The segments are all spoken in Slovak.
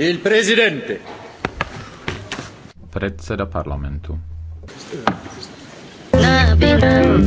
Il presidente. Predseda parlamentu. Nabino.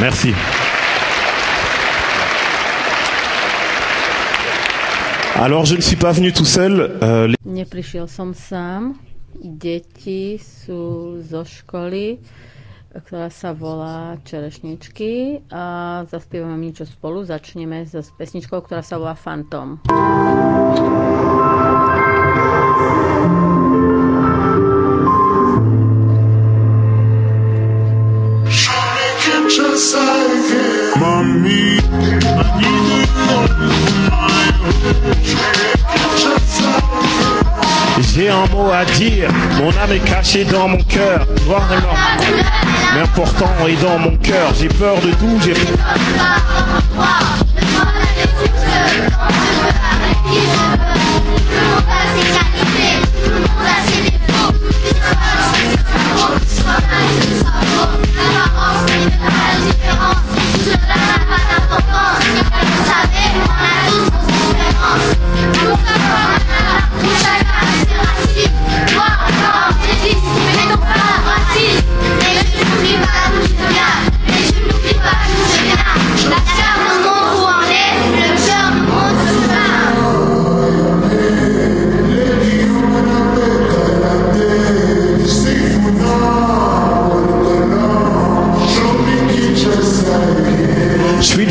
Merci. Alors, je ne suis pas venu tout seul. Euh, Neprišiel som sám. Deti sú zo školy, ktorá sa volá Čerešničky a zaspievame niečo spolu. Začneme s pesničkou, ktorá sa volá Fantom. Fantom. J'ai un mot à dire, mon âme est cachée dans mon cœur, noir et blanc. Mais important est dans mon cœur, j'ai peur de tout, j'ai peur. Mais je n'oublie pas d'où je viens, mais je n'oublie pas d'où je viens. La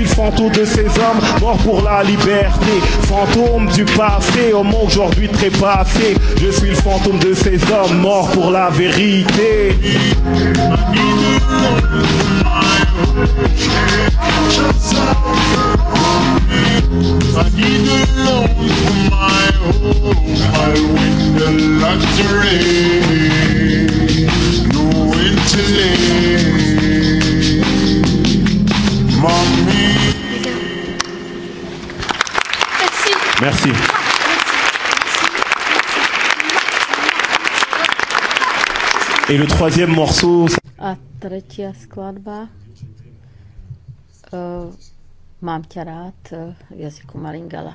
suis le fantôme de ces hommes morts pour la liberté. Fantôme du passé, homme aujourd'hui trépassé. Je suis le fantôme de ces hommes morts pour la vérité. I need a loan my home. I win the lottery. No intellect. Mommy. Merci. Et le troisième morceau. A tretia skladba. Uh, mám ťa rád uh, v jazyku Maringala.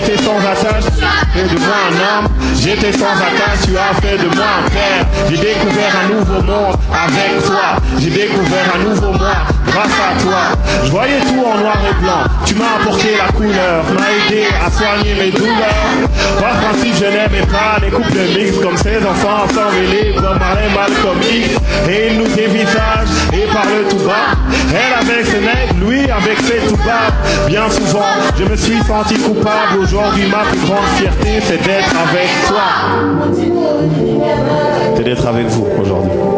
J'étais sans attache, fais de moi un homme. J'étais sans attache, tu as fait de moi un père. J'ai découvert un nouveau monde avec toi. J'ai découvert un nouveau moi grâce à toi. Je voyais tout en noir et blanc. Tu m'as apporté la couleur, m'as aidé à soigner mes douleurs. Par principe, je n'aimais pas les couples mixtes comme ces enfants sans vélé, comme Marin mal Et il nous dévisage et parle tout bas. Elle avec ses nègres, lui avec ses tout bas. Bien souvent, je me suis senti coupable. Aujourd'hui, ma plus grande fierté, c'est d'être avec toi. C'est d'être avec vous aujourd'hui.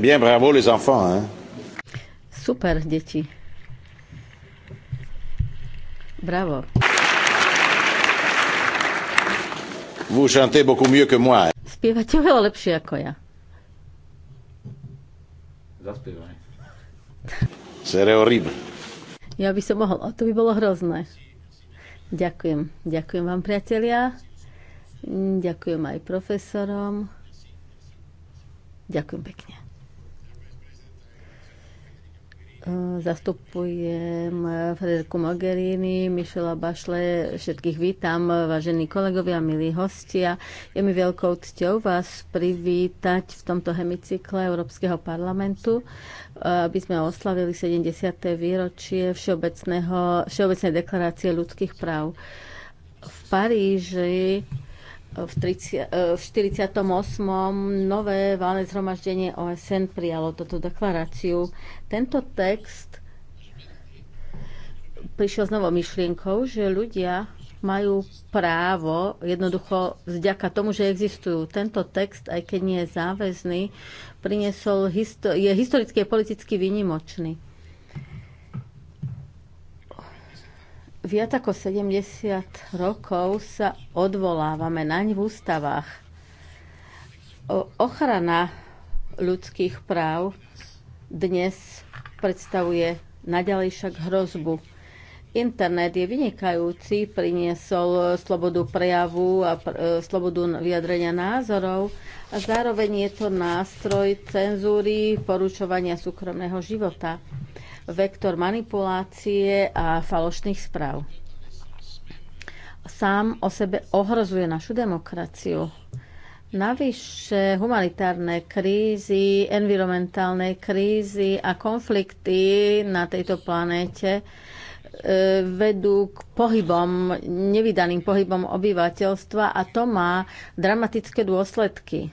Très bien, bravo les enfants. Hein? Super, deti. Bravo. Vous chantez beaucoup mieux que moi. Spievate oveľa lepšie ako ja. Zaspievaj. Sere horrible. Ja by som mohol, a to by bolo hrozné. Ďakujem. Ďakujem vám, priatelia. Ďakujem aj profesorom. Ďakujem pekne. Zastupujem Frederiku Mogherini, Michela Bašle, všetkých vítam, vážení kolegovia, milí hostia. Je mi veľkou cťou vás privítať v tomto hemicykle Európskeho parlamentu, aby sme oslavili 70. výročie Všeobecnej deklarácie ľudských práv. V Paríži v, 30, e, v 48. nové válne zhromaždenie OSN prijalo toto deklaráciu. Tento text prišiel s novou myšlienkou, že ľudia majú právo jednoducho vďaka tomu, že existujú. Tento text, aj keď nie je záväzný, priniesol, je historicky a politicky vynimočný viac ako 70 rokov sa odvolávame naň v ústavách. Ochrana ľudských práv dnes predstavuje naďalej však hrozbu. Internet je vynikajúci, priniesol slobodu prejavu a pr- e, slobodu vyjadrenia názorov a zároveň je to nástroj cenzúry, porušovania súkromného života vektor manipulácie a falošných správ. Sám o sebe ohrozuje našu demokraciu. Navyše humanitárne krízy, environmentálne krízy a konflikty na tejto planéte e, vedú k pohybom, nevydaným pohybom obyvateľstva a to má dramatické dôsledky.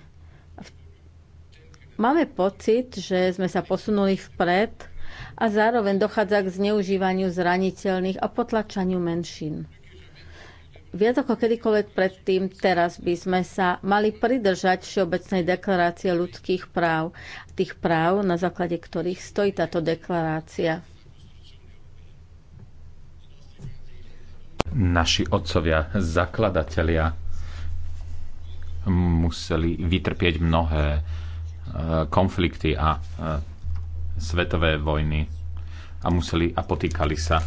Máme pocit, že sme sa posunuli vpred a zároveň dochádza k zneužívaniu zraniteľných a potlačaniu menšín. Viac ako kedykoľvek predtým, teraz by sme sa mali pridržať Všeobecnej deklarácie ľudských práv, tých práv, na základe ktorých stojí táto deklarácia. Naši otcovia, zakladatelia museli vytrpieť mnohé eh, konflikty a eh, svetové vojny a museli a potýkali sa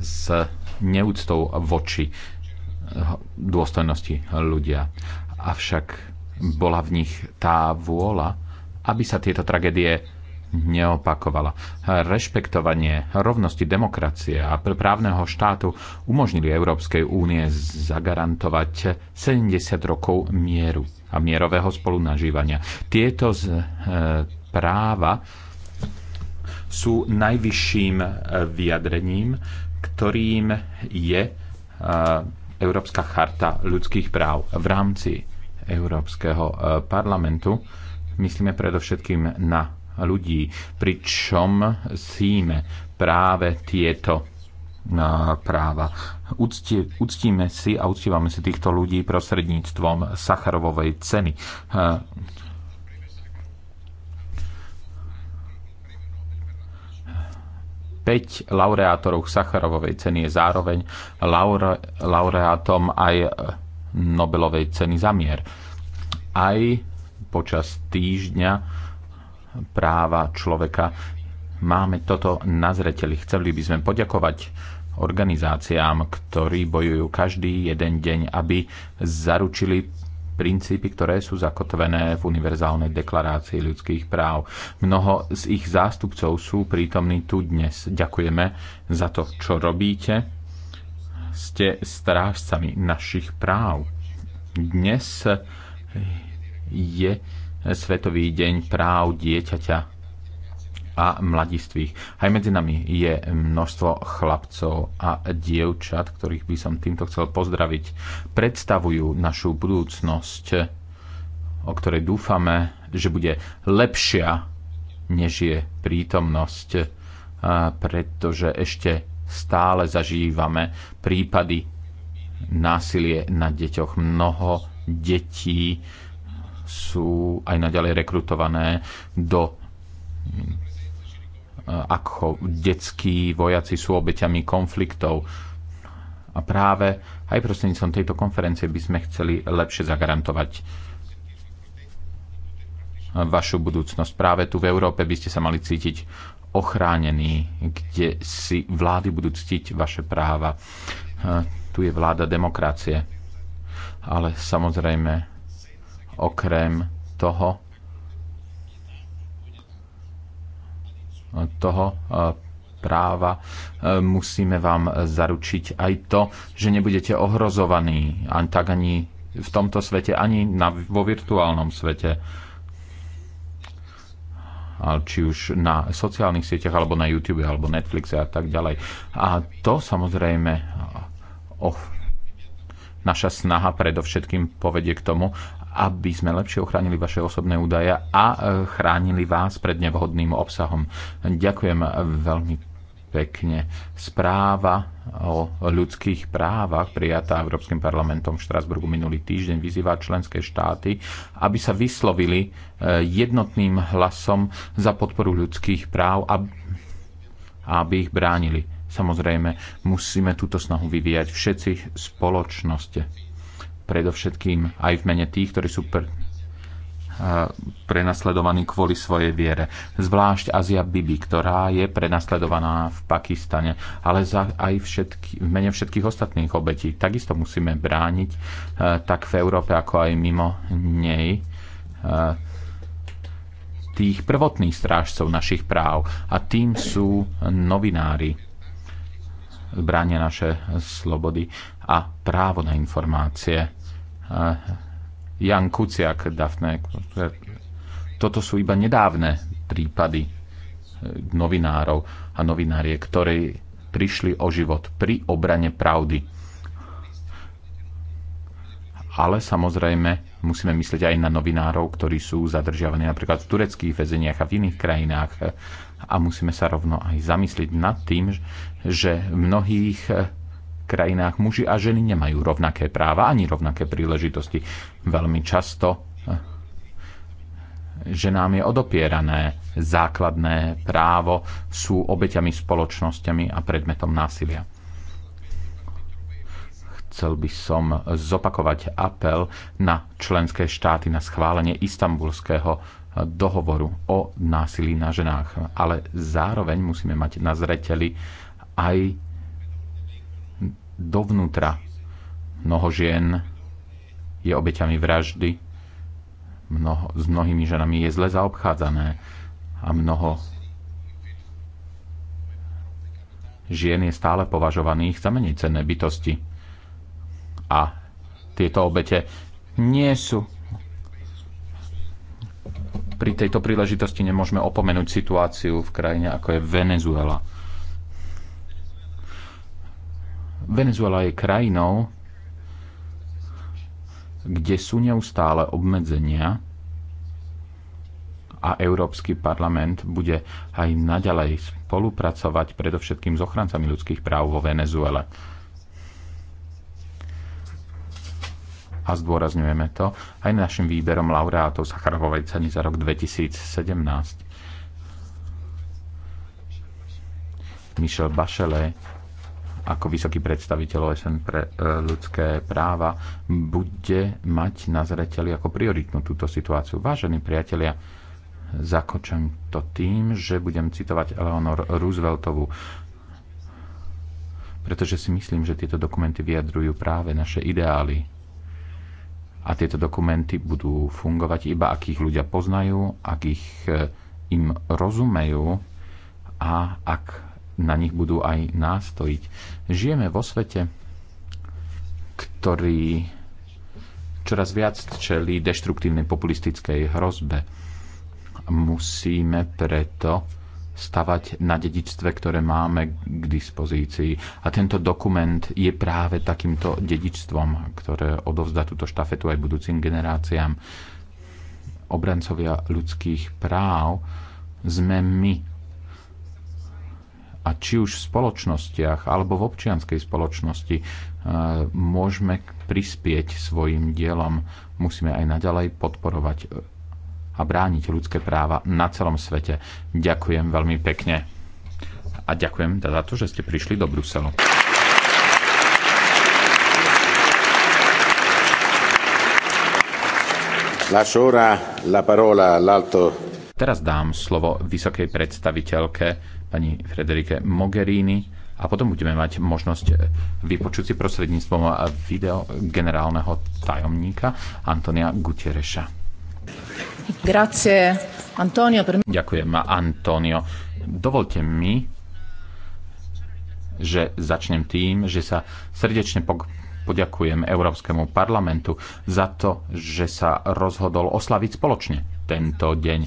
s neúctou voči dôstojnosti ľudia. Avšak bola v nich tá vôľa, aby sa tieto tragédie neopakovala. Rešpektovanie rovnosti demokracie a právneho štátu umožnili Európskej únie zagarantovať 70 rokov mieru a mierového spolunažívania. Tieto z, e, práva sú najvyšším e, vyjadrením, ktorým je e, Európska charta ľudských práv v rámci Európskeho e, parlamentu. Myslíme predovšetkým na ľudí, pričom síme práve tieto práva. Ucti, uctíme si a uctívame si týchto ľudí prostredníctvom Sacharovovej ceny 5 laureátorov Sacharovovej ceny je zároveň laure, laureátom aj e, Nobelovej ceny za mier. Aj počas týždňa práva človeka máme toto na zreteli. Chceli by sme poďakovať organizáciám, ktorí bojujú každý jeden deň, aby zaručili princípy, ktoré sú zakotvené v Univerzálnej deklarácii ľudských práv. Mnoho z ich zástupcov sú prítomní tu dnes. Ďakujeme za to, čo robíte. Ste strážcami našich práv. Dnes je Svetový deň práv dieťaťa a mladistvých. Aj medzi nami je množstvo chlapcov a dievčat, ktorých by som týmto chcel pozdraviť. Predstavujú našu budúcnosť, o ktorej dúfame, že bude lepšia, než je prítomnosť, pretože ešte stále zažívame prípady násilie na deťoch. Mnoho detí sú aj naďalej rekrutované do Eh, ako detskí vojaci sú obeťami konfliktov. A práve aj prostredníctvom tejto konferencie by sme chceli lepšie zagarantovať vašu budúcnosť. Práve tu v Európe by ste sa mali cítiť ochránení, kde si vlády budú ctiť vaše práva. Eh, tu je vláda demokracie. Ale samozrejme, okrem toho, toho e, práva e, musíme vám zaručiť aj to, že nebudete ohrozovaní tak ani v tomto svete, ani na, vo virtuálnom svete či už na sociálnych sieťach, alebo na YouTube, alebo Netflixe a tak ďalej. A to samozrejme oh, naša snaha predovšetkým povedie k tomu, aby sme lepšie ochránili vaše osobné údaje a e, chránili vás pred nevhodným obsahom. Ďakujem veľmi pekne. Správa o ľudských právach prijatá Európskym parlamentom v Štrasburgu minulý týždeň vyzýva členské štáty, aby sa vyslovili e, jednotným hlasom za podporu ľudských práv a aby ich bránili. Samozrejme, musíme túto snahu vyvíjať všetci spoločnosti predovšetkým aj v mene tých, ktorí sú pr- eh, prenasledovaní kvôli svojej viere. Zvlášť Azia Bibi, ktorá je prenasledovaná v Pakistane, ale za aj všetky, v mene všetkých ostatných obetí. Takisto musíme brániť eh, tak v Európe, ako aj mimo nej eh, tých prvotných strážcov našich práv a tým sú novinári. Bránia naše slobody a právo na informácie Jan Kuciak, Dafne. Toto sú iba nedávne prípady e, novinárov a novinárie, ktorí prišli o život pri obrane pravdy. Ale samozrejme musíme myslieť aj na novinárov, ktorí sú zadržiavaní napríklad v tureckých väzeniach a v iných krajinách. A musíme sa rovno aj zamyslieť nad tým, že mnohých e, krajinách muži a ženy nemajú rovnaké práva ani rovnaké príležitosti. Veľmi často eh, že nám je odopierané základné právo, sú obeťami spoločnosťami a predmetom násilia. Chcel by som zopakovať apel na členské štáty na schválenie istambulského eh, dohovoru o násilí na ženách, ale zároveň musíme mať na zreteli aj dovnútra. Mnoho žien je obeťami vraždy, mnoho, s mnohými ženami je zle zaobchádzané a mnoho žien je stále považovaných za menej cenné bytosti. A tieto obete nie sú. Pri tejto príležitosti nemôžeme opomenúť situáciu v krajine ako je Venezuela. Venezuela je krajinou, kde sú neustále obmedzenia a Európsky parlament bude aj naďalej spolupracovať predovšetkým s ochrancami ľudských práv vo Venezuele. A zdôrazňujeme to aj našim výberom laureátov Sacharovovej ceny za rok 2017. Michel Bachelet ako vysoký predstaviteľ OSN pre e, ľudské práva bude mať na zreteli ako prioritnú túto situáciu. Vážení priatelia, zakočem to tým, že budem citovať Eleanor Rooseveltovú, pretože si myslím, že tieto dokumenty vyjadrujú práve naše ideály. A tieto dokumenty budú fungovať iba, ak ich ľudia poznajú, ak ich e, im rozumejú a ak na nich budú aj nástojiť. Žijeme vo svete, ktorý čoraz viac čelí deštruktívnej populistickej hrozbe. Musíme preto stavať na dedičstve, ktoré máme k dispozícii. A tento dokument je práve takýmto dedičstvom, ktoré odovzdá túto štafetu aj budúcim generáciám. Obrancovia ľudských práv sme my, a či už v spoločnostiach alebo v občianskej spoločnosti e, môžeme prispieť svojim dielom. Musíme aj naďalej podporovať e, a brániť ľudské práva na celom svete. Ďakujem veľmi pekne. A ďakujem teda za to, že ste prišli do Bruselu. Teraz dám slovo vysokej predstaviteľke pani Frederike Mogherini a potom budeme mať možnosť vypočuť si prostredníctvom video generálneho tajomníka Antonia Gutiereša. Grazie, Antonio. Per... Ďakujem, Antonio. Dovolte mi, že začnem tým, že sa srdečne poďakujem Európskemu parlamentu za to, že sa rozhodol oslaviť spoločne tento deň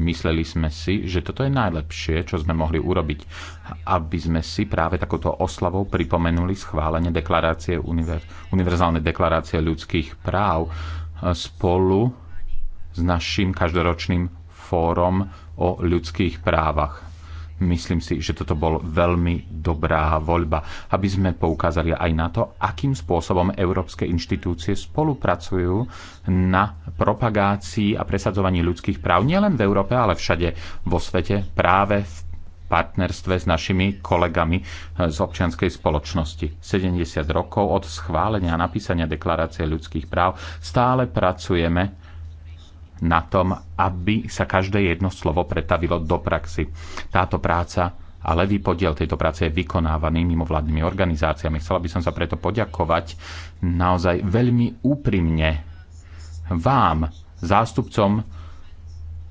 Mysleli sme si, že toto je najlepšie, čo sme mohli urobiť, aby sme si práve takouto oslavou pripomenuli schválenie deklarácie univer- Univerzálnej deklarácie ľudských práv spolu s našim každoročným fórom o ľudských právach. Myslím si, že toto bol veľmi dobrá voľba, aby sme poukázali aj na to, akým spôsobom európske inštitúcie spolupracujú na propagácii a presadzovaní ľudských práv nielen v Európe, ale všade vo svete práve v partnerstve s našimi kolegami z občianskej spoločnosti. 70 rokov od schválenia a napísania deklarácie ľudských práv stále pracujeme na tom, aby sa každé jedno slovo pretavilo do praxi. Táto práca a levý podiel tejto práce je vykonávaný mimovládnymi organizáciami. Chcela by som sa preto poďakovať naozaj veľmi úprimne vám, zástupcom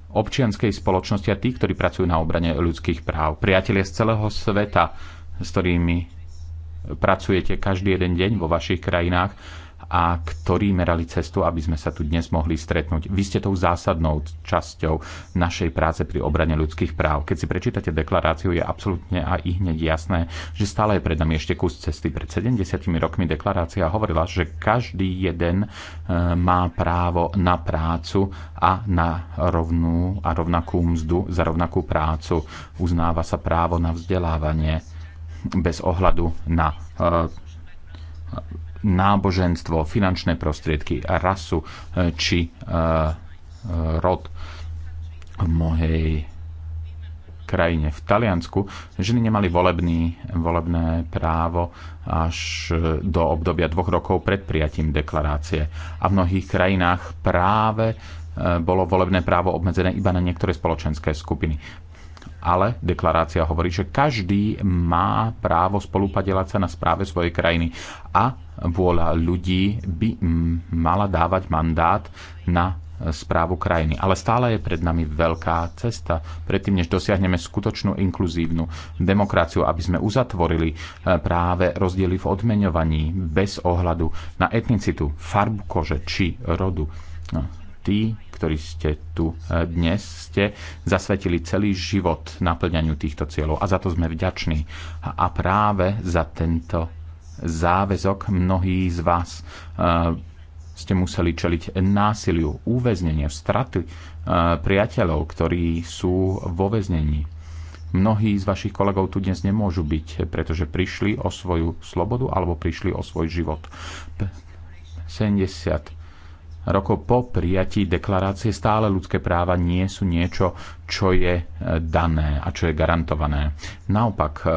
občianskej spoločnosti a tých, ktorí pracujú na obrane ľudských práv. Priatelia z celého sveta, s ktorými pracujete každý jeden deň vo vašich krajinách, a ktorí merali cestu, aby sme sa tu dnes mohli stretnúť. Vy ste tou zásadnou časťou našej práce pri obrane ľudských práv. Keď si prečítate deklaráciu, je absolútne a i hneď jasné, že stále je pred nami ešte kus cesty. Pred 70 rokmi deklarácia hovorila, že každý jeden e, má právo na prácu a na rovnú a rovnakú mzdu za rovnakú prácu. Uznáva sa právo na vzdelávanie bez ohľadu na e, náboženstvo, finančné prostriedky, rasu e, či e, e, rod. V mojej krajine, v Taliansku, ženy nemali volebný, volebné právo až do obdobia dvoch rokov pred prijatím deklarácie. A v mnohých krajinách práve bolo volebné právo obmedzené iba na niektoré spoločenské skupiny ale deklarácia hovorí, že každý má právo spolupadelať sa na správe svojej krajiny a vôľa ľudí by mm, mala dávať mandát na správu krajiny. Ale stále je pred nami veľká cesta. Predtým, než dosiahneme skutočnú inkluzívnu demokraciu, aby sme uzatvorili e, práve rozdiely v odmeňovaní bez ohľadu na etnicitu, farbu kože či rodu. No, tí, ktorí ste tu e, dnes, ste zasvetili celý život naplňaniu týchto cieľov a za to sme vďační. A práve za tento záväzok mnohí z vás e, ste museli čeliť násiliu, uväznenie, straty e, priateľov, ktorí sú vo väznení. Mnohí z vašich kolegov tu dnes nemôžu byť, pretože prišli o svoju slobodu alebo prišli o svoj život. 70 rokov po prijatí deklarácie stále ľudské práva nie sú niečo, čo je eh, dané a čo je garantované. Naopak, eh,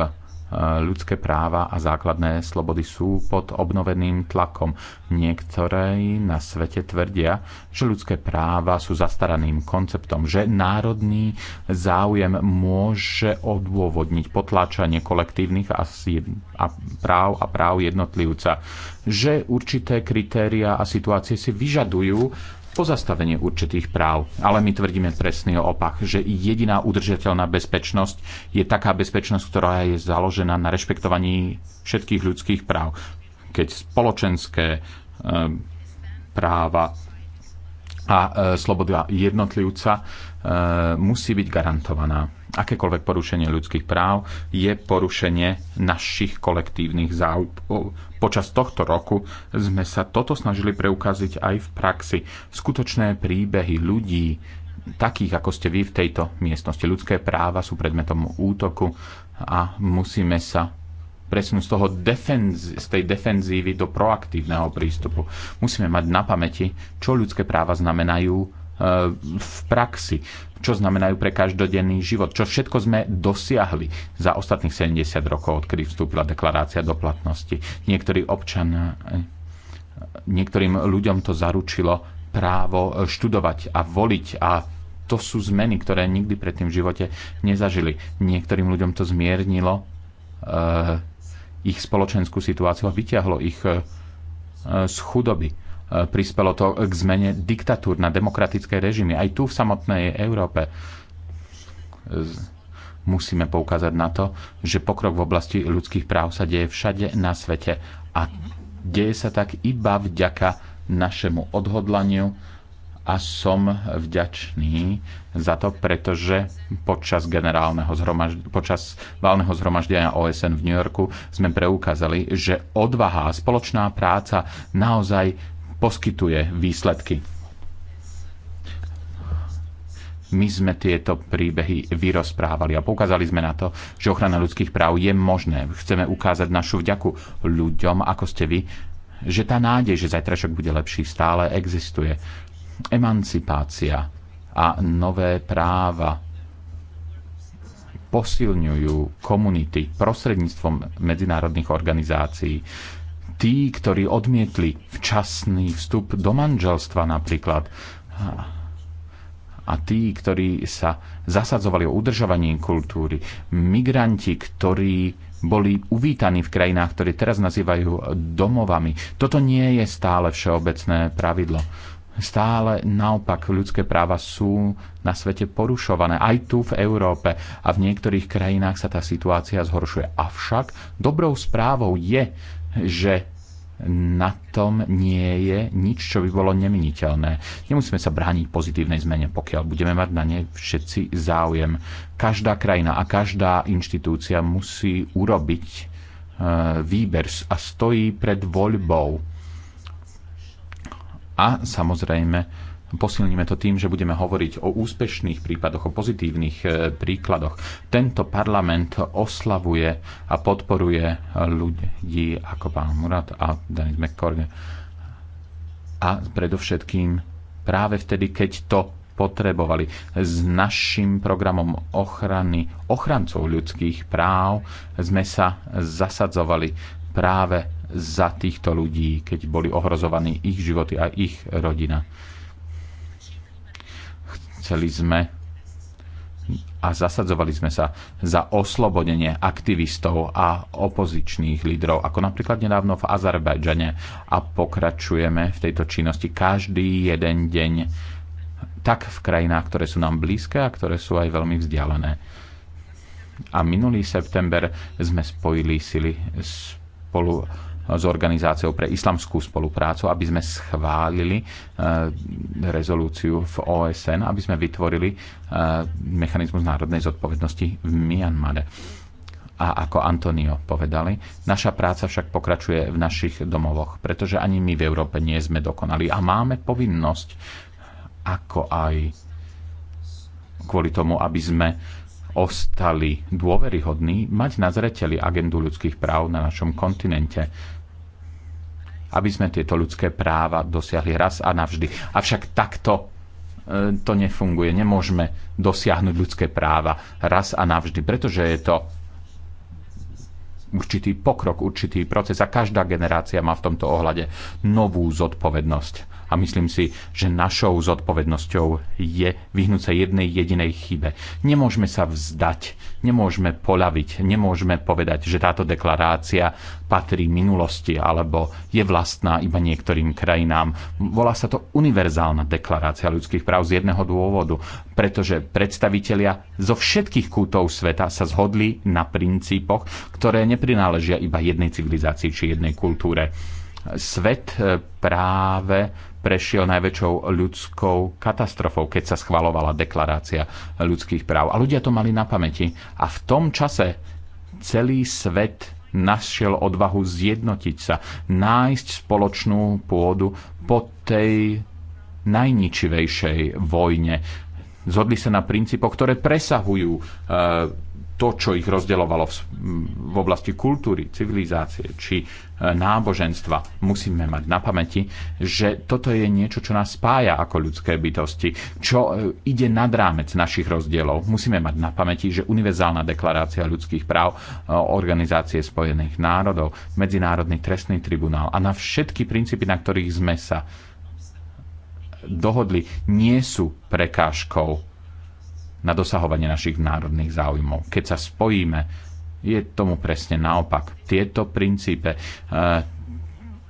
ľudské práva a základné slobody sú pod obnoveným tlakom. Niektoré na svete tvrdia, že ľudské práva sú zastaraným konceptom, že národný záujem môže odôvodniť potláčanie kolektívnych a, práv a práv jednotlivca, že určité kritéria a situácie si vyžadujú pozastavenie určitých práv. Ale my tvrdíme presný opak, že jediná udržateľná bezpečnosť je taká bezpečnosť, ktorá je založená na rešpektovaní všetkých ľudských práv. Keď spoločenské e, práva a e, sloboda jednotlivca e, musí byť garantovaná akékoľvek porušenie ľudských práv je porušenie našich kolektívnych záujmov. Počas tohto roku sme sa toto snažili preukaziť aj v praxi. Skutočné príbehy ľudí, takých ako ste vy v tejto miestnosti. Ľudské práva sú predmetom útoku a musíme sa presunúť z, toho defenz, z tej defenzívy do proaktívneho prístupu. Musíme mať na pamäti, čo ľudské práva znamenajú Eh, v praxi, čo znamenajú pre každodenný život, čo všetko sme dosiahli za ostatných 70 rokov, odkedy vstúpila deklarácia do platnosti. Niektorí občan, eh, niektorým ľuďom to zaručilo právo eh, študovať a voliť a to sú zmeny, ktoré nikdy predtým v živote nezažili. Niektorým ľuďom to zmiernilo e, ich spoločenskú situáciu a vyťahlo ich e, z chudoby. Eh, prispelo to k zmene diktatúr na demokratické režimy. Aj tu v samotnej Európe eh, musíme poukázať na to, že pokrok v oblasti ľudských práv sa deje všade na svete a deje sa tak iba vďaka našemu odhodlaniu a som vďačný za to, pretože počas, generálneho zhromažd- počas válneho zhromaždenia OSN v New Yorku sme preukázali, že odvaha a spoločná práca naozaj poskytuje výsledky. My sme tieto príbehy vyrozprávali a poukázali sme na to, že ochrana ľudských práv je možné. Chceme ukázať našu vďaku ľuďom, ako ste vy, že tá nádej, že zajtrašok bude lepší, stále existuje. Emancipácia a nové práva posilňujú komunity prostredníctvom medzinárodných organizácií tí, ktorí odmietli včasný vstup do manželstva napríklad a tí, ktorí sa zasadzovali o udržovanie kultúry, migranti, ktorí boli uvítaní v krajinách, ktoré teraz nazývajú domovami. Toto nie je stále všeobecné pravidlo. Stále naopak ľudské práva sú na svete porušované, aj tu v Európe a v niektorých krajinách sa tá situácia zhoršuje. Avšak dobrou správou je, že na tom nie je nič, čo by bolo nemeniteľné. Nemusíme sa brániť pozitívnej zmene, pokiaľ budeme mať na ne všetci záujem. Každá krajina a každá inštitúcia musí urobiť e, výber a stojí pred voľbou. A samozrejme, Posilníme to tým, že budeme hovoriť o úspešných prípadoch, o pozitívnych e, príkladoch. Tento parlament oslavuje a podporuje ľudí ako pán Murat a Denis McCord. A predovšetkým práve vtedy, keď to potrebovali. S našim programom ochrany ochrancov ľudských práv sme sa zasadzovali práve za týchto ľudí, keď boli ohrozovaní ich životy a ich rodina Chceli sme a zasadzovali sme sa za oslobodenie aktivistov a opozičných lídrov, ako napríklad nedávno v Azerbajdžane a pokračujeme v tejto činnosti každý jeden deň tak v krajinách, ktoré sú nám blízke a ktoré sú aj veľmi vzdialené. A minulý september sme spojili sily spolu s Organizáciou pre islamskú spoluprácu, aby sme schválili e, rezolúciu v OSN, aby sme vytvorili e, mechanizmus národnej zodpovednosti v Myanmare a ako Antonio povedali, naša práca však pokračuje v našich domovoch, pretože ani my v Európe nie sme dokonali a máme povinnosť, ako aj kvôli tomu, aby sme ostali dôveryhodní, mať na zreteli agendu ľudských práv na našom kontinente aby sme tieto ľudské práva dosiahli raz a navždy. Avšak takto e, to nefunguje. Nemôžeme dosiahnuť ľudské práva raz a navždy, pretože je to určitý pokrok, určitý proces a každá generácia má v tomto ohľade novú zodpovednosť a myslím si, že našou zodpovednosťou je vyhnúť sa jednej jedinej chybe. Nemôžeme sa vzdať, nemôžeme poľaviť, nemôžeme povedať, že táto deklarácia patrí minulosti alebo je vlastná iba niektorým krajinám. Volá sa to univerzálna deklarácia ľudských práv z jedného dôvodu, pretože predstavitelia zo všetkých kútov sveta sa zhodli na princípoch, ktoré neprináležia iba jednej civilizácii či jednej kultúre. Svet e, práve prešiel najväčšou ľudskou katastrofou, keď sa schvalovala deklarácia ľudských práv. A ľudia to mali na pamäti. A v tom čase celý svet našiel odvahu zjednotiť sa, nájsť spoločnú pôdu po tej najničivejšej vojne. Zhodli sa na princípoch, ktoré presahujú eh, to, čo ich rozdelovalo v, v oblasti kultúry, civilizácie či e, náboženstva, musíme mať na pamäti, že toto je niečo, čo nás spája ako ľudské bytosti, čo e, ide nad rámec našich rozdielov. Musíme mať na pamäti, že Univerzálna deklarácia ľudských práv e, Organizácie spojených národov, Medzinárodný trestný tribunál a na všetky princípy, na ktorých sme sa dohodli, nie sú prekážkou na dosahovanie našich národných záujmov. Keď sa spojíme, je tomu presne naopak. Tieto princípe, e,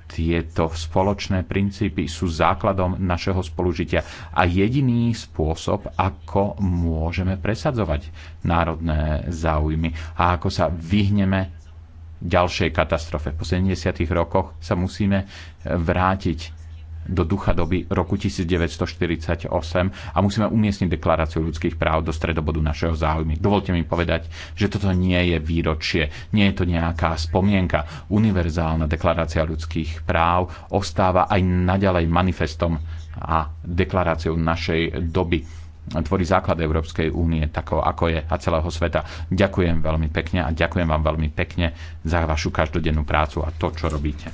tieto spoločné princípy sú základom našeho spolužitia a jediný spôsob, ako môžeme presadzovať národné záujmy a ako sa vyhneme ďalšej katastrofe. Po 70. rokoch sa musíme vrátiť do ducha doby roku 1948 a musíme umiestniť deklaráciu ľudských práv do stredobodu našeho záujmy. Dovolte mi povedať, že toto nie je výročie, nie je to nejaká spomienka. Univerzálna deklarácia ľudských práv ostáva aj naďalej manifestom a deklaráciou našej doby tvorí základ Európskej únie, tako ako je a celého sveta. Ďakujem veľmi pekne a ďakujem vám veľmi pekne za vašu každodennú prácu a to, čo robíte.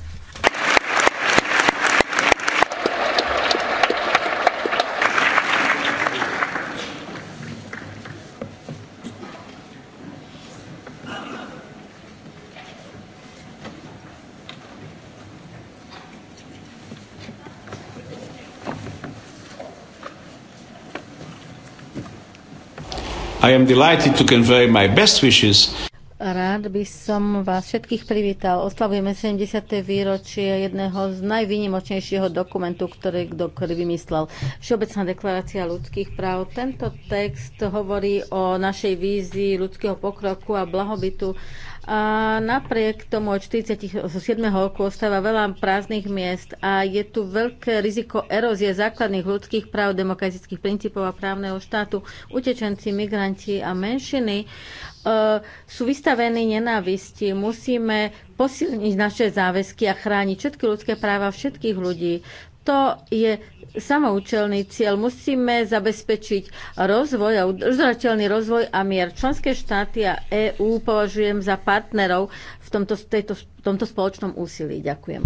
I am delighted to convey my best wishes Rád by som vás všetkých privítal. Oslavujeme 70. výročie jedného z najvýnimočnejšieho dokumentu, ktorý kto vymyslel. Všeobecná deklarácia ľudských práv. Tento text hovorí o našej vízii ľudského pokroku a blahobytu a napriek tomu od 47. roku ostáva veľa prázdnych miest a je tu veľké riziko erózie základných ľudských práv, demokratických princípov a právneho štátu. Utečenci, migranti a menšiny e, sú vystavení nenávisti. Musíme posilniť naše záväzky a chrániť všetky ľudské práva všetkých ľudí to je samoučelný cieľ. Musíme zabezpečiť rozvoj a udržateľný rozvoj a mier. Členské štáty a EÚ považujem za partnerov v tomto, tejto, v tomto spoločnom úsilí. Ďakujem.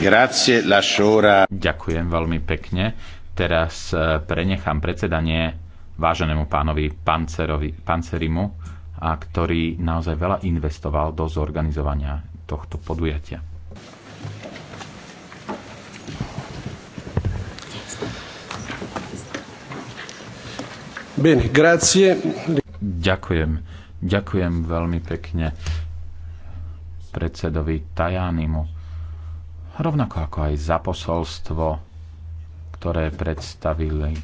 Grazie, Ďakujem veľmi pekne. Teraz eh, prenechám predsedanie váženému pánovi Pancerovi, Pancerimu a ktorý naozaj veľa investoval do zorganizovania tohto podujatia. Bene, grazie. Ďakujem. Ďakujem veľmi pekne predsedovi Tajánimu, rovnako ako aj za posolstvo, ktoré predstavili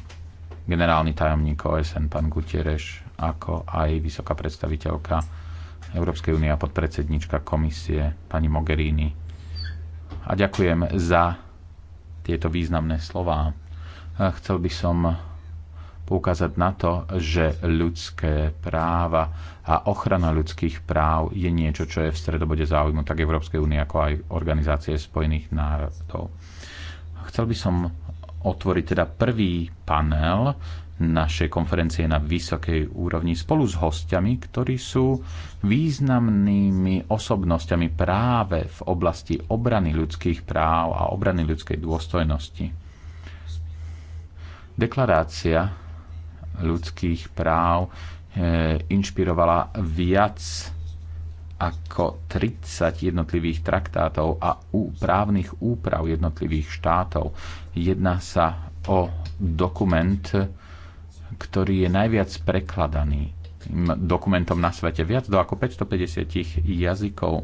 generálny tajomník OSN, pán Gutierrez, ako aj vysoká predstaviteľka Európskej únie a podpredsednička komisie pani Mogherini. A ďakujem za tieto významné slová. Chcel by som poukázať na to, že ľudské práva a ochrana ľudských práv je niečo, čo je v stredobode záujmu tak Európskej únie, ako aj Organizácie spojených národov. Chcel by som otvoriť teda prvý panel našej konferencie na vysokej úrovni spolu s hostiami, ktorí sú významnými osobnosťami práve v oblasti obrany ľudských práv a obrany ľudskej dôstojnosti. Deklarácia ľudských práv e, inšpirovala viac ako 30 jednotlivých traktátov a právnych úprav jednotlivých štátov. Jedná sa o dokument, ktorý je najviac prekladaný dokumentom na svete. Viac do ako 550 jazykov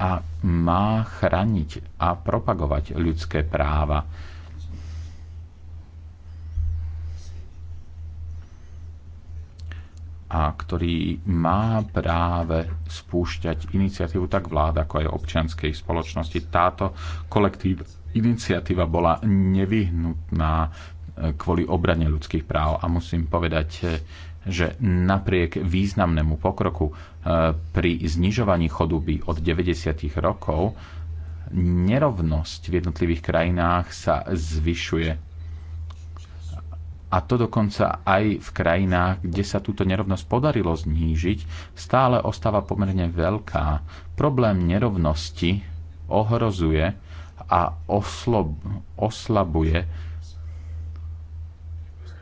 a má chrániť a propagovať ľudské práva. a ktorý má práve spúšťať iniciatívu tak vlád, ako aj občianskej spoločnosti. Táto kolektív iniciatíva bola nevyhnutná kvôli obrane ľudských práv. A musím povedať, e, že napriek významnému pokroku e, pri znižovaní chodoby od 90. rokov nerovnosť v jednotlivých krajinách sa zvyšuje. A to dokonca aj v krajinách, kde sa túto nerovnosť podarilo znížiť, stále ostáva pomerne veľká. Problém nerovnosti ohrozuje a oslabuje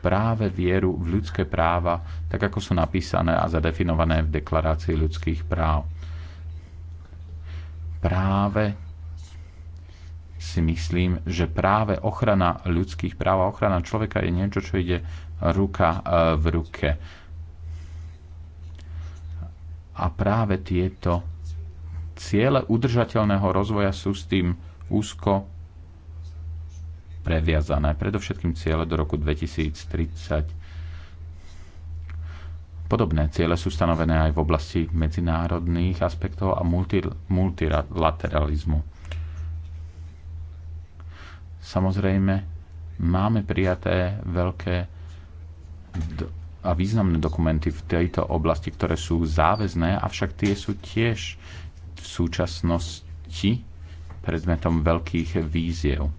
práve vieru v ľudské práva, tak ako sú napísané a zadefinované v Deklarácii ľudských práv. Práve si myslím, že práve ochrana ľudských práv a ochrana človeka je niečo, čo ide ruka e, v ruke. A práve tieto ciele udržateľného rozvoja sú s tým úzko previazané, predovšetkým ciele do roku 2030. Podobné ciele sú stanovené aj v oblasti medzinárodných aspektov a multilateralizmu. Samozrejme, máme prijaté veľké a významné dokumenty v tejto oblasti, ktoré sú záväzné, avšak tie sú tiež v súčasnosti predmetom veľkých víziev.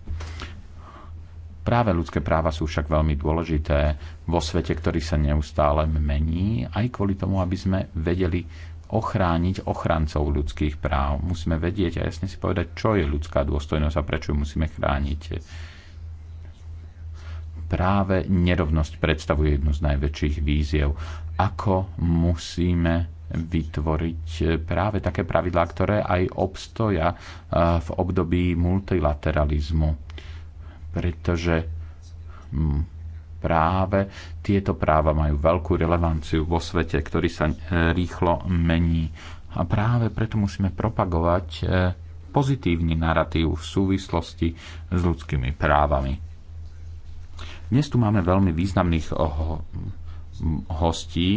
Práve ľudské práva sú však veľmi dôležité vo svete, ktorý sa neustále mení, aj kvôli tomu, aby sme vedeli ochrániť ochrancov ľudských práv. Musíme vedieť a jasne si povedať, čo je ľudská dôstojnosť a prečo ju musíme chrániť. Práve nerovnosť predstavuje jednu z najväčších víziev. Ako musíme vytvoriť eh, práve také pravidlá, ktoré aj obstoja eh, v období multilateralizmu pretože mm, práve tieto práva majú veľkú relevanciu vo svete, ktorý sa e, rýchlo mení. A práve preto musíme propagovať e, pozitívny narratív v súvislosti s ľudskými právami. Dnes tu máme veľmi významných e, hostí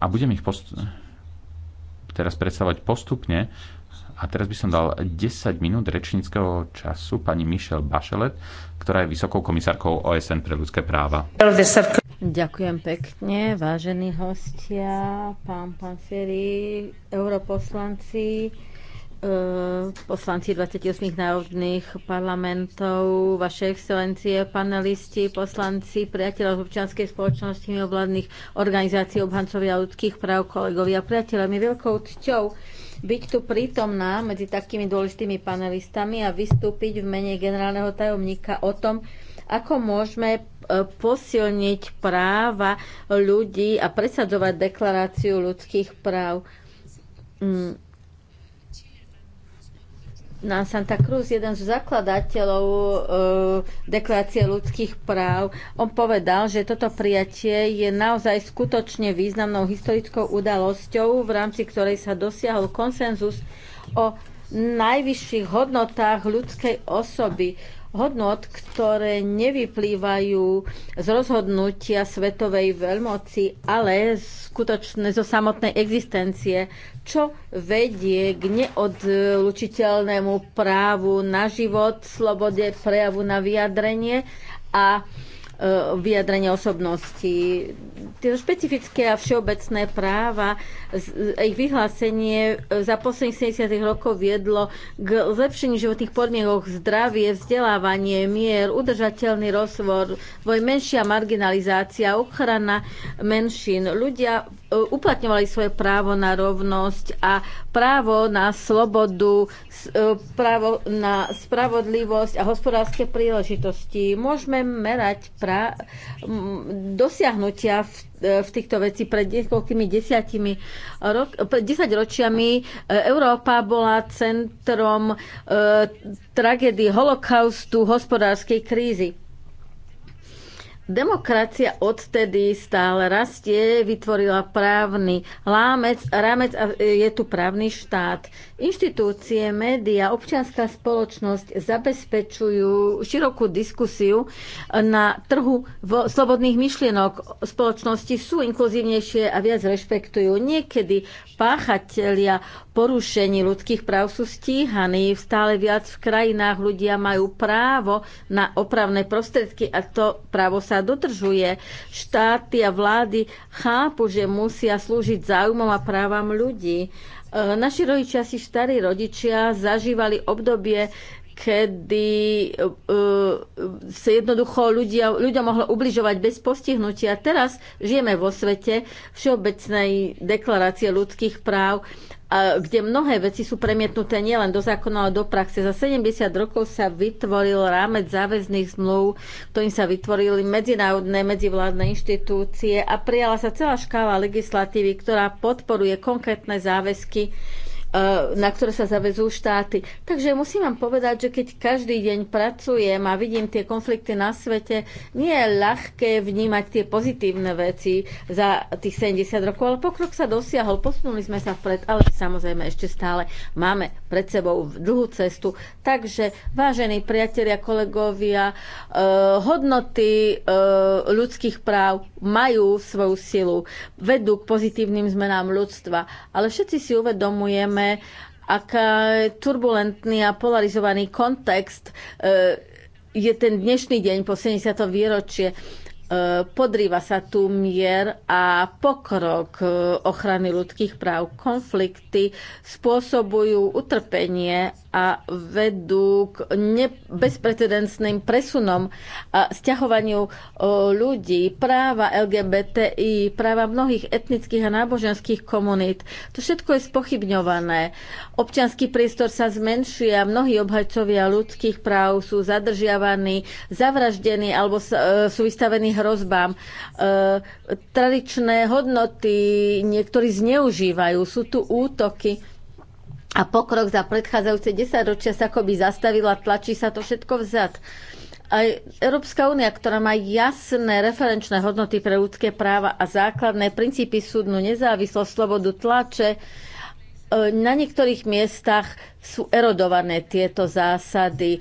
a budem ich post- teraz predstavovať postupne a teraz by som dal 10 minút rečníckého času pani Michelle Bachelet, ktorá je vysokou komisárkou OSN pre ľudské práva. Ďakujem pekne, vážení hostia, pán Panferi, europoslanci. Eh, poslanci 28 národných parlamentov, vaše excelencie, panelisti, poslanci, priateľa z občianskej spoločnosti, neobladných organizácií obhancovia ľudských práv, kolegovia, priateľa. Mi veľkou cťou byť tu prítomná medzi takými dôležitými panelistami a vystúpiť v mene generálneho tajomníka o tom, ako môžeme eh, posilniť práva ľudí a presadzovať deklaráciu ľudských práv mm, na Santa Cruz, jeden z zakladateľov e, deklarácie ľudských práv, on povedal, že toto prijatie je naozaj skutočne významnou historickou udalosťou, v rámci ktorej sa dosiahol konsenzus o najvyšších hodnotách ľudskej osoby, hodnot, ktoré nevyplývajú z rozhodnutia svetovej veľmoci, ale skutočne zo samotnej existencie, čo vedie k neodlučiteľnému právu na život, slobode prejavu na vyjadrenie a E, vyjadrenie osobnosti. Tie špecifické a všeobecné práva, e, ich vyhlásenie e, za posledných 70 rokov viedlo k zlepšeniu životných podmienok, zdravie, vzdelávanie, mier, udržateľný rozvor, voj menšia marginalizácia, ochrana menšín. Ľudia uplatňovali svoje právo na rovnosť a právo na slobodu, právo na spravodlivosť a hospodárske príležitosti. Môžeme merať pra- dosiahnutia v, v týchto veci pred niekoľkými desiatimi rok- pred desaťročiami e, Európa bola centrom e, tragédie holokaustu, hospodárskej krízy. Demokracia odtedy stále rastie, vytvorila právny lámec, rámec a e, je tu právny štát. Inštitúcie, média, občianská spoločnosť zabezpečujú širokú diskusiu na trhu v slobodných myšlienok. Spoločnosti sú inkluzívnejšie a viac rešpektujú. Niekedy páchatelia porušení ľudských práv sú stíhaní. Stále viac v krajinách ľudia majú právo na opravné prostriedky a to právo sa dodržuje. Štáty a vlády chápu, že musia slúžiť záujmom a právam ľudí Eh, naši rodičia, si starí rodičia, zažívali obdobie, kedy eh, sa jednoducho ľudia, ľudia mohlo ubližovať bez postihnutia. Teraz žijeme vo svete Všeobecnej deklarácie ľudských práv kde mnohé veci sú premietnuté nielen do zákona, ale do praxe. Za 70 rokov sa vytvoril rámec záväzných zmluv, ktorým sa vytvorili medzinárodné, medzivládne inštitúcie a prijala sa celá škála legislatívy, ktorá podporuje konkrétne záväzky Eh, na ktoré sa zavezú štáty. Takže musím vám povedať, že keď každý deň pracujem a vidím tie konflikty na svete, nie je ľahké vnímať tie pozitívne veci za tých 70 rokov, ale pokrok sa dosiahol, posunuli sme sa vpred, ale samozrejme ešte stále máme pred sebou dlhú cestu. Takže, vážení priatelia, kolegovia, eh, hodnoty eh, ľudských práv majú svoju silu, vedú k pozitívnym zmenám ľudstva, ale všetci si uvedomujeme, ak aká e, turbulentný a polarizovaný kontext e, je ten dnešný deň po 70. výročie e, podrýva sa tu mier a pokrok ochrany ľudských práv. Konflikty spôsobujú utrpenie a vedú k bezprecedentným presunom a stiahovaniu ľudí, práva LGBTI, práva mnohých etnických a náboženských komunít. To všetko je spochybňované. Občianský priestor sa zmenšuje a mnohí obhajcovia ľudských práv sú zadržiavaní, zavraždení alebo e, sú vystavení hrozbám. E, tradičné hodnoty niektorí zneužívajú, sú tu útoky a pokrok za predchádzajúce desaťročia sa akoby zastavila, tlačí sa to všetko vzad. Aj Európska únia, ktorá má jasné referenčné hodnoty pre ľudské práva a základné princípy súdnu nezávislosť, slobodu tlače, e, na niektorých miestach sú erodované tieto zásady. E,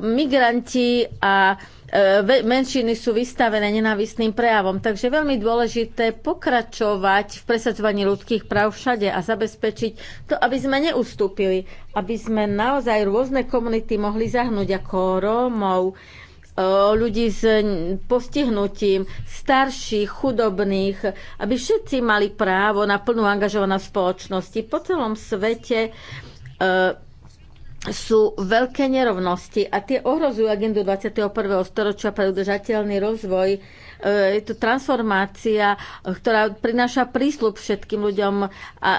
migranti a E, menšiny sú vystavené nenávistným prejavom. Takže veľmi dôležité pokračovať v presadzovaní ľudských práv všade a zabezpečiť to, aby sme neustúpili, aby sme naozaj rôzne komunity mohli zahnúť ako Rómov, e, ľudí s postihnutím, starších, chudobných, aby všetci mali právo na plnú angažovanosť spoločnosti. Po celom svete e, sú veľké nerovnosti a tie ohrozujú agendu 21. storočia pre udržateľný rozvoj E, je to transformácia, e, ktorá prináša prísľub všetkým ľuďom. A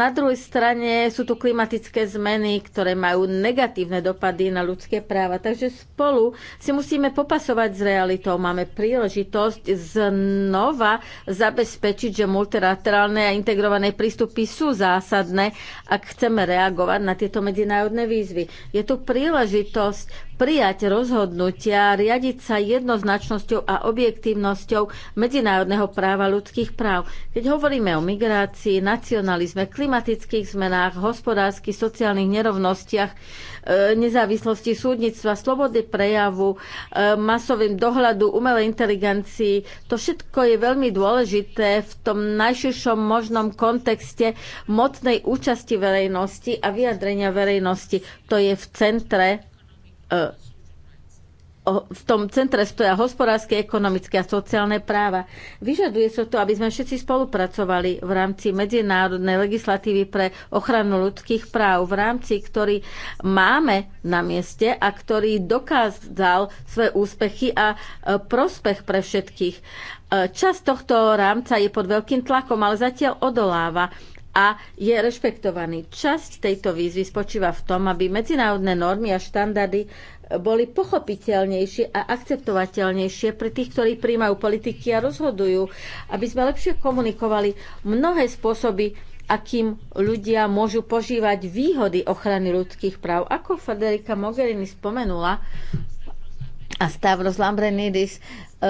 na druhej strane sú tu klimatické zmeny, ktoré majú negatívne dopady na ľudské práva. Takže spolu si musíme popasovať s realitou. Máme príležitosť znova zabezpečiť, že multilaterálne a integrované prístupy sú zásadné, ak chceme reagovať na tieto medzinárodné výzvy. Je tu príležitosť prijať rozhodnutia, riadiť sa jednoznačnosťou a objektívnosťou medzinárodného práva ľudských práv. Keď hovoríme o migrácii, nacionalizme, klimatických zmenách, hospodárskych, sociálnych nerovnostiach, e, nezávislosti súdnictva, slobody prejavu, e, masovým dohľadu, umelej inteligencii, to všetko je veľmi dôležité v tom najširšom možnom kontexte mocnej účasti verejnosti a vyjadrenia verejnosti. To je v centre E, v tom centre stoja hospodárske, ekonomické a sociálne práva. Vyžaduje sa so to, aby sme všetci spolupracovali v rámci medzinárodnej legislatívy pre ochranu ľudských práv, v rámci ktorý máme na mieste a ktorý dokázal svoje úspechy a e, prospech pre všetkých. E, Čas tohto rámca je pod veľkým tlakom, ale zatiaľ odoláva a je rešpektovaný. Časť tejto výzvy spočíva v tom, aby medzinárodné normy a štandardy e, boli pochopiteľnejšie a akceptovateľnejšie pre tých, ktorí príjmajú politiky a rozhodujú, aby sme lepšie komunikovali mnohé spôsoby, akým ľudia môžu požívať výhody ochrany ľudských práv. Ako Federica Mogherini spomenula, a Stavros Lambrenidis E,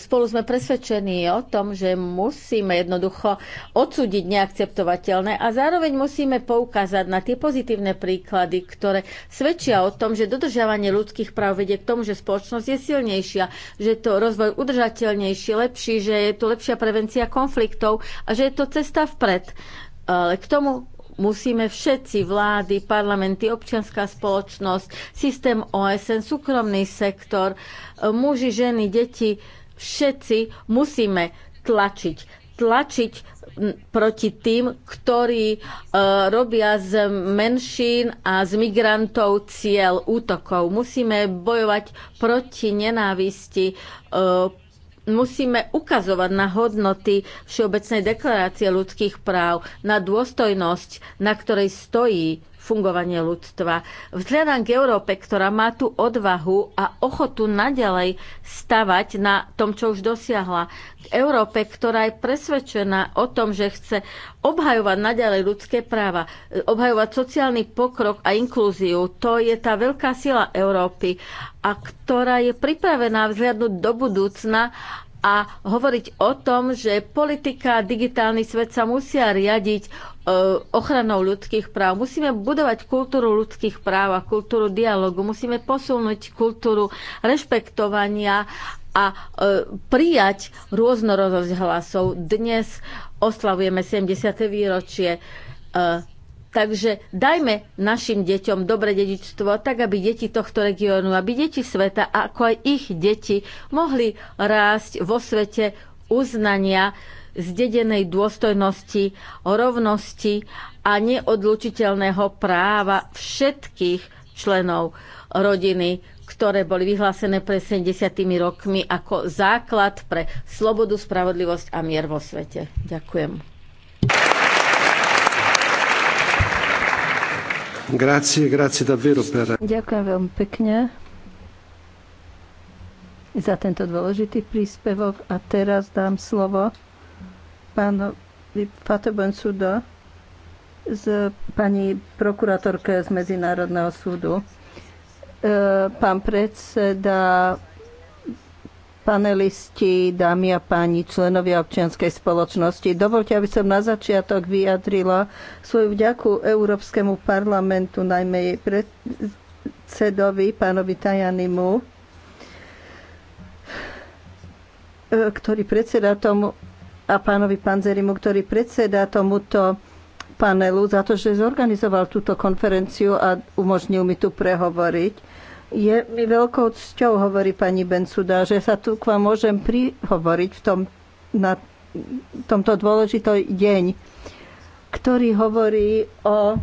spolu sme presvedčení o tom, že musíme jednoducho odsúdiť neakceptovateľné a zároveň musíme poukázať na tie pozitívne príklady, ktoré svedčia o tom, že dodržiavanie ľudských práv vedie k tomu, že spoločnosť je silnejšia, že je to rozvoj udržateľnejší, lepší, že je tu lepšia prevencia konfliktov a že je to cesta vpred. Ale k tomu musíme všetci, vlády, parlamenty, občianská spoločnosť, systém OSN, súkromný sektor, muži, ženy, deti, všetci musíme tlačiť. Tlačiť proti tým, ktorí e, robia z menšín a z migrantov cieľ útokov. Musíme bojovať proti nenávisti, e, musíme ukazovať na hodnoty Všeobecnej deklarácie ľudských práv, na dôstojnosť, na ktorej stojí fungovanie ľudstva. Vzhľadám k Európe, ktorá má tú odvahu a ochotu naďalej stavať na tom, čo už dosiahla. K Európe, ktorá je presvedčená o tom, že chce obhajovať naďalej ľudské práva, obhajovať sociálny pokrok a inklúziu. To je tá veľká sila Európy a ktorá je pripravená vzhľadnúť do budúcna a hovoriť o tom, že politika a digitálny svet sa musia riadiť Eh, ochranou ľudských práv. Musíme budovať kultúru ľudských práv a kultúru dialogu. Musíme posunúť kultúru rešpektovania a eh, prijať rôznorodosť hlasov. Dnes oslavujeme 70. výročie. Eh, takže dajme našim deťom dobre dedičstvo, tak aby deti tohto regiónu, aby deti sveta, ako aj ich deti, mohli rásť vo svete uznania, zdedenej dôstojnosti, rovnosti a neodlučiteľného práva všetkých členov rodiny, ktoré boli vyhlásené pred 70 rokmi ako základ pre slobodu, spravodlivosť a mier vo svete. Ďakujem. Grazie, grazie davvero per... Ďakujem veľmi pekne za tento dôležitý príspevok a teraz dám slovo pánovi Fatoboncudo z pani prokurátorke z Medzinárodného súdu. E, pán predseda, panelisti, dámy a páni, členovia občianskej spoločnosti. Dovolte, aby som na začiatok vyjadrila svoju vďaku Európskemu parlamentu, najmä jej predsedovi, pánovi Tajanimu, e, ktorý predseda tomu a pánovi Panzerimu, ktorý predseda tomuto panelu za to, že zorganizoval túto konferenciu a umožnil mi tu prehovoriť. Je mi veľkou cťou, hovorí pani Bensuda, že sa tu k vám môžem prihovoriť v tom, na tomto dôležitý deň, ktorý hovorí o e,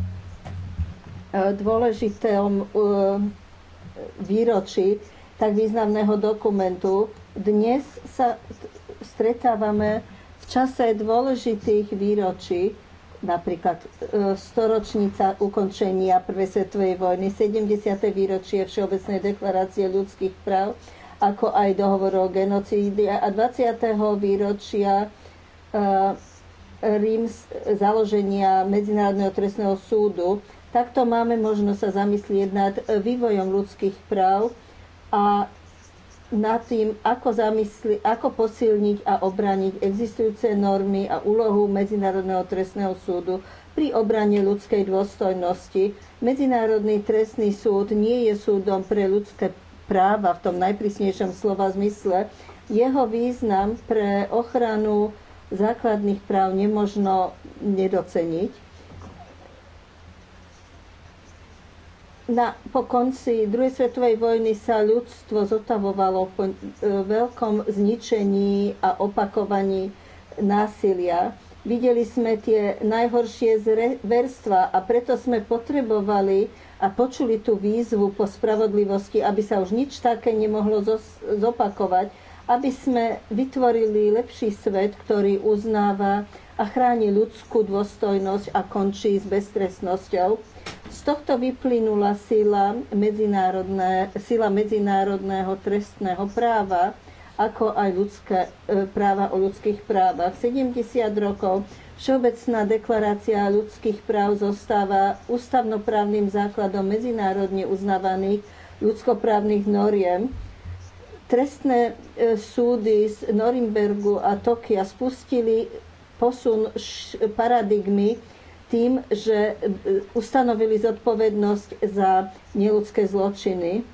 dôležitom e, výročí tak významného dokumentu. Dnes sa stretávame čase dôležitých výročí, napríklad e, storočnica ukončenia Prvej svetovej vojny, 70. výročie Všeobecnej deklarácie ľudských práv, ako aj dohovor o genocíde a 20. výročia e, Ríms, založenia Medzinárodného trestného súdu. Takto máme možnosť sa zamyslieť nad vývojom ľudských práv a nad tým, ako, zamysli, ako posilniť a obraniť existujúce normy a úlohu Medzinárodného trestného súdu pri obrane ľudskej dôstojnosti. Medzinárodný trestný súd nie je súdom pre ľudské práva v tom najprísnejšom slova zmysle. Jeho význam pre ochranu základných práv nemožno nedoceniť. na, po konci druhej svetovej vojny sa ľudstvo zotavovalo po e, veľkom zničení a opakovaní násilia. Videli sme tie najhoršie zverstva a preto sme potrebovali a počuli tú výzvu po spravodlivosti, aby sa už nič také nemohlo zopakovať, aby sme vytvorili lepší svet, ktorý uznáva a chráni ľudskú dôstojnosť a končí s beztrestnosťou z tohto vyplynula sila, medzinárodné, sila medzinárodného trestného práva, ako aj ľudské, e, práva o ľudských právach. 70 rokov Všeobecná deklarácia ľudských práv zostáva ústavnoprávnym základom medzinárodne uznávaných ľudskoprávnych noriem. Trestné e, súdy z Norimbergu a Tokia spustili posun paradigmy tým, že e, ustanovili zodpovednosť za neludské zločiny.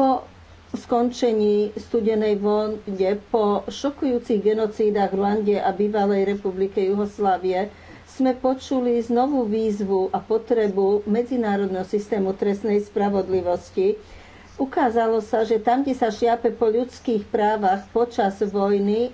Po skončení studenej vonde, po šokujúcich genocídach v Rwande a bývalej republike Jugoslávie, sme počuli znovu výzvu a potrebu medzinárodného systému trestnej spravodlivosti, Ukázalo sa, že tam, kde sa šiape po ľudských právach počas vojny,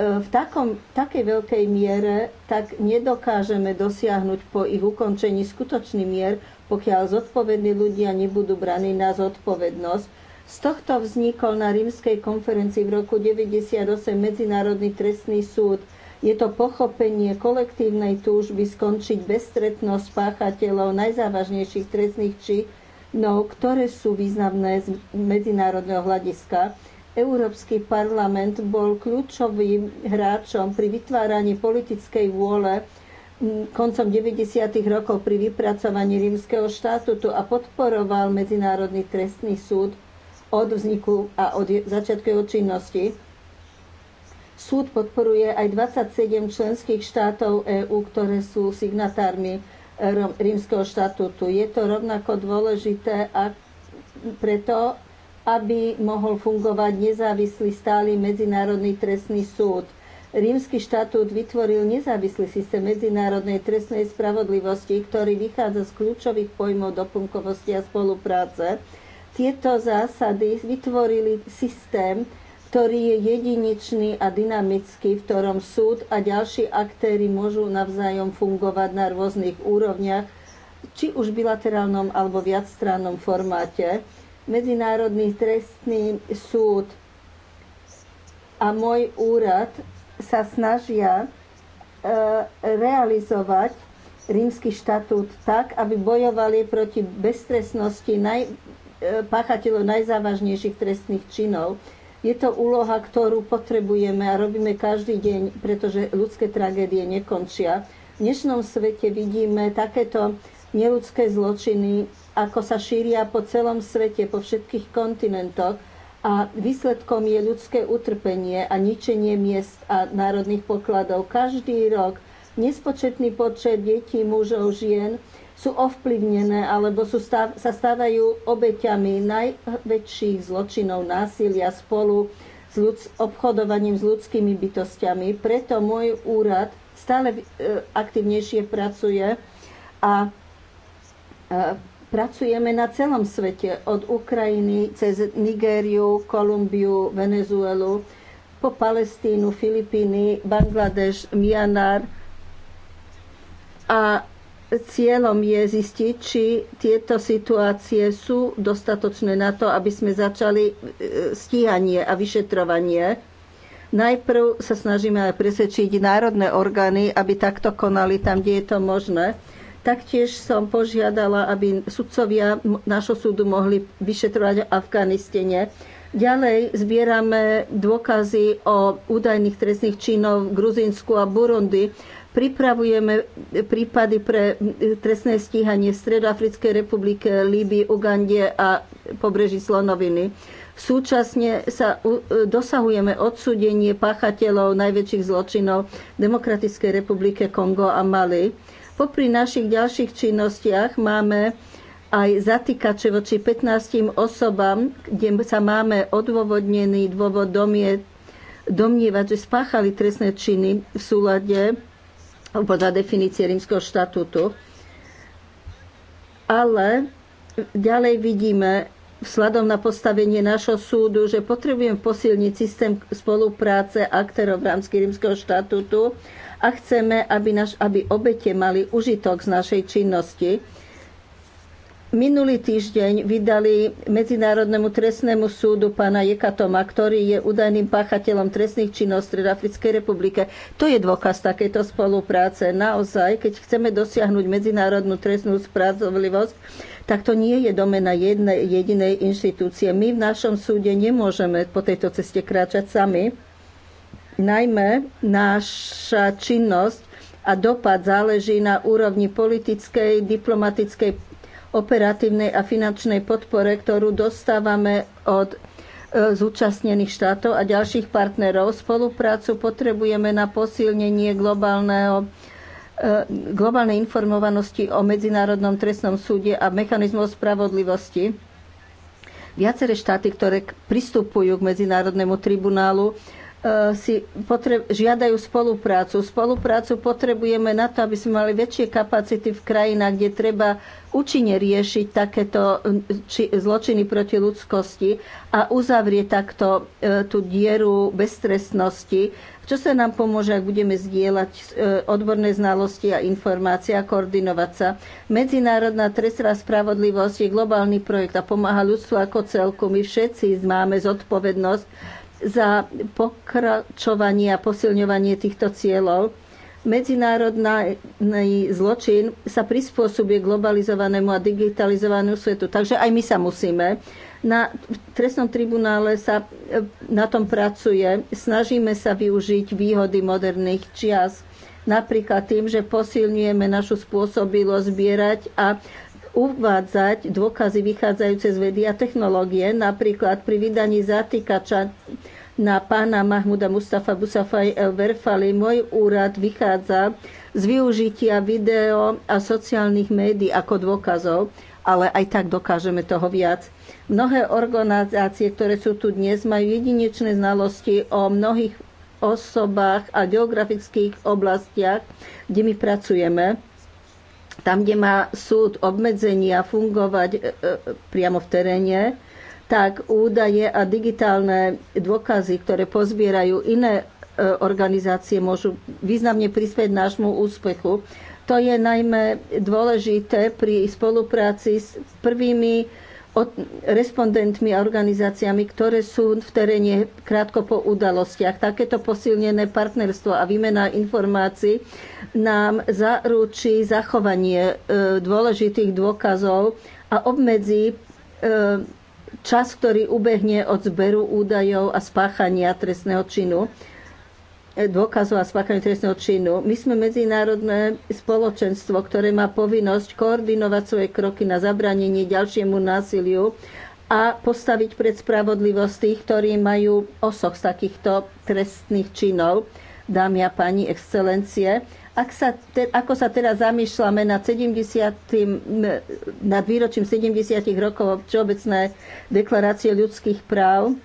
v takom, takej veľkej miere tak nedokážeme dosiahnuť po ich ukončení skutočný mier, pokiaľ zodpovední ľudia nebudú braní na zodpovednosť. Z tohto vznikol na rímskej konferencii v roku 1998 Medzinárodný trestný súd. Je to pochopenie kolektívnej túžby skončiť bezstretnosť páchateľov najzávažnejších trestných činov, ktoré sú významné z medzinárodného hľadiska Európsky parlament bol kľúčovým hráčom pri vytváraní politickej vôle koncom 90. rokov pri vypracovaní rímskeho štátutu a podporoval Medzinárodný trestný súd od vzniku a od začiatku jeho činnosti. Súd podporuje aj 27 členských štátov EÚ, ktoré sú signatármi e, rímskeho štatútu. Je to rovnako dôležité a preto, aby mohol fungovať nezávislý stály medzinárodný trestný súd. Rímsky štatút vytvoril nezávislý systém medzinárodnej trestnej spravodlivosti, ktorý vychádza z kľúčových pojmov doplnkovosti a spolupráce. Tieto zásady vytvorili systém, ktorý je jedinečný a dynamický, v ktorom súd a ďalší aktéry môžu navzájom fungovať na rôznych úrovniach, či už v bilaterálnom alebo viacstrannom formáte. Medzinárodný trestný súd a môj úrad sa snažia e, realizovať rímsky štatút tak, aby bojovali proti beztrestnosti naj, e, páchateľov najzávažnejších trestných činov. Je to úloha, ktorú potrebujeme a robíme každý deň, pretože ľudské tragédie nekončia. V dnešnom svete vidíme takéto neludské zločiny ako sa šíria po celom svete, po všetkých kontinentoch a výsledkom je ľudské utrpenie a ničenie miest a národných pokladov. Každý rok nespočetný počet detí, mužov, žien sú ovplyvnené alebo sú stav, sa stávajú obeťami najväčších zločinov násilia spolu s ľud, obchodovaním s ľudskými bytostiami. Preto môj úrad stále e, aktivnejšie pracuje a e, Pracujeme na celom svete, od Ukrajiny cez Nigériu, Kolumbiu, Venezuelu, po Palestínu, Filipíny, Bangladeš, Myanmar. A cieľom je zistiť, či tieto situácie sú dostatočné na to, aby sme začali e, stíhanie a vyšetrovanie. Najprv sa snažíme aj presvedčiť národné orgány, aby takto konali tam, kde je to možné. Taktiež som požiadala, aby sudcovia nášho súdu mohli vyšetrovať v Afganistene. Ďalej zbierame dôkazy o údajných trestných činov v Gruzínsku a Burundi. Pripravujeme prípady pre trestné stíhanie v Stredoafrickej republike, Líbii, Ugande a pobreží Slonoviny. Súčasne sa e, dosahujeme odsúdenie páchateľov najväčších zločinov v Demokratickej republike Kongo a Mali Popri našich ďalších činnostiach máme aj zatýkače voči 15 osobám, kde sa máme odôvodnený dôvod domie, domnievať, že spáchali trestné činy v súlade podľa definície rímskeho štatútu. Ale ďalej vidíme, vzhľadom na postavenie našho súdu, že potrebujem posilniť systém spolupráce aktérov v rámci rímskeho štatútu a chceme, aby, naš, aby obete mali užitok z našej činnosti. Minulý týždeň vydali Medzinárodnému trestnému súdu pána Jekatoma, ktorý je údajným páchateľom trestných činov v Stredafrickej republike. To je dôkaz takéto spolupráce. Naozaj, keď chceme dosiahnuť medzinárodnú trestnú spravodlivosť, tak to nie je domena jednej jedinej inštitúcie. My v našom súde nemôžeme po tejto ceste kráčať sami Najmä náša činnosť a dopad záleží na úrovni politickej, diplomatickej, operatívnej a finančnej podpore, ktorú dostávame od e, zúčastnených štátov a ďalších partnerov. Spoluprácu potrebujeme na posilnenie globálneho e, globálnej informovanosti o Medzinárodnom trestnom súde a mechanizmu spravodlivosti. Viaceré štáty, ktoré pristupujú k Medzinárodnému tribunálu, E, si potreb, žiadajú spoluprácu. Spoluprácu potrebujeme na to, aby sme mali väčšie kapacity v krajinách, kde treba účinne riešiť takéto či, zločiny proti ľudskosti a uzavrieť takto e, tú dieru beztrestnosti. Čo sa nám pomôže, ak budeme zdieľať e, odborné znalosti a informácie a koordinovať sa? Medzinárodná trestná spravodlivosť je globálny projekt a pomáha ľudstvu ako celku. My všetci máme zodpovednosť za pokračovanie a posilňovanie týchto cieľov. Medzinárodný zločin sa prispôsobuje globalizovanému a digitalizovanému svetu, takže aj my sa musíme. Na trestnom tribunále sa e, na tom pracuje. Snažíme sa využiť výhody moderných čias, napríklad tým, že posilňujeme našu spôsobilosť zbierať a uvádzať dôkazy vychádzajúce z vedy a technológie, napríklad pri vydaní zatýkača na pána Mahmuda Mustafa Busafaj El Verfali. Môj úrad vychádza z využitia video a sociálnych médií ako dôkazov, ale aj tak dokážeme toho viac. Mnohé organizácie, ktoré sú tu dnes, majú jedinečné znalosti o mnohých osobách a geografických oblastiach, kde my pracujeme tam, kde má súd obmedzenia fungovať e, e, priamo v teréne, tak údaje a digitálne dôkazy, ktoré pozbierajú iné e, organizácie, môžu významne prispieť nášmu úspechu. To je najmä dôležité pri spolupráci s prvými respondentmi a organizáciami, ktoré sú v teréne krátko po udalostiach. Takéto posilnené partnerstvo a výmena informácií nám zaručí zachovanie e, dôležitých dôkazov a obmedzí e, čas, ktorý ubehne od zberu údajov a spáchania trestného činu. E, dôkazov a spáchania trestného činu. My sme medzinárodné spoločenstvo, ktoré má povinnosť koordinovať svoje kroky na zabranenie ďalšiemu násiliu a postaviť pred spravodlivosť tých, ktorí majú osoch z takýchto trestných činov. Dámy a páni, excelencie, ak sa te, ako sa teraz zamýšľame nad, 70, nad výročím 70 rokov Všeobecnej deklarácie ľudských práv,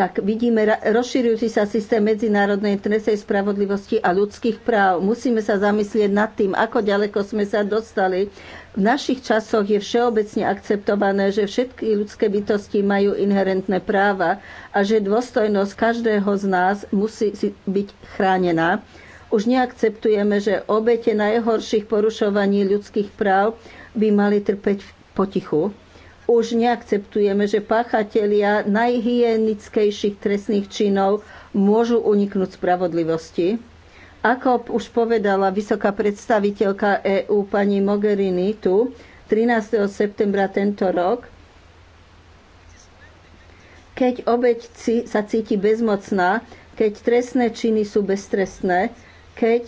tak vidíme rozširujúci sa systém medzinárodnej trestnej spravodlivosti a ľudských práv. Musíme sa zamyslieť nad tým, ako ďaleko sme sa dostali. V našich časoch je všeobecne akceptované, že všetky ľudské bytosti majú inherentné práva a že dôstojnosť každého z nás musí byť chránená. Už neakceptujeme, že obete najhorších porušovaní ľudských práv by mali trpeť potichu. Už neakceptujeme, že páchatelia najhygienickejších trestných činov môžu uniknúť spravodlivosti. Ako už povedala vysoká predstaviteľka EÚ pani Mogherini tu 13. septembra tento rok, keď obeď sa cíti bezmocná, keď trestné činy sú beztrestné, keď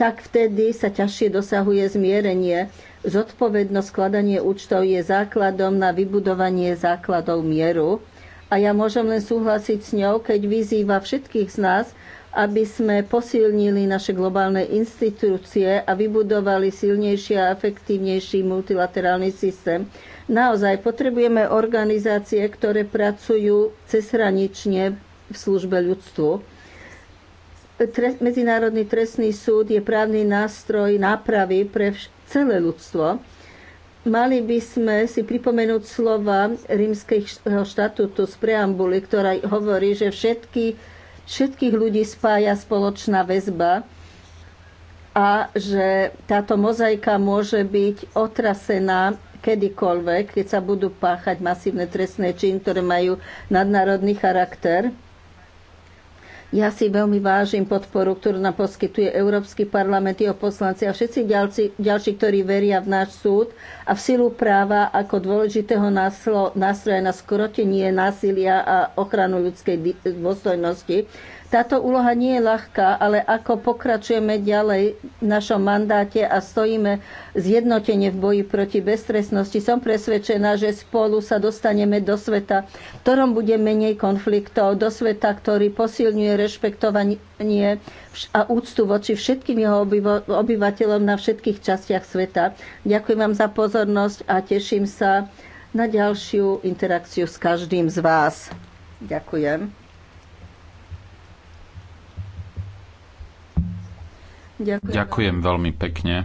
tak vtedy sa ťažšie dosahuje zmierenie. Zodpovednosť skladanie účtov je základom na vybudovanie základov mieru a ja môžem len súhlasiť s ňou, keď vyzýva všetkých z nás, aby sme posilnili naše globálne inštitúcie a vybudovali silnejší a efektívnejší multilaterálny systém. Naozaj potrebujeme organizácie, ktoré pracujú cezhranične v službe ľudstvu. Medzinárodný trestný súd je právny nástroj nápravy pre celé ľudstvo. Mali by sme si pripomenúť slova rímskeho štatútu z preambuly, ktorá hovorí, že všetky, všetkých ľudí spája spoločná väzba a že táto mozaika môže byť otrasená kedykoľvek, keď sa budú páchať masívne trestné činy, ktoré majú nadnárodný charakter ja si veľmi vážim podporu, ktorú nám poskytuje Európsky parlament, jeho poslanci a všetci ďalci, ďalší, ktorí veria v náš súd a v silu práva ako dôležitého nástroja na skrotenie násilia a ochranu ľudskej dôstojnosti. Táto úloha nie je ľahká, ale ako pokračujeme ďalej v našom mandáte a stojíme zjednotene v boji proti beztrestnosti, som presvedčená, že spolu sa dostaneme do sveta, v ktorom bude menej konfliktov, do sveta, ktorý posilňuje rešpektovanie a úctu voči všetkým jeho obyvateľom na všetkých častiach sveta. Ďakujem vám za pozornosť a teším sa na ďalšiu interakciu s každým z vás. Ďakujem. Ďakujem, Ďakujem veľmi pekne.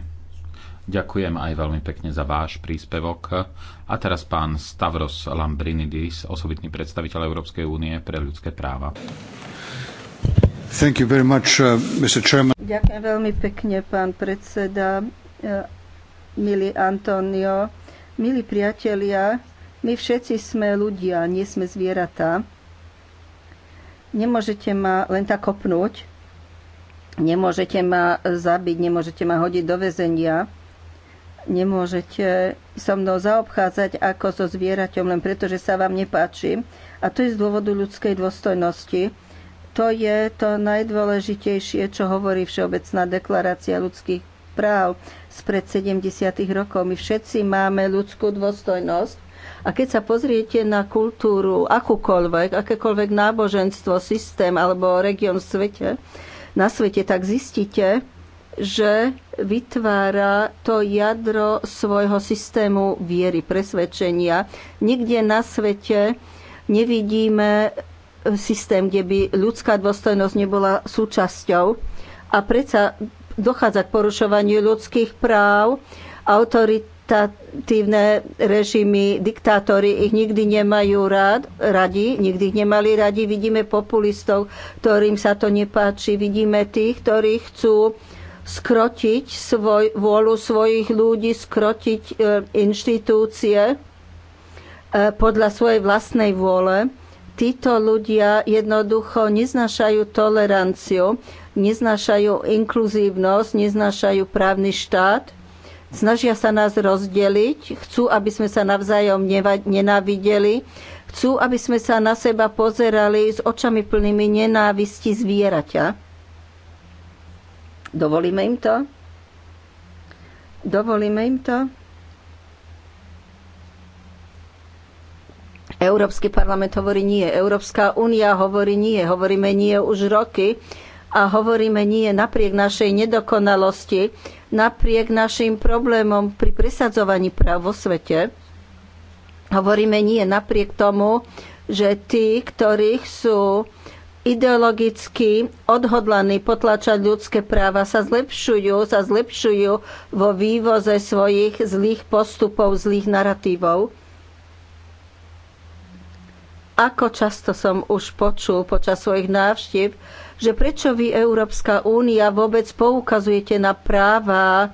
Ďakujem aj veľmi pekne za váš príspevok. A teraz pán Stavros Lambrinidis, osobitný predstaviteľ Európskej únie pre ľudské práva. Thank you very much, uh, Mr. Chairman. Ďakujem veľmi pekne, pán predseda, uh, milý Antonio. Milí priatelia, my všetci sme ľudia, nie sme zvieratá. Nemôžete ma len tak kopnúť, Nemôžete ma zabiť, nemôžete ma hodiť do väzenia, nemôžete so mnou zaobchádzať ako so zvieraťom, len preto, že sa vám nepáči. A to je z dôvodu ľudskej dôstojnosti. To je to najdôležitejšie, čo hovorí Všeobecná deklarácia ľudských práv spred 70. rokov. My všetci máme ľudskú dôstojnosť. A keď sa pozriete na kultúru, akúkoľvek, akékoľvek náboženstvo, systém alebo región v svete, na svete, tak zistíte, že vytvára to jadro svojho systému viery, presvedčenia. Nikde na svete nevidíme systém, kde by ľudská dôstojnosť nebola súčasťou. A predsa dochádza k porušovaniu ľudských práv, autorit autoritatívne režimy, diktátori ich nikdy nemajú rád, radi, nikdy ich nemali radi. Vidíme populistov, ktorým sa to nepáči. Vidíme tých, ktorí chcú skrotiť svoj, vôľu svojich ľudí, skrotiť e, inštitúcie e, podľa svojej vlastnej vôle. Títo ľudia jednoducho neznášajú toleranciu, neznášajú inkluzívnosť, neznášajú právny štát snažia sa nás rozdeliť, chcú, aby sme sa navzájom nenávideli, chcú, aby sme sa na seba pozerali s očami plnými nenávisti zvieraťa. Dovolíme im to? Dovolíme im to? Európsky parlament hovorí nie, Európska únia hovorí nie, hovoríme nie už roky a hovoríme nie napriek našej nedokonalosti, napriek našim problémom pri presadzovaní práv vo svete. Hovoríme nie napriek tomu, že tí, ktorých sú ideologicky odhodlaní potlačať ľudské práva, sa zlepšujú, sa zlepšujú vo vývoze svojich zlých postupov, zlých narratívov. Ako často som už počul počas svojich návštev, že prečo vy, Európska únia, vôbec poukazujete na práva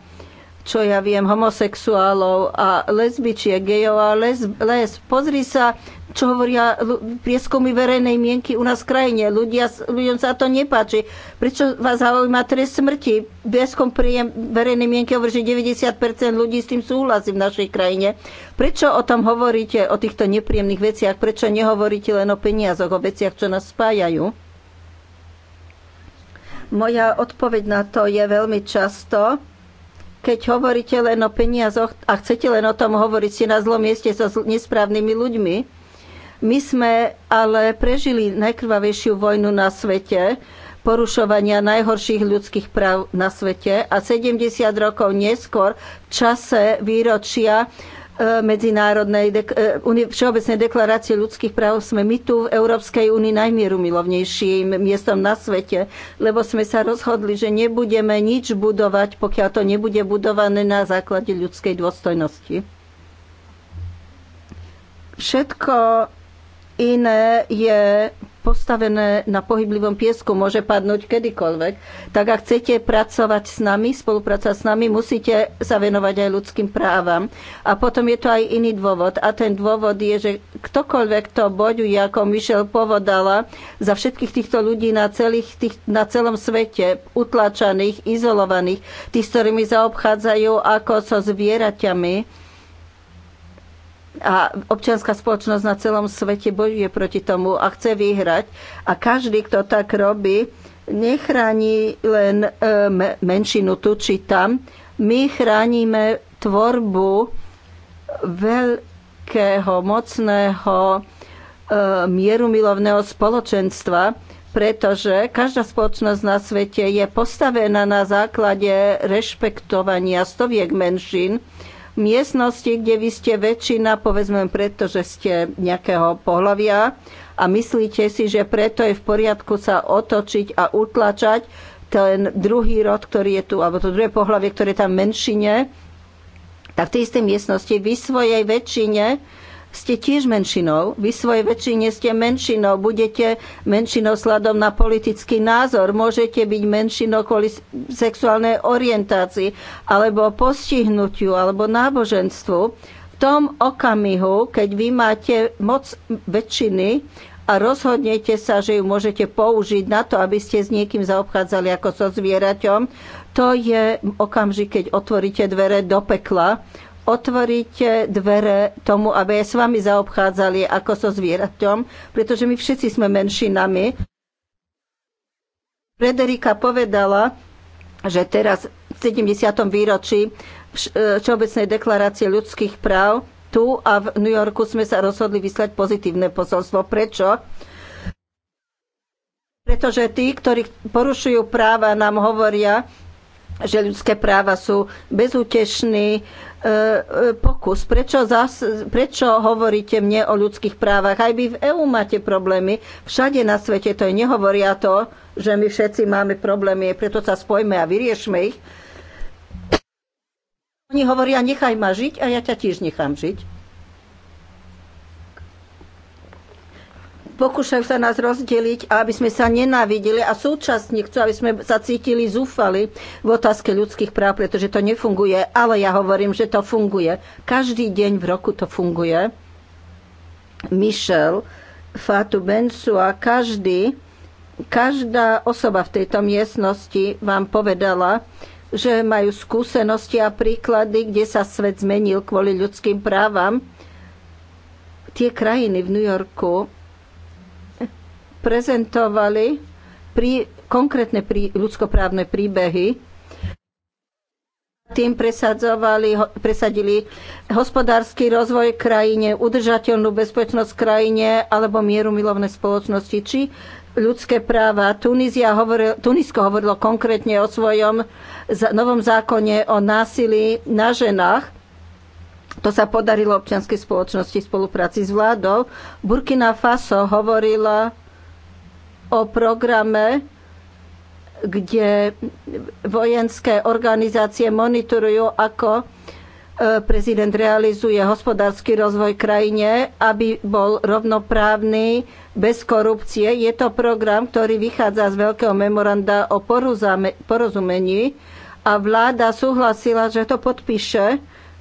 čo ja viem, homosexuálov a lesbičiek, gejov a les, les. Pozri sa, čo hovoria prieskumy verejnej mienky u nás v krajine. Ľudia, ľuďom sa to nepáči. Prečo vás zaujíma trest smrti? Prieskum príjem verejnej mienky hovorí, že 90% ľudí s tým súhlasí v našej krajine. Prečo o tom hovoríte, o týchto nepríjemných veciach? Prečo nehovoríte len o peniazoch, o veciach, čo nás spájajú? Moja odpoveď na to je veľmi často, keď hovoríte len o peniazoch a chcete len o tom hovoriť, si na zlom mieste so nesprávnymi ľuďmi. My sme ale prežili najkrvavejšiu vojnu na svete, porušovania najhorších ľudských práv na svete a 70 rokov neskôr v čase výročia E, medzinárodnej dek- e, Všeobecnej deklarácie ľudských práv sme my tu v Európskej únii milovnejším miestom na svete, lebo sme sa rozhodli, že nebudeme nič budovať, pokiaľ to nebude budované na základe ľudskej dôstojnosti. Všetko iné je postavené na pohyblivom piesku, môže padnúť kedykoľvek. Tak ak chcete pracovať s nami, spolupracovať s nami, musíte sa venovať aj ľudským právam. A potom je to aj iný dôvod. A ten dôvod je, že ktokoľvek to bojuje, ako Michelle povodala, za všetkých týchto ľudí na, celých tých, na celom svete, utlačaných, izolovaných, tých, s ktorými zaobchádzajú ako so zvieraťami, a občianská spoločnosť na celom svete bojuje proti tomu a chce vyhrať. A každý, kto tak robí, nechráni len e, menšinu tu či tam. My chránime tvorbu veľkého, mocného, e, mierumilovného spoločenstva, pretože každá spoločnosť na svete je postavená na základe rešpektovania stoviek menšín miestnosti, kde vy ste väčšina, povedzme preto, že ste nejakého pohľavia a myslíte si, že preto je v poriadku sa otočiť a utlačať ten druhý rod, ktorý je tu, alebo to druhé pohľavie, ktoré je tam menšine, tak v tej istej miestnosti vy svojej väčšine ste tiež menšinou. Vy svojej väčšine ste menšinou. Budete menšinou sladom na politický názor. Môžete byť menšinou kvôli sexuálnej orientácii alebo postihnutiu alebo náboženstvu. V tom okamihu, keď vy máte moc väčšiny a rozhodnete sa, že ju môžete použiť na to, aby ste s niekým zaobchádzali ako so zvieraťom, to je okamžik, keď otvoríte dvere do pekla otvoriť dvere tomu, aby aj s vami zaobchádzali ako so zvieraťom, pretože my všetci sme menšinami. Frederika povedala, že teraz v 70. výročí e, Všeobecnej deklarácie ľudských práv tu a v New Yorku sme sa rozhodli vyslať pozitívne posolstvo. Prečo? Pretože tí, ktorí porušujú práva, nám hovoria, že ľudské práva sú bezútešný e, e, pokus. Prečo, zas, prečo hovoríte mne o ľudských právach? Aj vy v EÚ máte problémy. Všade na svete to je. Nehovoria to, že my všetci máme problémy, preto sa spojme a vyriešme ich. Oni hovoria, nechaj ma žiť a ja ťa tiež nechám žiť. pokúšajú sa nás rozdeliť aby sme sa nenávideli a súčasne chcú, aby sme sa cítili zúfali v otázke ľudských práv, pretože to nefunguje, ale ja hovorím, že to funguje. Každý deň v roku to funguje. Michel, Fatu Bensu a každý, každá osoba v tejto miestnosti vám povedala, že majú skúsenosti a príklady, kde sa svet zmenil kvôli ľudským právam. Tie krajiny v New Yorku prezentovali konkrétne prí, ľudskoprávne príbehy. Tým presadzovali, presadili hospodársky rozvoj krajine, udržateľnú bezpečnosť krajine alebo mieru milovné spoločnosti či ľudské práva. hovoril, Tunisko hovorilo konkrétne o svojom novom zákone o násilí na ženách. To sa podarilo občianskej spoločnosti v spolupráci s vládou. Burkina Faso hovorila o programe, kde vojenské organizácie monitorujú, ako e, prezident realizuje hospodársky rozvoj krajine, aby bol rovnoprávny, bez korupcie. Je to program, ktorý vychádza z veľkého memoranda o porozumení a vláda súhlasila, že to podpíše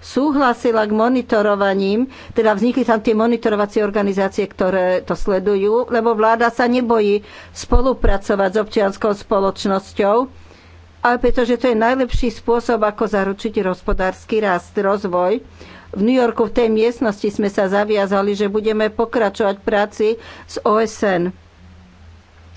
súhlasila k monitorovaním, teda vznikli tam tie monitorovacie organizácie, ktoré to sledujú, lebo vláda sa nebojí spolupracovať s občianskou spoločnosťou, ale pretože to je najlepší spôsob, ako zaručiť hospodársky rast, rozvoj. V New Yorku v tej miestnosti sme sa zaviazali, že budeme pokračovať práci s OSN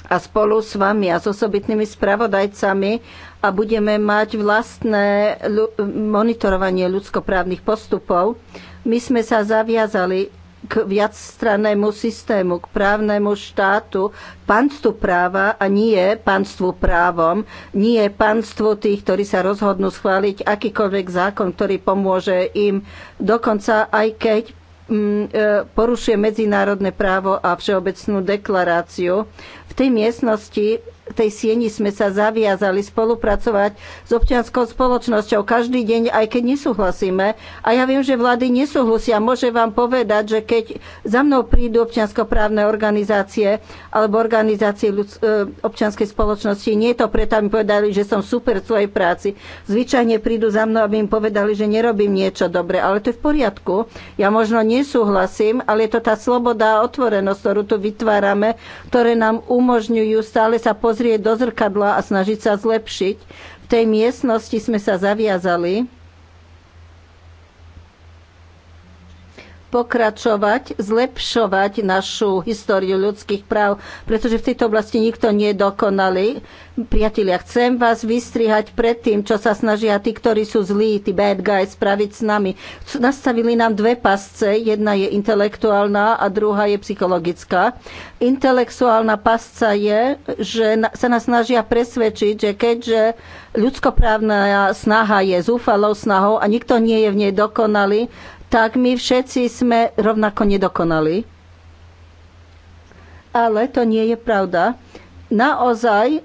a spolu s vami a s osobitnými spravodajcami a budeme mať vlastné monitorovanie ľudskoprávnych postupov. My sme sa zaviazali k viacstrannému systému, k právnemu štátu, panstvu práva a nie panstvu právom, nie panstvu tých, ktorí sa rozhodnú schváliť akýkoľvek zákon, ktorý pomôže im, dokonca aj keď mm, e, porušuje medzinárodné právo a všeobecnú deklaráciu. V tej miestnosti tej sieni sme sa zaviazali spolupracovať s občianskou spoločnosťou každý deň, aj keď nesúhlasíme. A ja viem, že vlády nesúhlasia. Môžem vám povedať, že keď za mnou prídu občianskoprávne organizácie alebo organizácie e, občianskej spoločnosti, nie je to preto, aby povedali, že som super v svojej práci. Zvyčajne prídu za mnou, aby im povedali, že nerobím niečo dobre, ale to je v poriadku. Ja možno nesúhlasím, ale je to tá sloboda a otvorenosť, ktorú tu vytvárame, ktoré nám umožňujú stále sa pozrieť pozrieť do zrkadla a snažiť sa zlepšiť. V tej miestnosti sme sa zaviazali, pokračovať, zlepšovať našu históriu ľudských práv, pretože v tejto oblasti nikto nie je dokonalý. Priatelia, chcem vás vystrihať pred tým, čo sa snažia tí, ktorí sú zlí, tí bad guys, spraviť s nami. Nastavili nám dve pasce, jedna je intelektuálna a druhá je psychologická. Intelektuálna pasca je, že sa nás snažia presvedčiť, že keďže ľudskoprávna snaha je zúfalou snahou a nikto nie je v nej dokonalý, tak my všetci sme rovnako nedokonali. Ale to nie je pravda. Naozaj e,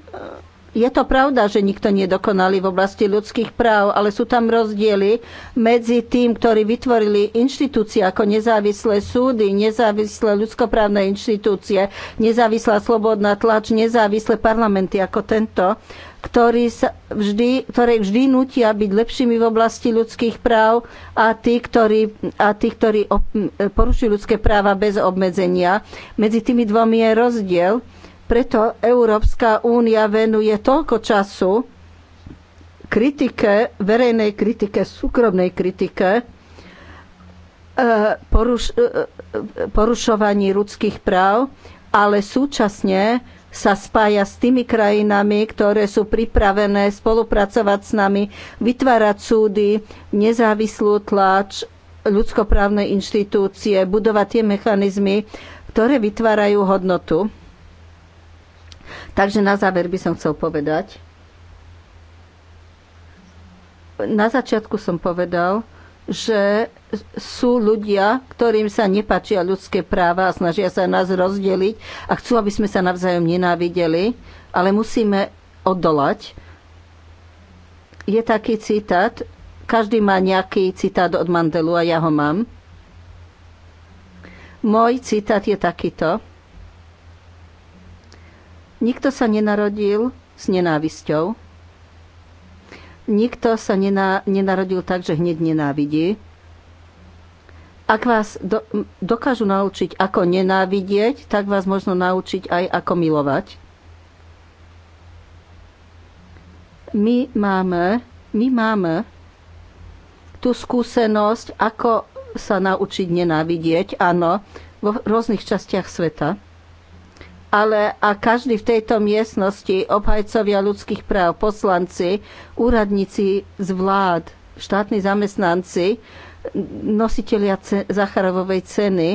je to pravda, že nikto nedokonalý v oblasti ľudských práv, ale sú tam rozdiely medzi tým, ktorí vytvorili inštitúcie ako nezávislé súdy, nezávislé ľudskoprávne inštitúcie, nezávislá slobodná tlač, nezávislé parlamenty ako tento ktorí sa vždy, ktoré vždy nutia byť lepšími v oblasti ľudských práv a tí, ktorí, a tí, ktorí porušujú ľudské práva bez obmedzenia. Medzi tými dvomi je rozdiel. Preto Európska únia venuje toľko času kritike, verejnej kritike, súkromnej kritike, e, poruš, e, porušovaní ľudských práv, ale súčasne sa spája s tými krajinami, ktoré sú pripravené spolupracovať s nami, vytvárať súdy, nezávislú tlač, ľudskoprávne inštitúcie, budovať tie mechanizmy, ktoré vytvárajú hodnotu. Takže na záver by som chcel povedať. Na začiatku som povedal, že sú ľudia, ktorým sa nepáčia ľudské práva a snažia sa nás rozdeliť a chcú, aby sme sa navzájom nenávideli, ale musíme odolať. Je taký citát, každý má nejaký citát od Mandelu a ja ho mám. Môj citát je takýto. Nikto sa nenarodil s nenávisťou. Nikto sa nenarodil tak, že hneď nenávidí ak vás do, dokážu naučiť, ako nenávidieť, tak vás možno naučiť aj, ako milovať. My máme, my máme tú skúsenosť, ako sa naučiť nenávidieť, áno, vo rôznych častiach sveta. Ale a každý v tejto miestnosti, obhajcovia ľudských práv, poslanci, úradníci z vlád, štátni zamestnanci, nositeľia Zacharovovej ceny,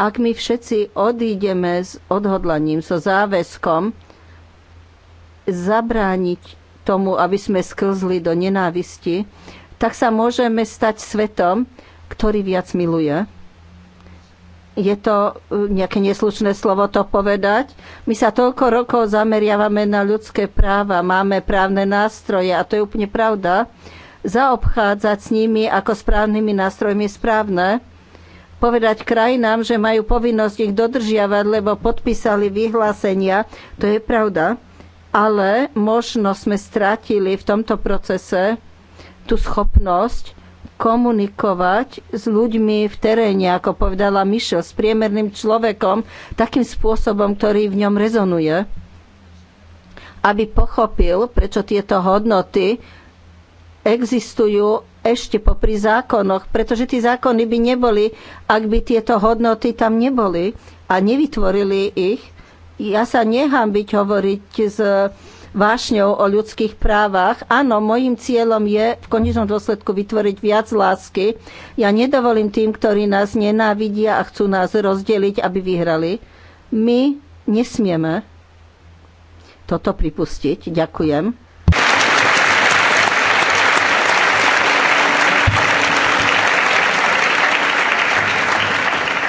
ak my všetci odídeme s odhodlaním, so záväzkom zabrániť tomu, aby sme sklzli do nenávisti, tak sa môžeme stať svetom, ktorý viac miluje. Je to e, nejaké neslušné slovo to povedať. My sa toľko rokov zameriavame na ľudské práva, máme právne nástroje a to je úplne pravda zaobchádzať s nimi ako správnymi nástrojmi správne, povedať krajinám, že majú povinnosť ich dodržiavať, lebo podpísali vyhlásenia. To je pravda. Ale možno sme stratili v tomto procese tú schopnosť komunikovať s ľuďmi v teréne, ako povedala Mišo, s priemerným človekom, takým spôsobom, ktorý v ňom rezonuje, aby pochopil, prečo tieto hodnoty existujú ešte popri zákonoch, pretože tí zákony by neboli, ak by tieto hodnoty tam neboli a nevytvorili ich. Ja sa nechám byť hovoriť s vášňou o ľudských právach. Áno, môjim cieľom je v konečnom dôsledku vytvoriť viac lásky. Ja nedovolím tým, ktorí nás nenávidia a chcú nás rozdeliť, aby vyhrali. My nesmieme toto pripustiť. Ďakujem.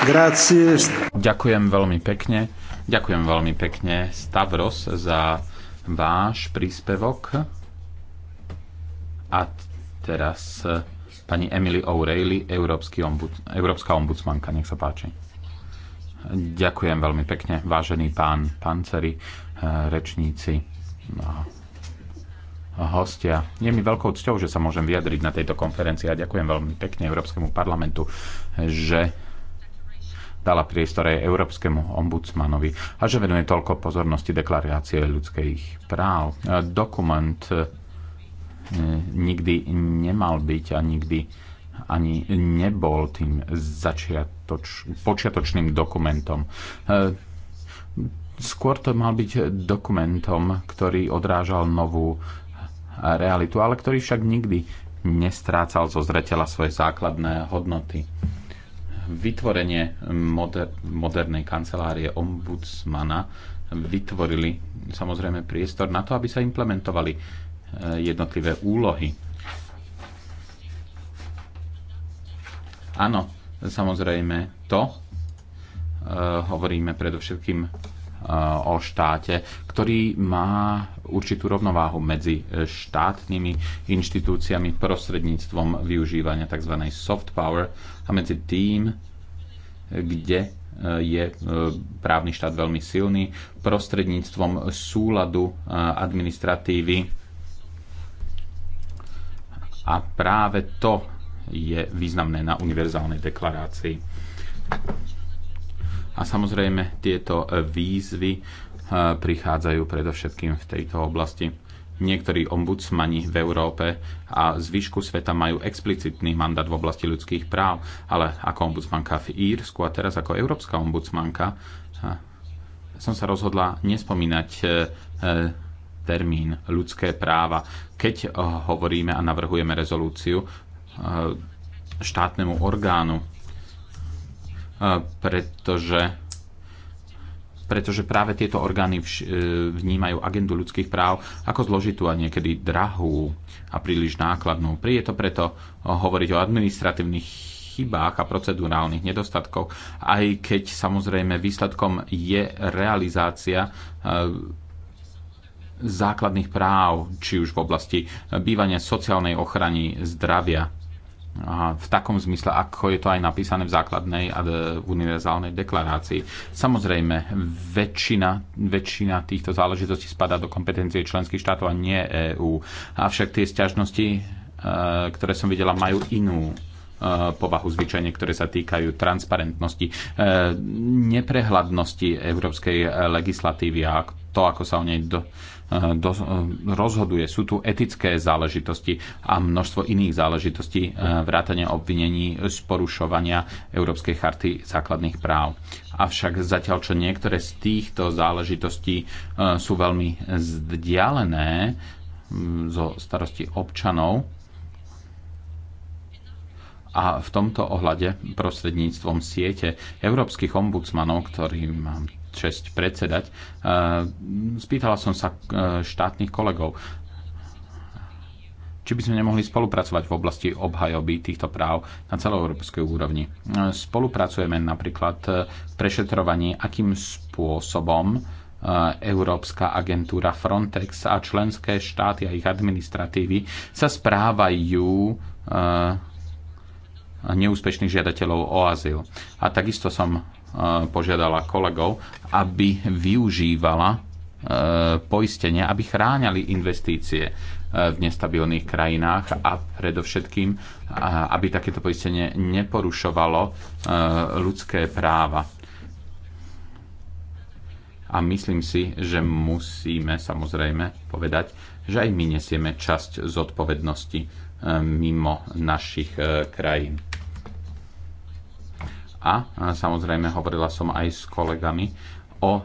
Grazie. Ďakujem veľmi pekne. Ďakujem veľmi pekne, Stavros, za váš príspevok. A teraz eh, pani Emily O'Reilly, ombud, Európska ombudsmanka. Nech sa páči. Ďakujem veľmi pekne, vážený pán Panceri, eh, rečníci hostia. Je mi veľkou cťou, že sa môžem vyjadriť na tejto konferencii a ďakujem veľmi pekne Európskemu parlamentu, že dala priestor aj Európskemu ombudsmanovi a že venuje toľko pozornosti deklarácie ľudských práv. Dokument e, nikdy nemal byť a nikdy ani nebol tým začiatoč, počiatočným dokumentom. E, skôr to mal byť dokumentom, ktorý odrážal novú realitu, ale ktorý však nikdy nestrácal zo zretela svoje základné hodnoty vytvorenie moder- modernej kancelárie ombudsmana vytvorili samozrejme priestor na to, aby sa implementovali e, jednotlivé úlohy. Áno, samozrejme to, e, hovoríme predovšetkým o štáte, ktorý má určitú rovnováhu medzi e, štátnymi inštitúciami prostredníctvom využívania tzv. soft power a medzi tým, e, kde e, je právny štát veľmi silný prostredníctvom súladu administratívy a práve to je významné na univerzálnej deklarácii a samozrejme, tieto e, výzvy e, prichádzajú predovšetkým v tejto oblasti. Niektorí ombudsmani v Európe a zvyšku sveta majú explicitný mandát v oblasti ľudských práv, ale ako ombudsmanka v Írsku a teraz ako európska ombudsmanka e, som sa rozhodla nespomínať termín ľudské práva, keď hovoríme a navrhujeme rezolúciu štátnemu orgánu pretože pretože práve tieto orgány e, vnímajú agendu ľudských práv ako zložitú a niekedy drahú a príliš nákladnú. Príde to preto hovoriť o administratívnych chybách a procedurálnych nedostatkoch, aj keď samozrejme výsledkom je realizácia e, základných práv, či už v oblasti bývania, sociálnej ochrany, zdravia a v takom zmysle, ako je to aj napísané v základnej a univerzálnej deklarácii. Samozrejme, väčšina, väčšina týchto záležitostí spadá do kompetencie členských štátov a nie EÚ. Avšak tie sťažnosti, e, ktoré som videla, majú inú e, povahu zvyčajne, ktoré sa týkajú transparentnosti, e, neprehľadnosti európskej legislatívy a to, ako sa o nej do, E, do, e, rozhoduje. Sú tu etické záležitosti a množstvo iných záležitostí e, vrátane obvinení z porušovania Európskej charty základných práv. Avšak zatiaľ, čo niektoré z týchto záležitostí sú veľmi vzdialené zo starosti občanov, a v tomto ohľade prostredníctvom siete európskych ombudsmanov, ktorým mám čest predsedať, eh, spýtala som sa eh, štátnych kolegov, či by sme nemohli spolupracovať v oblasti obhajoby týchto práv na celoeurópskej úrovni. Eh, spolupracujeme napríklad v prešetrovaní, akým spôsobom Európska agentúra Frontex a členské štáty a ich administratívy sa správajú neúspešných žiadateľov o azyl. A takisto som požiadala kolegov, aby využívala e, poistenie, aby chránili investície e, v nestabilných krajinách a predovšetkým, e, aby takéto poistenie neporušovalo ľudské práva. A myslím si, že musíme samozrejme povedať, že aj my nesieme časť zodpovednosti mimo našich krajín a samozrejme hovorila som aj s kolegami o e,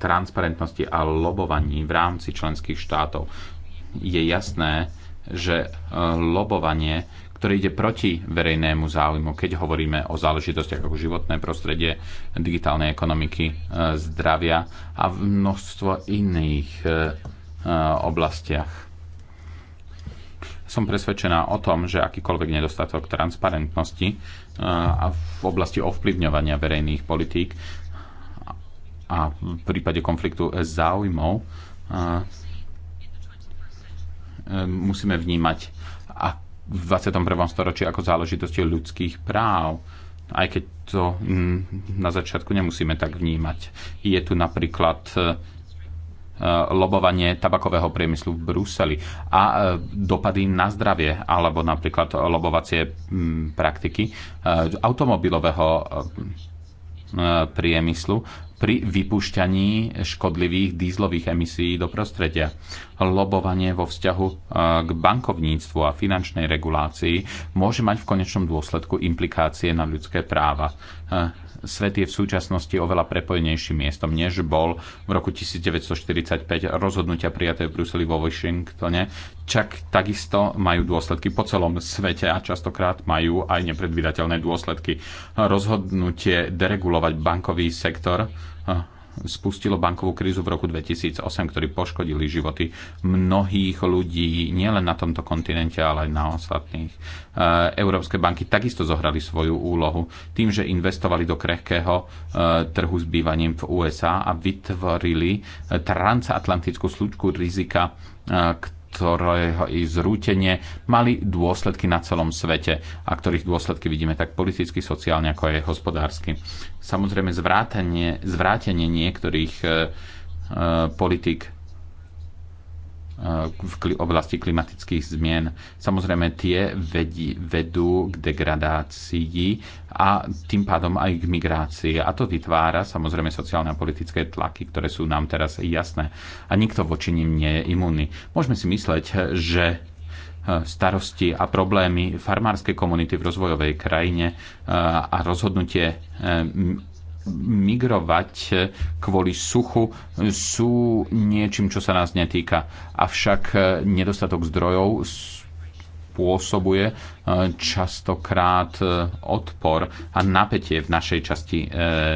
transparentnosti a lobovaní v rámci členských štátov. Je jasné, že e, lobovanie, ktoré ide proti verejnému záujmu, keď hovoríme o záležitostiach ako životné prostredie, digitálnej ekonomiky, e, zdravia a množstvo iných oblastiach som presvedčená o tom, že akýkoľvek nedostatok transparentnosti eh, a v oblasti ovplyvňovania verejných politík a v prípade konfliktu záujmov eh, eh, musíme vnímať a v 21. storočí ako záležitosti ľudských práv aj keď to mm, na začiatku nemusíme tak vnímať. Je tu napríklad Eh, lobovanie tabakového priemyslu v Bruseli a eh, dopady na zdravie alebo napríklad lobovacie mm, praktiky eh, automobilového priemyslu pri vypúšťaní škodlivých dýzlových emisí do prostredia. Lobovanie vo vzťahu k bankovníctvu a finančnej regulácii môže mať v konečnom dôsledku implikácie na ľudské práva svet je v súčasnosti oveľa prepojenejším miestom, než bol v roku 1945 rozhodnutia prijaté v Bruseli vo Washingtone. Čak takisto majú dôsledky po celom svete a častokrát majú aj nepredvídateľné dôsledky. Rozhodnutie deregulovať bankový sektor spustilo bankovú krízu v roku 2008, ktorý poškodili životy mnohých ľudí, nielen na tomto kontinente, ale aj na ostatných. E, európske banky takisto zohrali svoju úlohu tým, že investovali do krehkého e, trhu s bývaním v USA a vytvorili transatlantickú slučku rizika, e, ktorého ich zrútenie mali dôsledky na celom svete a ktorých dôsledky vidíme tak politicky, sociálne, ako aj hospodársky. Samozrejme, zvrátenie, zvrátenie niektorých e, eh, eh, politik Eh, v oblasti klimatických zmien. Samozrejme, tie vedí, vedú k degradácii a tým pádom aj k migrácii. A to vytvára samozrejme sociálne a politické tlaky, ktoré sú nám teraz jasné. A nikto voči nim nie je imunný. Môžeme si mysleť, že eh, starosti a problémy farmárskej komunity v rozvojovej krajine eh, a rozhodnutie migrovať kvôli suchu sú niečím, čo sa nás netýka. Avšak nedostatok zdrojov sú spôsobuje e, častokrát e, odpor a napätie v našej časti e,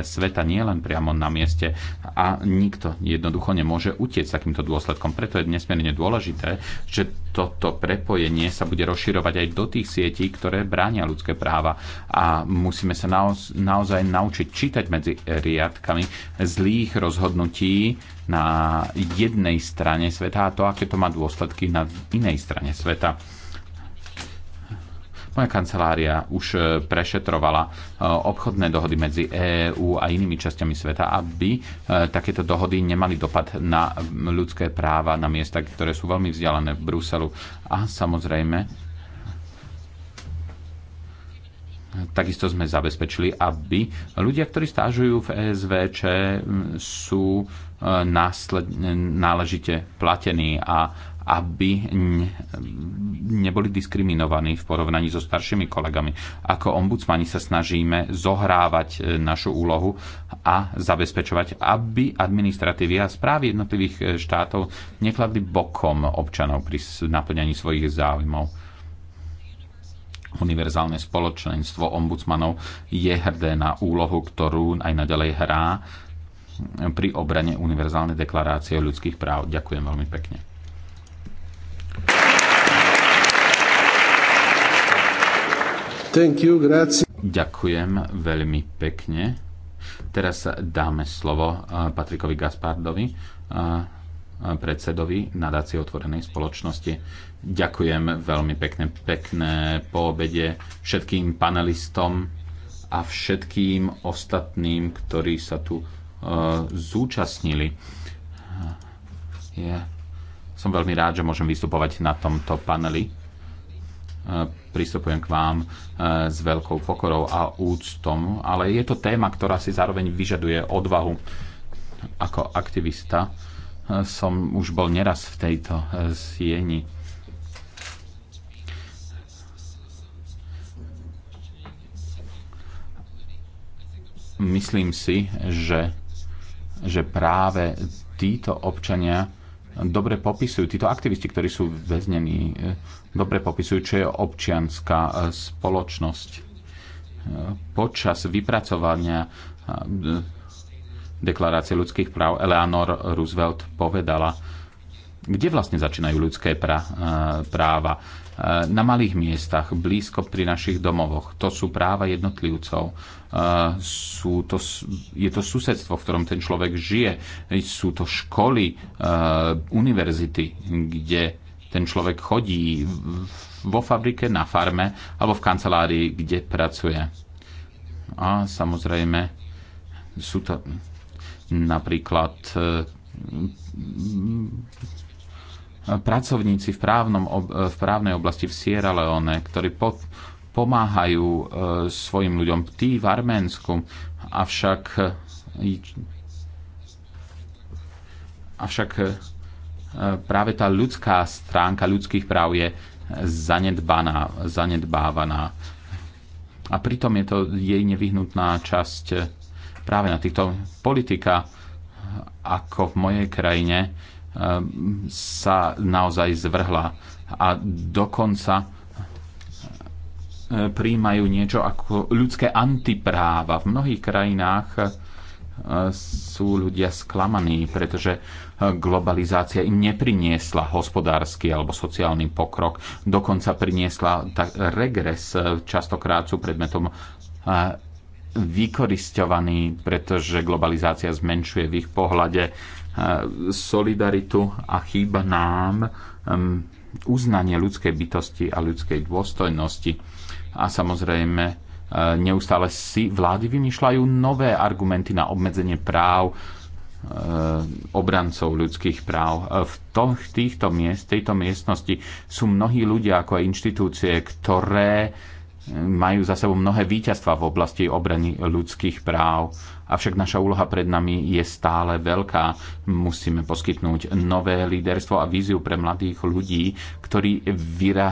sveta, nielen priamo na mieste. A nikto jednoducho nemôže utiecť takýmto dôsledkom. Preto je nesmierne dôležité, že toto prepojenie sa bude rozširovať aj do tých sietí, ktoré bránia ľudské práva. A musíme sa naozaj naučiť čítať medzi riadkami zlých rozhodnutí na jednej strane sveta a to, aké to má dôsledky na inej strane sveta. Moja kancelária už e, prešetrovala e, obchodné dohody medzi EÚ a inými časťami sveta, aby e, takéto dohody nemali dopad na ľudské práva na miesta, ktoré sú veľmi vzdialené v Bruselu. A samozrejme, Takisto sme zabezpečili, aby ľudia, ktorí stážujú v ESVČ, sú náležite platení a aby neboli diskriminovaní v porovnaní so staršími kolegami. Ako ombudsmani sa snažíme zohrávať e, našu úlohu a zabezpečovať, aby administratívy a správy jednotlivých e, štátov nekladli bokom občanov pri naplňaní svojich záujmov. Univerzálne spoločenstvo ombudsmanov je hrdé na úlohu, ktorú aj naďalej hrá pri obrane Univerzálnej deklarácie ľudských práv. Ďakujem veľmi pekne. Thank you, grazie. Ďakujem veľmi pekne. Teraz dáme slovo eh, Patrikovi Gaspardovi, eh, eh, predsedovi nadácie otvorenej spoločnosti. Ďakujem veľmi pekne, pekné po obede všetkým panelistom a všetkým ostatným, ktorí sa tu zúčastnili. Ja som veľmi rád, že môžem vystupovať na tomto paneli pristupujem k vám e, s veľkou pokorou a úctom, ale je to téma, ktorá si zároveň vyžaduje odvahu. Ako aktivista e, som už bol neraz v tejto e, sieni. Myslím si, že, že práve títo občania dobre popisujú, títo aktivisti, ktorí sú väznení dobre popisujú, čo je občianská e, spoločnosť. E, Počas vypracovania e, deklarácie ľudských práv Eleanor Roosevelt povedala, kde vlastne začínajú ľudské pra, práva. Na malých miestach, blízko pri našich domovoch. To sú práva jednotlivcov. Sú to, je to susedstvo, v ktorom ten človek žije. Sú to školy, univerzity, kde ten človek chodí vo fabrike, na farme alebo v kancelárii, kde pracuje. A samozrejme sú to napríklad e, pracovníci v, právnom, v právnej oblasti v Sierra Leone, ktorí po, pomáhajú e, svojim ľuďom, tí v Arménsku, avšak e, avšak práve tá ľudská stránka ľudských práv je zanedbaná, zanedbávaná. A pritom je to jej nevyhnutná časť práve na týchto politika, ako v mojej krajine, eh, sa naozaj zvrhla. A dokonca eh, príjmajú niečo ako ľudské antipráva. V mnohých krajinách eh, sú ľudia sklamaní, pretože globalizácia im nepriniesla hospodársky alebo sociálny pokrok, dokonca priniesla tak regres, e, častokrát sú predmetom e, vykoristovaní, pretože globalizácia zmenšuje v ich pohľade e, solidaritu a chýba nám uznanie ľudskej bytosti a ľudskej dôstojnosti. A samozrejme, neustále si vlády vymýšľajú nové argumenty na obmedzenie práv Eh, obrancov ľudských práv. Eh, v týchto miest, tejto miestnosti sú mnohí ľudia ako aj inštitúcie, ktoré eh, majú za sebou mnohé víťazstva v oblasti obrany ľudských práv. Avšak naša úloha pred nami je stále veľká. Musíme poskytnúť nové líderstvo a víziu pre mladých ľudí, ktorí vyra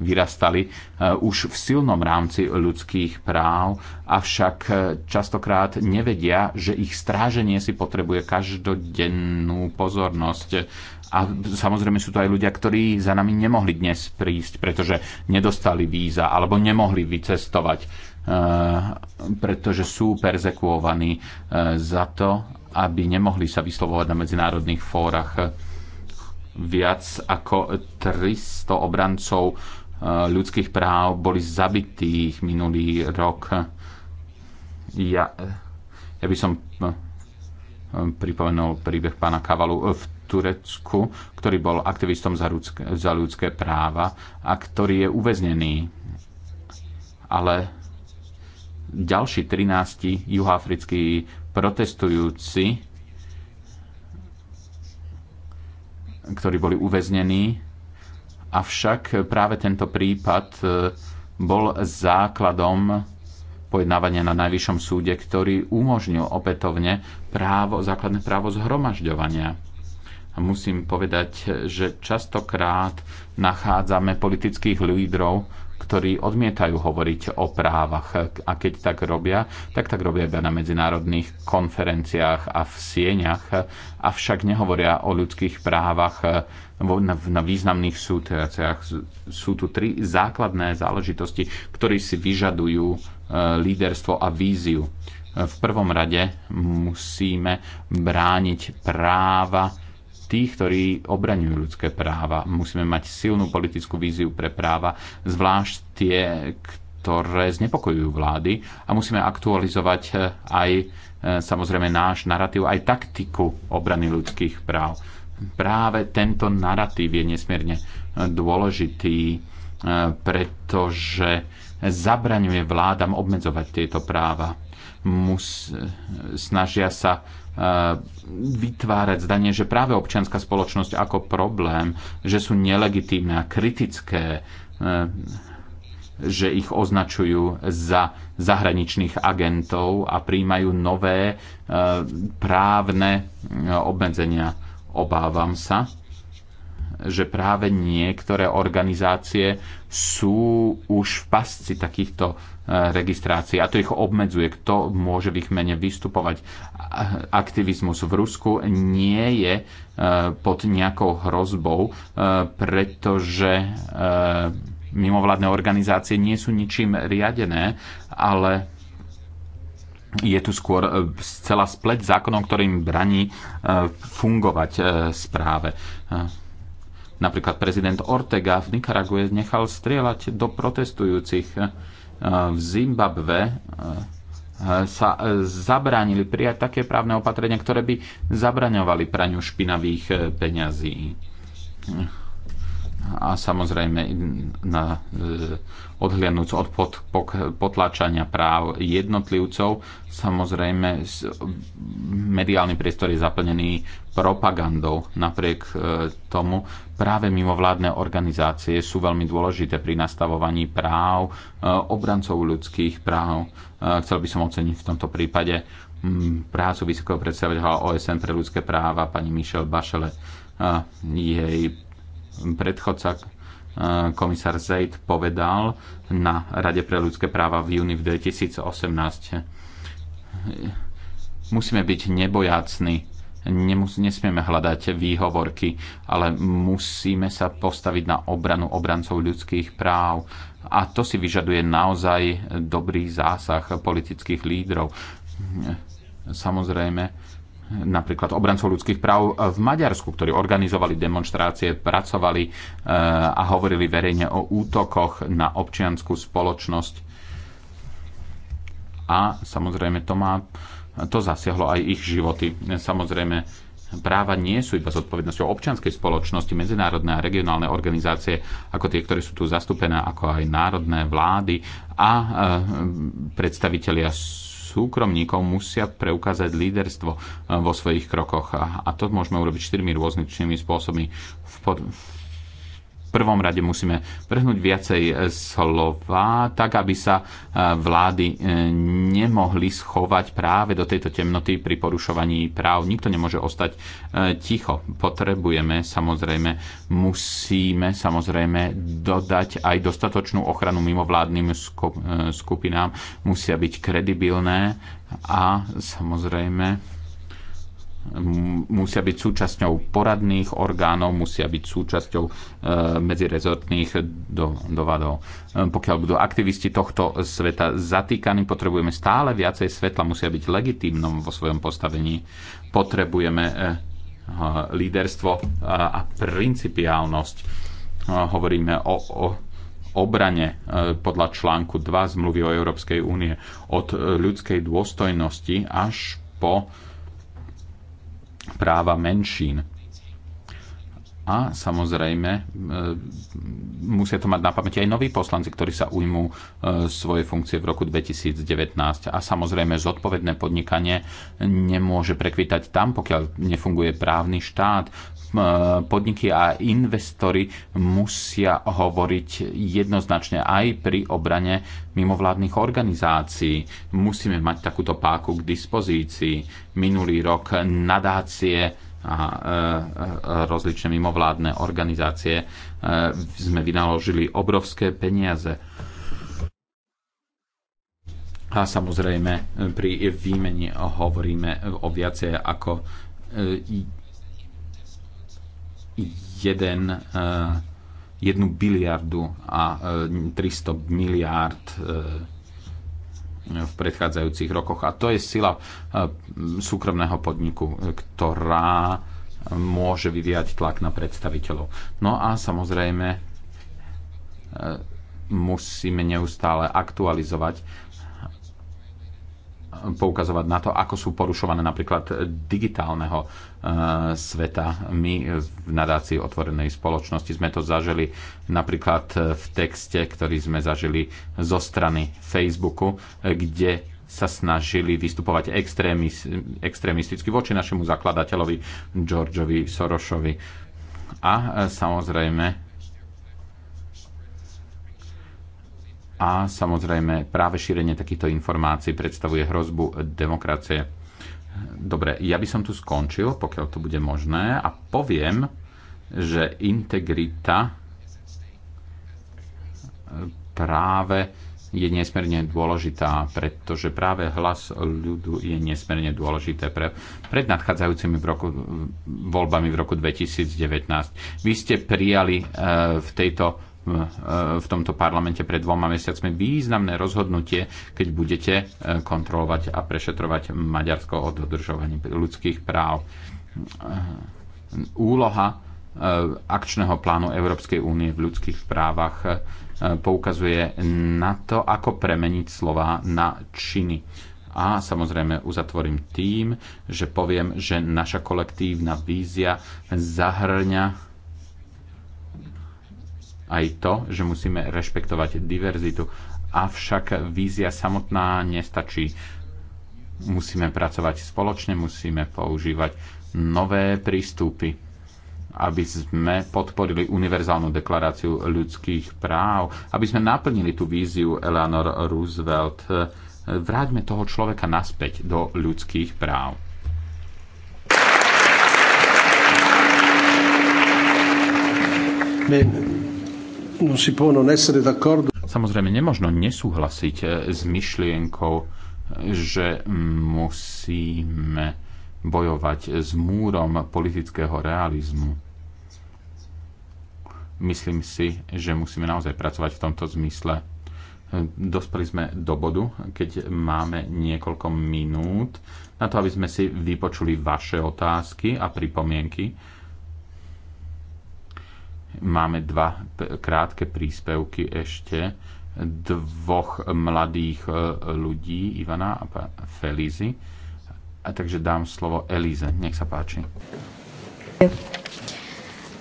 vyrastali eh, už v silnom rámci ľudských práv, avšak eh, častokrát nevedia, že ich stráženie si potrebuje každodennú pozornosť. A samozrejme sú to aj ľudia, ktorí za nami nemohli dnes prísť, pretože nedostali víza alebo nemohli vycestovať, eh, pretože sú perzekuovaní za to, aby nemohli sa vyslovovať na medzinárodných fórach viac ako 300 obrancov Eh, ľudských práv boli zabitých minulý rok. Ja, ja by som eh, pripomenul príbeh pána Kavalu v Turecku, ktorý bol aktivistom za ľudské, za ľudské práva a ktorý je uväznený. Ale ďalší 13 juhoafrickí protestujúci, ktorí boli uväznení, Avšak práve tento prípad e, bol základom pojednávania na Najvyššom súde, ktorý umožnil opätovne právo, základné právo zhromažďovania. A musím povedať, že častokrát nachádzame politických lídrov, ktorí odmietajú hovoriť o právach. A keď tak robia, tak tak robia iba na medzinárodných konferenciách a v sieňach, avšak nehovoria o ľudských právach na významných súdiaciach. Sú tu tri základné záležitosti, ktoré si vyžadujú e, líderstvo a víziu. V prvom rade musíme brániť práva tých, ktorí obraňujú ľudské práva. Musíme mať silnú politickú víziu pre práva, zvlášť tie, ktoré znepokojujú vlády a musíme aktualizovať eh, aj eh, samozrejme náš narratív, aj taktiku obrany ľudských práv. Práve tento narratív je nesmierne eh, dôležitý, pretože zabraňuje vládam obmedzovať tieto práva. Mus, snažia sa E, vytvárať zdanie, že práve občianská spoločnosť ako problém, že sú nelegitímne a kritické, e, že ich označujú za zahraničných agentov a príjmajú nové e, právne obmedzenia. Obávam sa, že práve niektoré organizácie sú už v pasci takýchto Eh, registrácii a to ich obmedzuje, kto môže v ich mene vystupovať. Aktivizmus v Rusku nie je eh, pod nejakou hrozbou, eh, pretože mimovládne organizácie nie sú ničím riadené, ale je tu skôr celá spleť zákonov, ktorým braní fungovať správe. Napríklad prezident Ortega v Nikarague nechal strieľať do protestujúcich v Zimbabve e, sa e, zabránili prijať také právne opatrenia, ktoré by zabraňovali praniu špinavých e, peňazí a samozrejme na, e, odhliadnúc od pod, potláčania práv jednotlivcov, samozrejme mediálny priestor je zaplnený propagandou. Napriek e, tomu práve mimovládne organizácie sú veľmi dôležité pri nastavovaní práv e, obrancov ľudských práv. Chcel by som oceniť v tomto prípade prácu vysokého predstaviteľa OSN pre ľudské práva pani Michelle Bachelet jej predchodca e, komisár Zaid povedal na Rade pre ľudské práva v júni v 2018. Musíme byť nebojacní, Nemus- nesmieme hľadať výhovorky, ale musíme sa postaviť na obranu obrancov ľudských práv. A to si vyžaduje naozaj dobrý zásah politických lídrov. Samozrejme, napríklad obrancov ľudských práv e, v Maďarsku, ktorí organizovali demonstrácie, pracovali e, a hovorili verejne o útokoch na občianskú spoločnosť. A samozrejme to, má, to zasiahlo aj ich životy. Samozrejme, práva nie sú iba zodpovednosťou občianskej spoločnosti, medzinárodné a regionálne organizácie, ako tie, ktoré sú tu zastúpené, ako aj národné vlády a e, predstavitelia súkromníkov musia preukázať líderstvo eh, vo svojich krokoch. A to môžeme urobiť štyrmi rôznymi spôsobmi. V pod- prvom rade musíme prhnúť viacej slova, tak aby sa e, vlády e, nemohli schovať práve do tejto temnoty pri porušovaní práv. Nikto nemôže ostať e, ticho. Potrebujeme samozrejme, musíme samozrejme dodať aj dostatočnú ochranu mimovládnym skupinám. Musia byť kredibilné a samozrejme musia byť súčasťou poradných orgánov, musia byť súčasťou e, medzirezortných dovadov. E, pokiaľ budú aktivisti tohto sveta zatýkaní, potrebujeme stále viacej svetla, musia byť legitímnom vo svojom postavení. Potrebujeme e, líderstvo a, a principiálnosť. E, hovoríme o, o obrane e, podľa článku 2 zmluvy o Európskej únie od ľudskej dôstojnosti až po práva menšín. A samozrejme, e, musia to mať na pamäti aj noví poslanci, ktorí sa ujmú e, svoje funkcie v roku 2019. A samozrejme, zodpovedné podnikanie nemôže prekvitať tam, pokiaľ nefunguje právny štát, podniky a investori musia hovoriť jednoznačne aj pri obrane mimovládnych organizácií. Musíme mať takúto páku k dispozícii. Minulý rok nadácie a e, e, rozličné mimovládne organizácie e, sme vynaložili obrovské peniaze. A samozrejme pri výmene hovoríme o viacej ako jeden, eh, jednu biliardu a 300 eh, miliárd eh, v predchádzajúcich rokoch. A to je sila súkromného podniku, ktorá môže vyvíjať tlak na predstaviteľov. No a samozrejme musíme neustále aktualizovať poukazovať na to, ako sú porušované napríklad digitálneho e, sveta. My v nadácii otvorenej spoločnosti sme to zažili napríklad v texte, ktorý sme zažili zo strany Facebooku, kde sa snažili vystupovať extrémis, extrémisticky voči našemu zakladateľovi Georgeovi Sorošovi. A samozrejme a samozrejme práve šírenie takýchto informácií predstavuje hrozbu demokracie. Dobre, ja by som tu skončil, pokiaľ to bude možné, a poviem, že integrita e, práve je nesmierne dôležitá, pretože práve hlas ľudu je nesmierne dôležité pre, pred nadchádzajúcimi v roku, voľbami v roku 2019. Vy ste prijali e, v tejto E, v tomto parlamente pred dvoma mesiacmi významné rozhodnutie, keď budete e, kontrolovať a prešetrovať Maďarsko o dodržovaní ľudských práv. E, úloha akčného plánu Európskej únie v ľudských právach poukazuje na to, ako premeniť slova na činy. A samozrejme uzatvorím tým, že poviem, že naša kolektívna vízia zahrňa aj to, že musíme rešpektovať diverzitu. Avšak vízia samotná nestačí. Musíme pracovať spoločne, musíme používať nové prístupy, aby sme podporili univerzálnu deklaráciu ľudských práv, aby sme naplnili tú víziu Eleanor Roosevelt. Vráťme toho človeka naspäť do ľudských práv. Mais No, no, Samozrejme, nemožno nesúhlasiť eh, s myšlienkou, eh, že musíme bojovať eh, s múrom politického realizmu. Myslím si, že musíme naozaj pracovať v tomto zmysle. Dospeli sme do bodu, keď máme niekoľko minút na to, aby sme si vypočuli vaše otázky a pripomienky Máme dva krátke príspevky ešte dvoch mladých e, ľudí, Ivana a Felizy. A takže dám slovo Elize. Nech sa páči.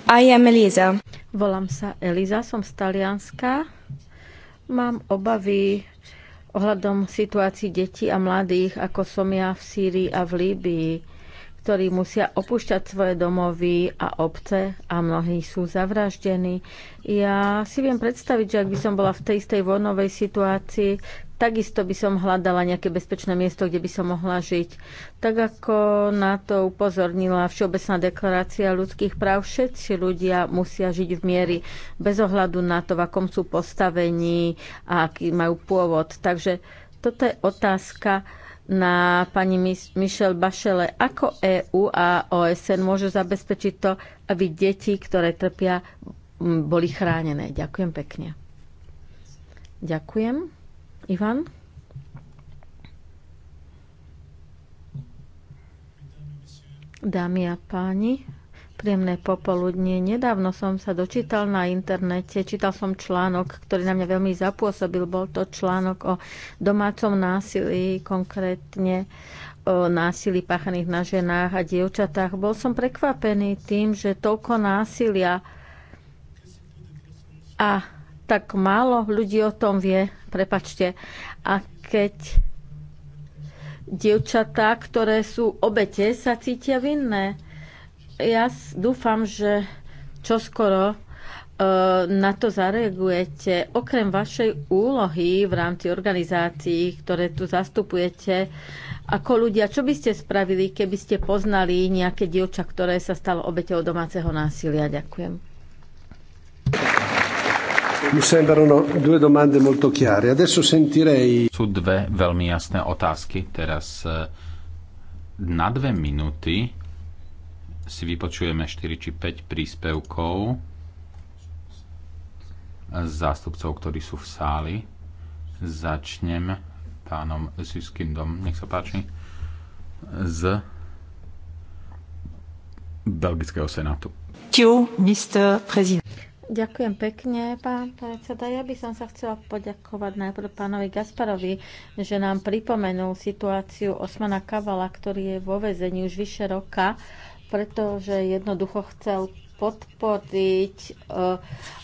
I am Eliza. Volám sa Eliza, som z Talianska. Mám obavy ohľadom situácií detí a mladých, ako som ja v Sýrii a v Líbii ktorí musia opúšťať svoje domovy a obce a mnohí sú zavraždení. Ja si viem predstaviť, že ak by som bola v tej istej vojnovej situácii, takisto by som hľadala nejaké bezpečné miesto, kde by som mohla žiť. Tak ako na to upozornila Všeobecná deklarácia ľudských práv, všetci ľudia musia žiť v miery bez ohľadu na to, v akom sú postavení a aký majú pôvod. Takže toto je otázka, na pani Michelle Bašele, ako EÚ a OSN môžu zabezpečiť to, aby deti, ktoré trpia, boli chránené. Ďakujem pekne. Ďakujem. Ivan? Dámy a páni, Príjemné popoludnie. Nedávno som sa dočítal na internete, čítal som článok, ktorý na mňa veľmi zapôsobil. Bol to článok o domácom násilí, konkrétne o násilí páchaných na ženách a dievčatách. Bol som prekvapený tým, že toľko násilia a tak málo ľudí o tom vie. Prepačte. A keď dievčatá, ktoré sú obete, sa cítia vinné ja dúfam, že čoskoro e, na to zareagujete. Okrem vašej úlohy v rámci organizácií, ktoré tu zastupujete, ako ľudia, čo by ste spravili, keby ste poznali nejaké dievča, ktoré sa stalo obeťou domáceho násilia? Ďakujem. Sú dve veľmi jasné otázky. Teraz e, na dve minúty si vypočujeme 4 či 5 príspevkov z zástupcov, ktorí sú v sáli. Začnem pánom ziskindom, nech sa páči, z Belgického senátu. Ďakujem pekne, pán predseda. Ja by som sa chcela poďakovať najprv pánovi Gasparovi, že nám pripomenul situáciu Osmana Kavala, ktorý je vo vezení už vyše roka pretože jednoducho chcel podporiť e,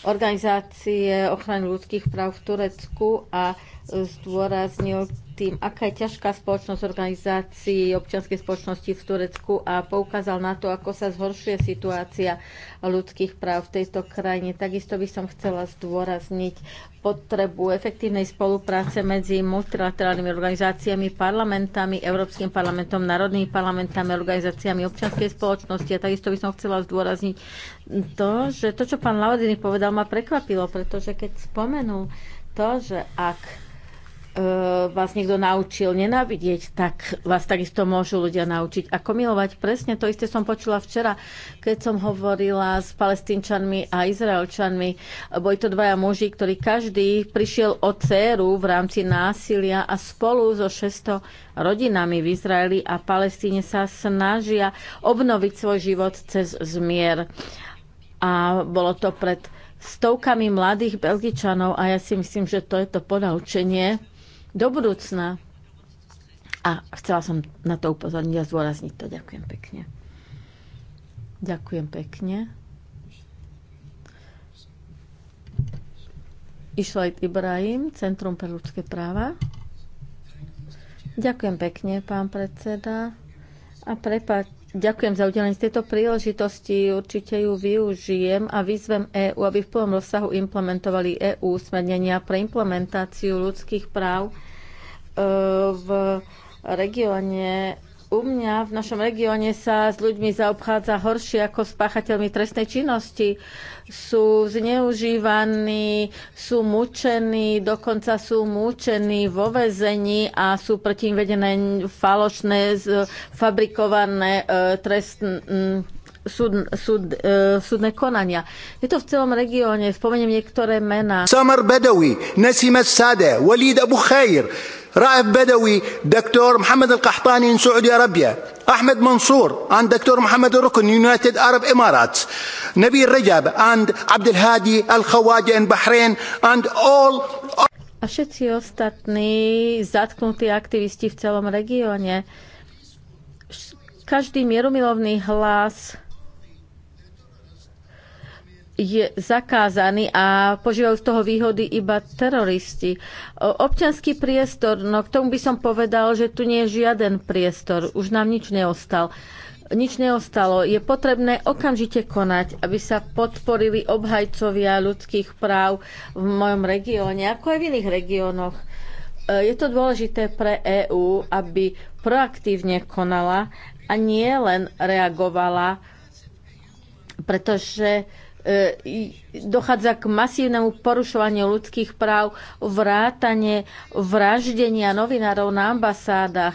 organizácie ochrany ľudských práv v Turecku a zdôraznil tým, aká je ťažká spoločnosť organizácií občianskej spoločnosti v Turecku a poukázal na to, ako sa zhoršuje situácia ľudských práv v tejto krajine. Takisto by som chcela zdôrazniť potrebu efektívnej spolupráce medzi multilaterálnymi organizáciami, parlamentami, Európskym parlamentom, národnými parlamentami, organizáciami občianskej spoločnosti. A takisto by som chcela zdôrazniť to, že to, čo pán Laudiny povedal, ma prekvapilo, pretože keď spomenul to, že ak E, vás niekto naučil nenávidieť, tak vás takisto môžu ľudia naučiť, ako milovať. Presne to isté som počula včera, keď som hovorila s palestínčanmi a izraelčanmi. Boli to dvaja muži, ktorí každý prišiel o dceru v rámci násilia a spolu so 600 rodinami v Izraeli a Palestíne sa snažia obnoviť svoj život cez zmier. A bolo to pred stovkami mladých Belgičanov a ja si myslím, že to je to ponaučenie, do budúcna. A chcela som na to upozorniť a zdôrazniť to. Ďakujem pekne. Ďakujem pekne. Išlajt Ibrahim, Centrum pre ľudské práva. Ďakujem pekne, pán predseda. A prepáč, Ďakujem za udelenie z tejto príležitosti. Určite ju využijem a vyzvem EÚ, aby v plnom rozsahu implementovali EÚ smernenia pre implementáciu ľudských práv e, v regióne u mňa v našom regióne sa s ľuďmi zaobchádza horšie ako s páchateľmi trestnej činnosti. Sú zneužívaní, sú mučení, dokonca sú mučení vo vezení a sú proti im vedené falošné, fabrikované e, trestné súd, súd, e, súdne konania. Je to v celom regióne, spomeniem niektoré mená. Samar Bedawi, Nasim Sade, Walid Abu Khair, Raif Bedawi, doktor Mohamed Al-Kahtani in Saudi Arabia, Ahmed Mansour and عن Mohamed Rukun, United Arab Emirates, Nabil نبيل and Abdel Hadi al الخواجة in Bahrain and all a všetci ostatní zatknutí aktivisti v celom regióne. Každý mierumilovný hlas je zakázaný a požívajú z toho výhody iba teroristi. Občanský priestor, no k tomu by som povedal, že tu nie je žiaden priestor, už nám nič neostal. Nič neostalo. Je potrebné okamžite konať, aby sa podporili obhajcovia ľudských práv v mojom regióne, ako aj v iných regiónoch. E, je to dôležité pre EÚ, aby proaktívne konala a nie len reagovala, pretože E, dochádza k masívnemu porušovaniu ľudských práv, vrátane vraždenia novinárov na ambasádach.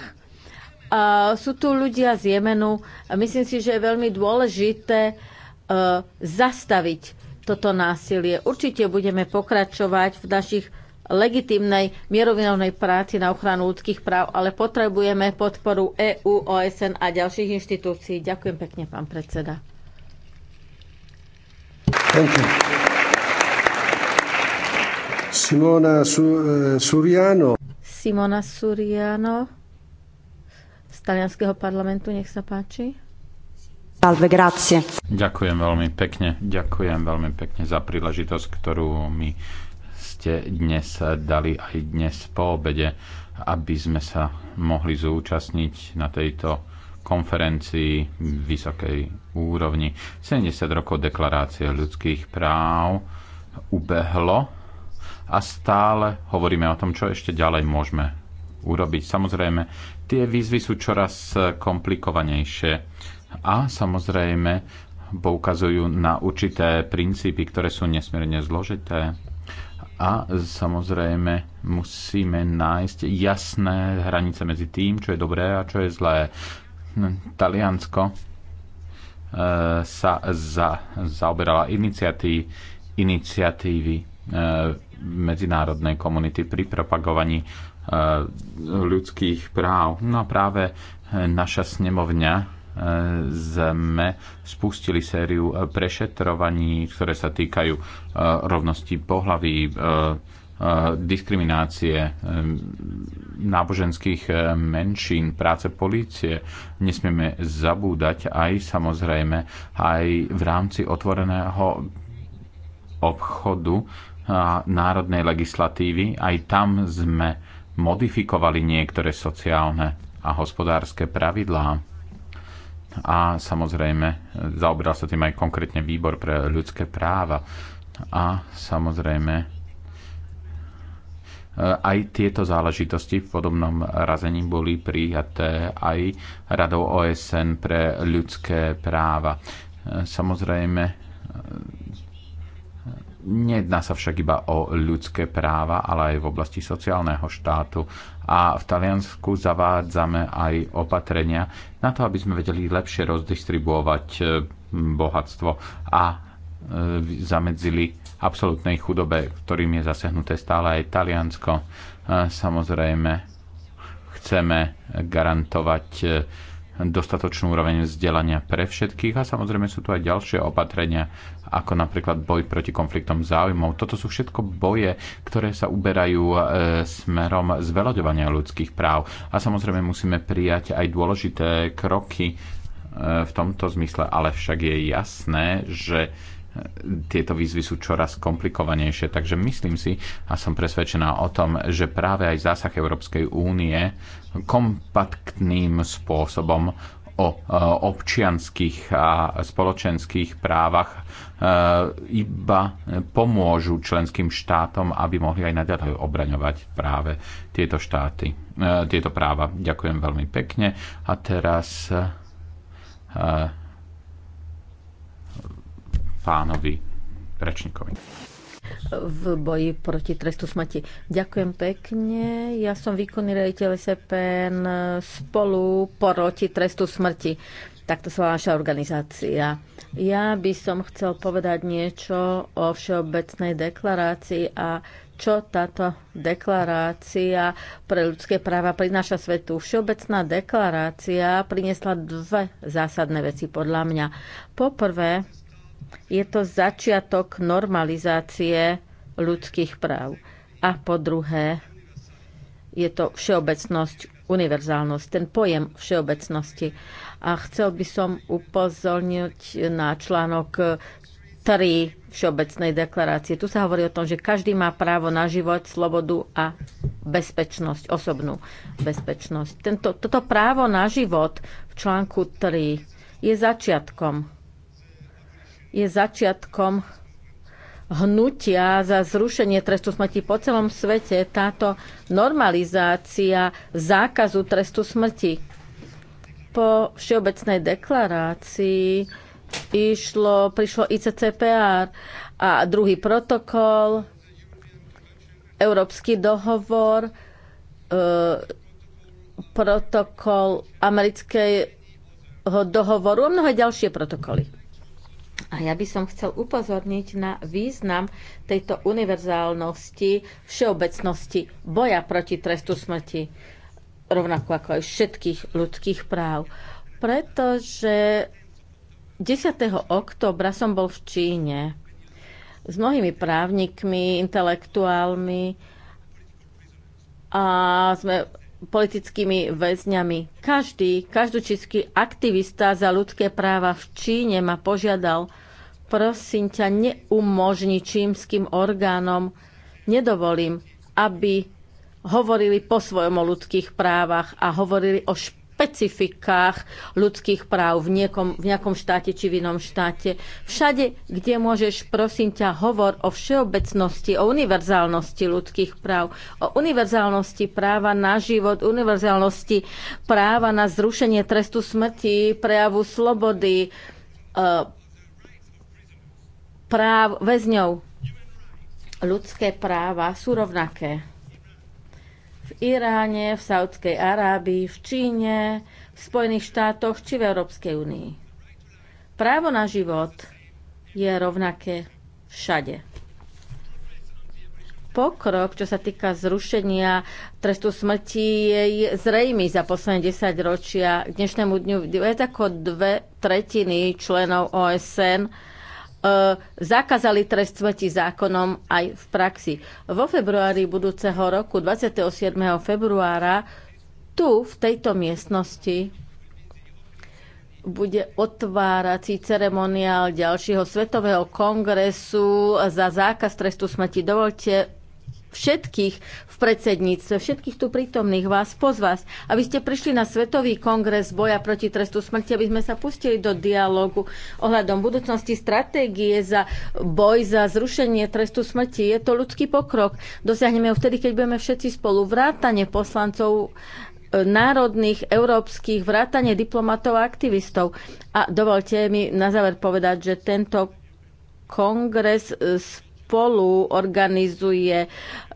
A sú tu ľudia z Jemenu a myslím si, že je veľmi dôležité e, zastaviť toto násilie. Určite budeme pokračovať v našich legitímnej mierovinovnej práci na ochranu ľudských práv, ale potrebujeme podporu EÚ, OSN a ďalších inštitúcií. Ďakujem pekne, pán predseda. Thank you. Simona Su- eh, Suriano. Simona Suriano z talianského parlamentu, nech sa páči. Salve, grazie. Ďakujem veľmi pekne, ďakujem veľmi pekne za príležitosť, ktorú mi ste dnes dali aj dnes po obede, aby sme sa mohli zúčastniť na tejto konferencii vysokej úrovni. 70 rokov deklarácie ľudských práv ubehlo a stále hovoríme o tom, čo ešte ďalej môžeme urobiť. Samozrejme, tie výzvy sú čoraz komplikovanejšie a samozrejme poukazujú na určité princípy, ktoré sú nesmierne zložité a samozrejme musíme nájsť jasné hranice medzi tým, čo je dobré a čo je zlé. Taliansko eh, sa za, zaoberala iniciatívy, iniciatívy eh, medzinárodnej komunity pri propagovaní eh, ľudských práv. No a práve naša snemovňa sme spustili sériu prešetrovaní, ktoré sa týkajú rovnosti pohlaví, diskriminácie náboženských menšín, práce polície. Nesmieme zabúdať aj samozrejme aj v rámci otvoreného obchodu a národnej legislatívy. Aj tam sme modifikovali niektoré sociálne a hospodárske pravidlá a samozrejme zaoberal sa tým aj konkrétne výbor pre ľudské práva a samozrejme Eh, aj tieto záležitosti v podobnom razení boli prijaté aj Radou OSN pre ľudské práva. Eh, samozrejme, eh, nejedná sa však iba o ľudské práva, ale aj v oblasti sociálneho štátu. A v Taliansku zavádzame aj opatrenia na to, aby sme vedeli lepšie rozdistribuovať bohatstvo a zamedzili absolútnej chudobe, ktorým je zasehnuté stále aj Taliansko. Samozrejme, chceme garantovať e, dostatočnú úroveň vzdelania pre všetkých a samozrejme sú tu aj ďalšie opatrenia, ako napríklad boj proti konfliktom záujmov. Toto sú všetko boje, ktoré sa uberajú e, smerom zveľaďovania ľudských práv. A samozrejme musíme prijať aj dôležité kroky e, v tomto zmysle, ale však je jasné, že tieto výzvy sú čoraz komplikovanejšie. Takže myslím si a som presvedčená o tom, že práve aj zásah Európskej únie kompaktným spôsobom o e, občianských a spoločenských právach e, iba pomôžu členským štátom, aby mohli aj naďalej obraňovať práve tieto štáty, e, tieto práva. Ďakujem veľmi pekne. A teraz pánovi Rečníkovi. V boji proti trestu smrti. Ďakujem pekne. Ja som výkonný rejiteľ SPN eh, spolu proti trestu smrti. Takto sa naša organizácia. Ja by som chcel povedať niečo o Všeobecnej deklarácii a čo táto deklarácia pre ľudské práva prináša svetu. Všeobecná deklarácia priniesla dve zásadné veci podľa mňa. Poprvé, je to začiatok normalizácie ľudských práv. A po druhé, je to všeobecnosť, univerzálnosť, ten pojem všeobecnosti. A chcel by som upozorniť na článok 3 Všeobecnej deklarácie. Tu sa hovorí o tom, že každý má právo na život, slobodu a bezpečnosť, osobnú bezpečnosť. Tento, toto právo na život v článku 3 je začiatkom je začiatkom hnutia za zrušenie trestu smrti po celom svete táto normalizácia zákazu trestu smrti. Po všeobecnej deklarácii išlo, prišlo ICCPR a druhý protokol, Európsky dohovor, e, protokol amerického dohovoru a mnohé ďalšie protokoly. A ja by som chcel upozorniť na význam tejto univerzálnosti, všeobecnosti boja proti trestu smrti, rovnako ako aj všetkých ľudských práv. Pretože 10. oktobra som bol v Číne s mnohými právnikmi, intelektuálmi a sme politickými väzňami. Každý, každúčistý aktivista za ľudské práva v Číne ma požiadal, prosím ťa, neumožni čímským orgánom, nedovolím, aby hovorili po svojom o ľudských právach a hovorili o špeciálnych špecifikách ľudských práv v, niekom, v nejakom štáte či v inom štáte. Všade, kde môžeš, prosím ťa, hovor o všeobecnosti, o univerzálnosti ľudských práv, o univerzálnosti práva na život, univerzálnosti práva na zrušenie trestu smrti, prejavu slobody, e, práv väzňov ľudské práva sú rovnaké v Iráne, v Saudskej Arábii, v Číne, v Spojených štátoch či v Európskej únii. Právo na život je rovnaké všade. Pokrok, čo sa týka zrušenia trestu smrti, je zrejmý za posledné 10 ročia. K dnešnému dňu je ako dve tretiny členov OSN E, zakázali trest smrti zákonom aj v praxi. Vo februári budúceho roku, 27. februára, tu v tejto miestnosti bude otvárací ceremoniál ďalšieho svetového kongresu za zákaz trestu smrti. Dovolte všetkých v predsedníctve, všetkých tu prítomných vás, poz vás, aby ste prišli na Svetový kongres boja proti trestu smrti, aby sme sa pustili do dialogu ohľadom budúcnosti stratégie za boj za zrušenie trestu smrti. Je to ľudský pokrok. Dosiahneme ho vtedy, keď budeme všetci spolu vrátane poslancov e, národných, európskych, vrátane diplomatov a aktivistov. A dovolte mi na záver povedať, že tento kongres e, spolu organizuje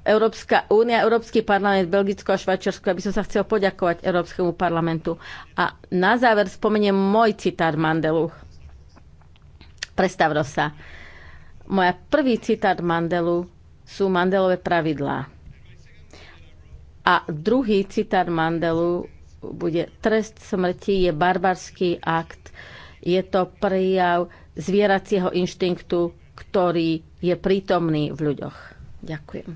Európska únia, Európsky parlament, Belgicko a Švajčiarsko, aby som sa chcel poďakovať Európskemu parlamentu. A na záver spomeniem môj citát Mandelu. Predstavro sa. Moja prvý citát Mandelu sú Mandelové pravidlá. A druhý citát Mandelu bude trest smrti je barbarský akt. Je to prijav zvieracieho inštinktu, ktorý je prítomný v ľuďoch. Ďakujem.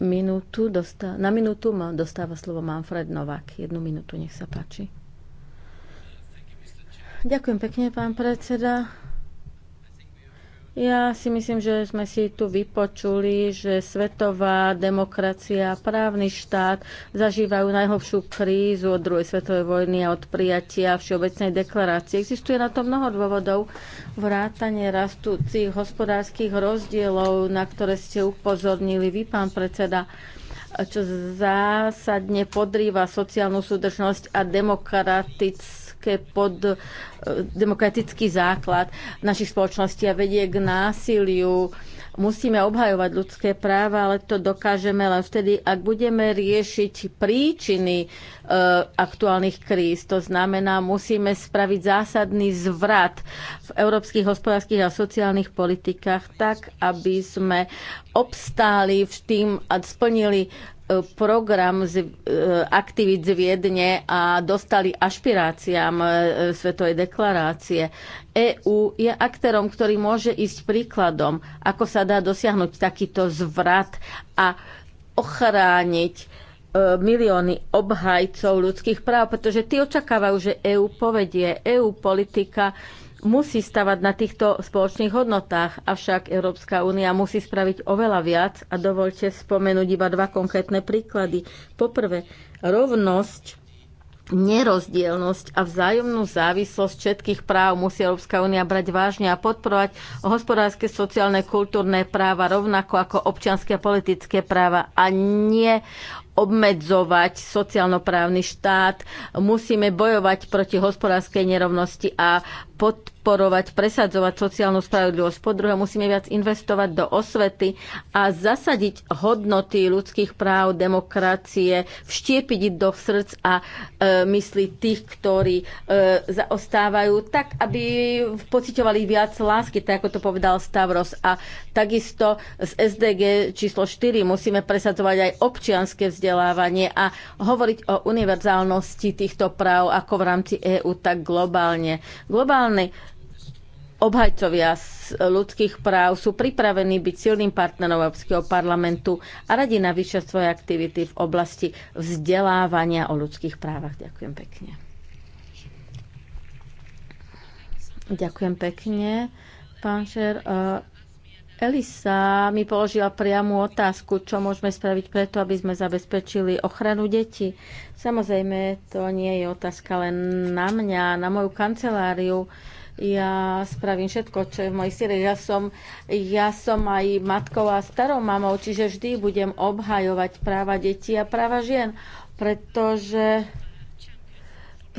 Minútu dostá... Na minútu ma dostáva slovo Manfred Novák. Jednu minútu, nech sa páči. Ďakujem pekne, pán predseda. Ja si myslím, že sme si tu vypočuli, že svetová demokracia a právny štát zažívajú najhlbšiu krízu od druhej svetovej vojny a od prijatia Všeobecnej deklarácie. Existuje na to mnoho dôvodov vrátanie rastúcich hospodárskych rozdielov, na ktoré ste upozornili vy, pán predseda čo zásadne podrýva sociálnu súdržnosť a demokratické také pod e, demokratický základ našich spoločností a vedie k násiliu. Musíme obhajovať ľudské práva, ale to dokážeme len vtedy, ak budeme riešiť príčiny e, aktuálnych kríz. To znamená, musíme spraviť zásadný zvrat v európskych hospodárskych a sociálnych politikách tak, aby sme obstáli v tým a splnili program z, e, aktivít z Viedne a dostali ašpiráciám e, Svetovej deklarácie. EÚ je aktérom, ktorý môže ísť príkladom, ako sa dá dosiahnuť takýto zvrat a ochrániť e, milióny obhajcov ľudských práv, pretože tí očakávajú, že EÚ povedie. EÚ politika musí stavať na týchto spoločných hodnotách, avšak Európska únia musí spraviť oveľa viac a dovolte spomenúť iba dva konkrétne príklady. Poprvé, rovnosť nerozdielnosť a vzájomnú závislosť všetkých práv musí Európska únia brať vážne a podporovať hospodárske, sociálne, kultúrne práva rovnako ako občianske a politické práva a nie obmedzovať sociálno-právny štát, musíme bojovať proti hospodárskej nerovnosti a pod, podporovať, presadzovať sociálnu spravodlivosť. Po druhé, musíme viac investovať do osvety a zasadiť hodnoty ľudských práv, demokracie, vštiepiť ich do srdc a e, mysli tých, ktorí e, zaostávajú, tak, aby pocitovali viac lásky, tak ako to povedal Stavros. A takisto z SDG číslo 4 musíme presadzovať aj občianské vzdelávanie a hovoriť o univerzálnosti týchto práv ako v rámci EÚ, tak globálne. Globálne obhajcovia ľudských práv sú pripravení byť silným partnerom Európskeho parlamentu a radi navýšia svoje aktivity v oblasti vzdelávania o ľudských právach. Ďakujem pekne. Ďakujem pekne. Pán Šer, eh, Elisa mi položila priamu otázku, čo môžeme spraviť preto, aby sme zabezpečili ochranu detí. Samozrejme, to nie je otázka len na mňa, na moju kanceláriu. Uh, ja spravím všetko, čo je v mojej sile. Ja som, ja som aj matkou a starou mamou, čiže vždy budem obhajovať práva detí a práva žien, pretože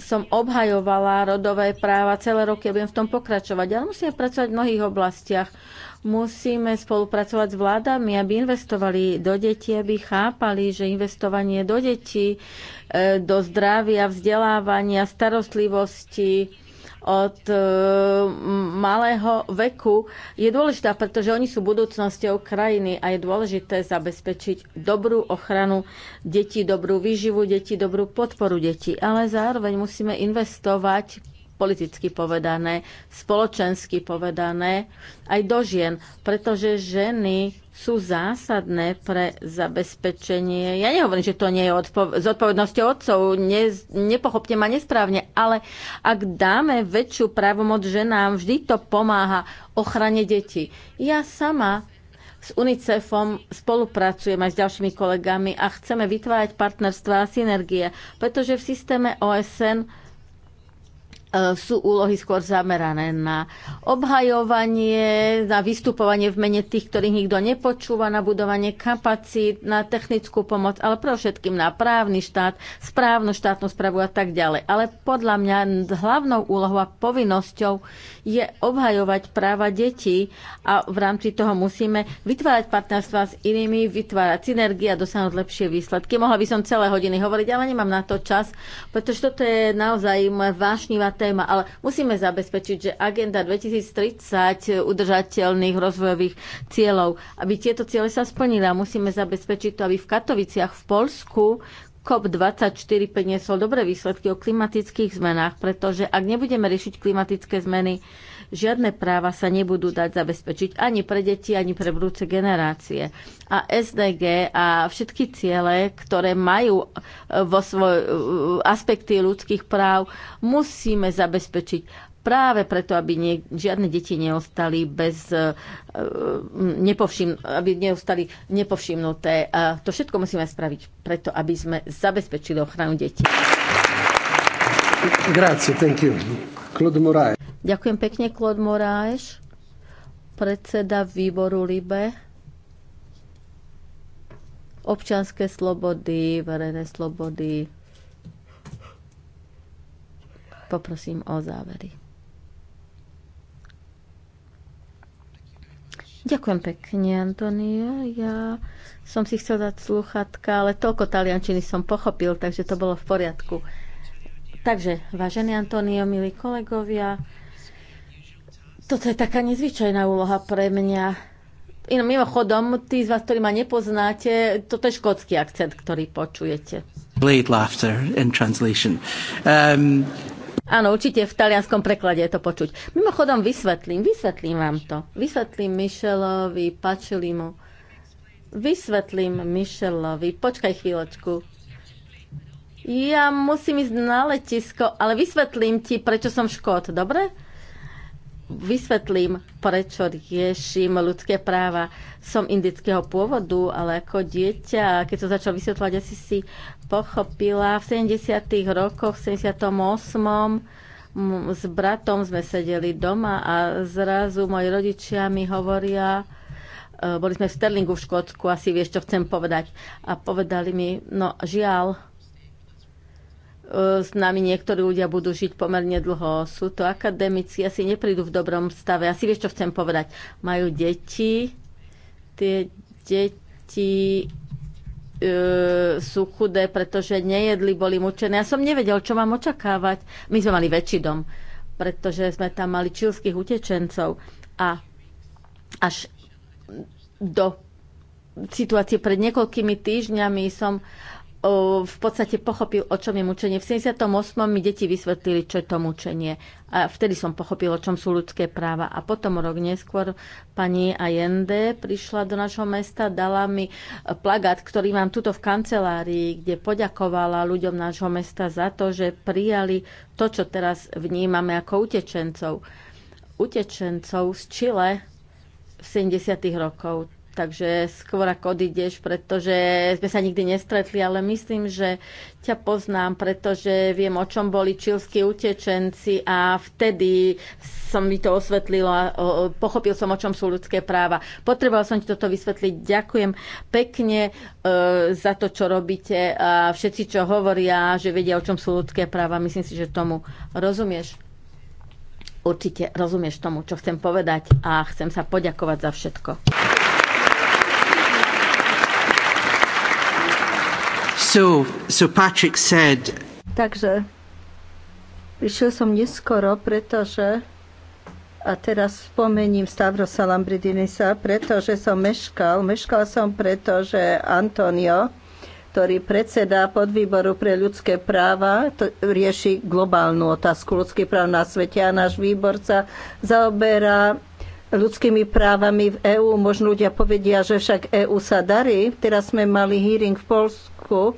som obhajovala rodové práva celé roky a budem v tom pokračovať. Ale musíme pracovať v mnohých oblastiach. Musíme spolupracovať s vládami, aby investovali do detí, aby chápali, že investovanie do detí, e, do zdravia, vzdelávania, starostlivosti, od e, malého veku je dôležitá, pretože oni sú budúcnosťou krajiny a je dôležité zabezpečiť dobrú ochranu detí, dobrú výživu detí, dobrú podporu detí. Ale zároveň musíme investovať politicky povedané, spoločensky povedané, aj do žien, pretože ženy sú zásadné pre zabezpečenie. Ja nehovorím, že to nie je odpov- odpovednosťou otcov, ne- nepochopte ma nesprávne, ale ak dáme väčšiu právomoc ženám, vždy to pomáha ochrane detí. Ja sama s UNICEFom spolupracujem aj s ďalšími kolegami a chceme vytvárať partnerstva a synergie, pretože v systéme OSN Eh, sú úlohy skôr zamerané na obhajovanie, na vystupovanie v mene tých, ktorých nikto nepočúva, na budovanie kapacít, na technickú pomoc, ale pre všetkým na právny štát, správnu štátnu správu a tak ďalej. Ale podľa mňa hlavnou úlohou a povinnosťou je obhajovať práva detí a v rámci toho musíme vytvárať partnerstva s inými, vytvárať synergie a dosiahnuť lepšie výsledky. Mohla by som celé hodiny hovoriť, ale nemám na to čas, pretože toto je naozaj vášnivá téma, ale musíme zabezpečiť, že agenda 2030 udržateľných rozvojových cieľov, aby tieto ciele sa splnili a musíme zabezpečiť to, aby v Katoviciach v Polsku COP24 priniesol dobré výsledky o klimatických zmenách, pretože ak nebudeme riešiť klimatické zmeny, Žiadne práva sa nebudú dať zabezpečiť ani pre deti, ani pre budúce generácie. A SDG a všetky ciele, ktoré majú e, vo svoj e, aspekty ľudských práv, musíme zabezpečiť práve preto, aby nie, žiadne deti neostali bez, e, nepovšim, aby neostali nepovšimnuté. A to všetko musíme spraviť preto, aby sme zabezpečili ochranu detí. Grazie, thank you. Claude Moraes. Ďakujem pekne, Claude Moraes, predseda výboru LIBE, občanské slobody, verejné slobody. Poprosím o závery. Ďakujem pekne, Antonio. Ja som si chcel dať sluchatka, ale toľko taliančiny som pochopil, takže to bolo v poriadku. Takže, vážený Antonio, milí kolegovia, toto je taká nezvyčajná úloha pre mňa. Inom mimochodom, tí z vás, ktorí ma nepoznáte, toto je škótsky akcent, ktorý počujete. Blade laughter in translation. Um... Áno, určite v talianskom preklade je to počuť. Mimochodom vysvetlím, vysvetlím vám to. Vysvetlím Michelovi, Pačilimu. Vysvetlím Michelovi. Počkaj chvíľočku. Ja musím ísť na letisko, ale vysvetlím ti, prečo som škód, dobre? Vysvetlím, prečo riešim ľudské práva. Som indického pôvodu, ale ako dieťa, keď som začal vysvetľovať, asi si pochopila. V 70. rokoch, v 78 s bratom sme sedeli doma a zrazu moji rodičia mi hovoria, e, boli sme v Sterlingu v Škótsku, asi vieš, čo chcem povedať. A povedali mi, no žiaľ, s nami niektorí ľudia budú žiť pomerne dlho. Sú to akademici, asi neprídu v dobrom stave. Asi vieš, čo chcem povedať. Majú deti, tie deti e, sú chudé, pretože nejedli, boli mučené. Ja som nevedel, čo mám očakávať. My sme mali väčší dom, pretože sme tam mali čilských utečencov. A až do situácie pred niekoľkými týždňami som v podstate pochopil, o čom je mučenie. V 78. mi deti vysvetlili, čo je to mučenie. A vtedy som pochopil, o čom sú ľudské práva. A potom rok neskôr pani Ajende prišla do našho mesta, dala mi plagát, ktorý mám tuto v kancelárii, kde poďakovala ľuďom nášho mesta za to, že prijali to, čo teraz vnímame ako utečencov. Utečencov z Čile v 70. rokov takže skôr ako odídeš, pretože sme sa nikdy nestretli, ale myslím, že ťa poznám, pretože viem, o čom boli čilskí utečenci a vtedy som mi to osvetlila, pochopil som, o čom sú ľudské práva. Potreboval som ti toto vysvetliť. Ďakujem pekne e, za to, čo robíte a všetci, čo hovoria, že vedia, o čom sú ľudské práva. Myslím si, že tomu rozumieš. Určite rozumieš tomu, čo chcem povedať a chcem sa poďakovať za všetko. So, so Patrick said... Takže prišiel som neskoro, pretože a teraz spomením Stavro Salambridinisa, pretože som meškal. Meškal som, pretože Antonio, ktorý pod podvýboru pre ľudské práva, to rieši globálnu otázku ľudských práv na svete a náš výbor sa zaoberá ľudskými právami v EÚ. Možno ľudia povedia, že však EÚ sa darí. Teraz sme mali hearing v Polsku Polsku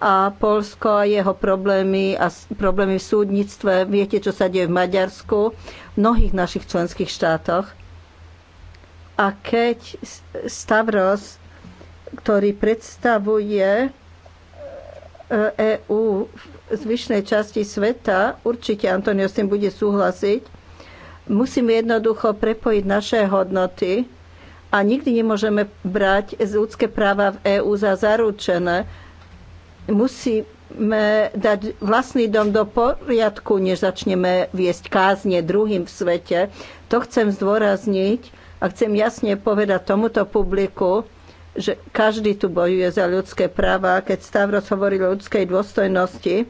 a Polsko a jeho problémy a problémy v súdnictve. Viete, čo sa deje v Maďarsku, v mnohých našich členských štátoch. A keď Stavros, ktorý predstavuje EÚ e v zvyšnej časti sveta, určite Antonio s tým bude súhlasiť, musíme jednoducho prepojiť naše hodnoty a nikdy nemôžeme brať ľudské práva v EÚ za zaručené. Musíme dať vlastný dom do poriadku, než začneme viesť kázne druhým v svete. To chcem zdôrazniť a chcem jasne povedať tomuto publiku, že každý tu bojuje za ľudské práva. Keď Stavros hovoril o ľudskej dôstojnosti,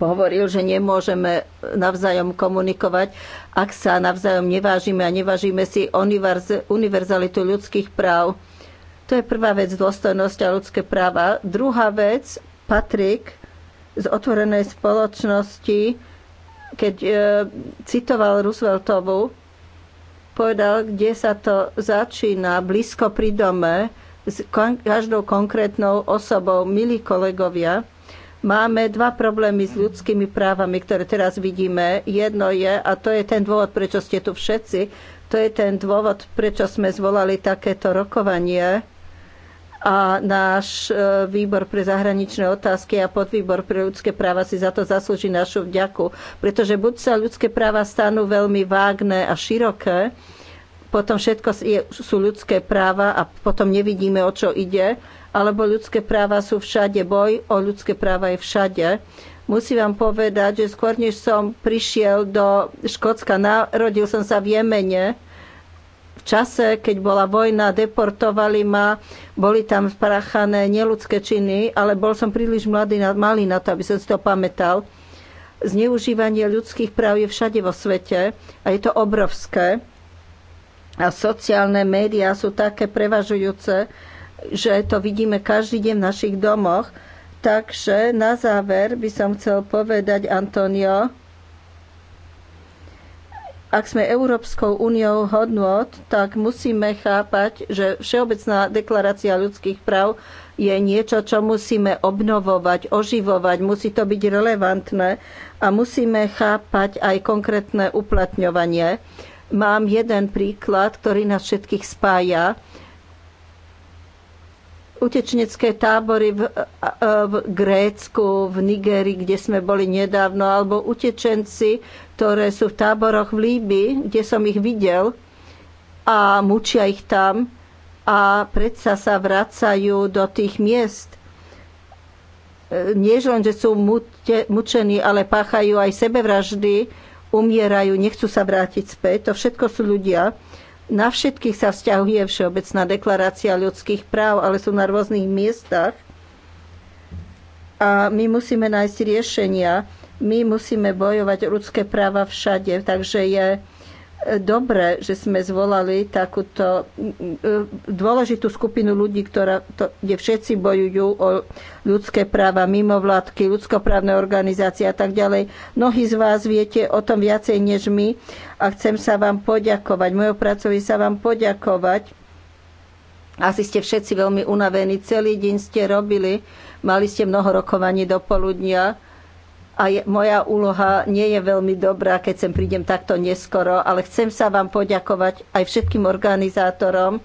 hovoril, že nemôžeme navzájom komunikovať, ak sa navzájom nevážime a nevážime si univerzalitu ľudských práv. To je prvá vec, dôstojnosť a ľudské práva. Druhá vec, Patrik z otvorenej spoločnosti, keď e, citoval Rooseveltovu, povedal, kde sa to začína, blízko pri dome, s každou konkrétnou osobou, milí kolegovia, Máme dva problémy s ľudskými právami, ktoré teraz vidíme. Jedno je, a to je ten dôvod, prečo ste tu všetci, to je ten dôvod, prečo sme zvolali takéto rokovanie a náš e, výbor pre zahraničné otázky a podvýbor pre ľudské práva si za to zaslúži našu vďaku. Pretože buď sa ľudské práva stanú veľmi vágne a široké, potom všetko sú ľudské práva a potom nevidíme, o čo ide, alebo ľudské práva sú všade, boj o ľudské práva je všade. Musím vám povedať, že skôr než som prišiel do Škótska, narodil som sa v Jemene, v čase, keď bola vojna, deportovali ma, boli tam sprachané neludské činy, ale bol som príliš mladý, malý na to, aby som si to pamätal. Zneužívanie ľudských práv je všade vo svete a je to obrovské. A sociálne médiá sú také prevažujúce, že to vidíme každý deň v našich domoch. Takže na záver by som chcel povedať, Antonio, ak sme Európskou úniou hodnot, tak musíme chápať, že Všeobecná deklarácia ľudských práv je niečo, čo musíme obnovovať, oživovať, musí to byť relevantné a musíme chápať aj konkrétne uplatňovanie. Mám jeden príklad, ktorý nás všetkých spája utečenecké tábory v, v Grécku, v Nigerii, kde sme boli nedávno, alebo utečenci, ktoré sú v táboroch v Líbii, kde som ich videl a mučia ich tam a predsa sa vracajú do tých miest. E, Nie len, že sú mučení, ale páchajú aj sebevraždy, umierajú, nechcú sa vrátiť späť. To všetko sú ľudia, na všetkých sa vzťahuje Všeobecná deklarácia ľudských práv, ale sú na rôznych miestach. A my musíme nájsť riešenia. My musíme bojovať ľudské práva všade. Takže je dobre, že sme zvolali takúto mm, dôležitú skupinu ľudí, ktorá, to, kde všetci bojujú o ľudské práva, mimovládky, ľudskoprávne organizácie a tak ďalej. Mnohí z vás viete o tom viacej než my a chcem sa vám poďakovať. Mojou pracovi sa vám poďakovať. Asi ste všetci veľmi unavení. Celý deň ste robili. Mali ste mnoho rokovaní do poludnia a je, moja úloha nie je veľmi dobrá, keď sem prídem takto neskoro, ale chcem sa vám poďakovať aj všetkým organizátorom.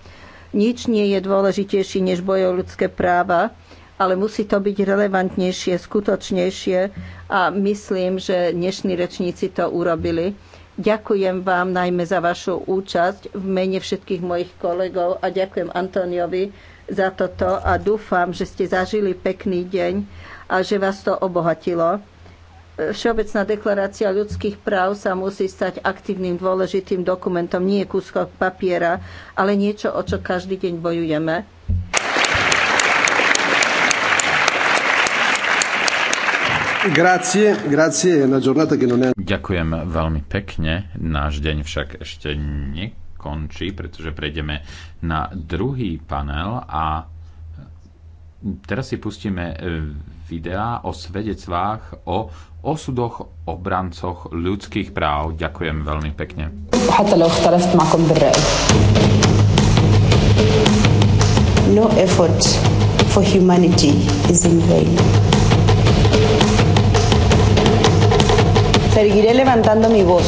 Nič nie je dôležitejší než boj o ľudské práva, ale musí to byť relevantnejšie, skutočnejšie a myslím, že dnešní rečníci to urobili. Ďakujem vám najmä za vašu účasť v mene všetkých mojich kolegov a ďakujem Antoniovi za toto a dúfam, že ste zažili pekný deň a že vás to obohatilo. Všeobecná deklarácia ľudských práv sa musí stať aktívnym dôležitým dokumentom, nie kúskok papiera, ale niečo, o čo každý deň bojujeme. Grazie, grazie. giornata che non è... Ďakujem veľmi pekne. Náš deň však ešte nekončí, pretože prejdeme na druhý panel a teraz si pustíme eh, videá o svedectvách o osudoch obrancoch ľudských práv. Ďakujem veľmi pekne. No effort for humanity is in vain. Seguiré levantando mi voz.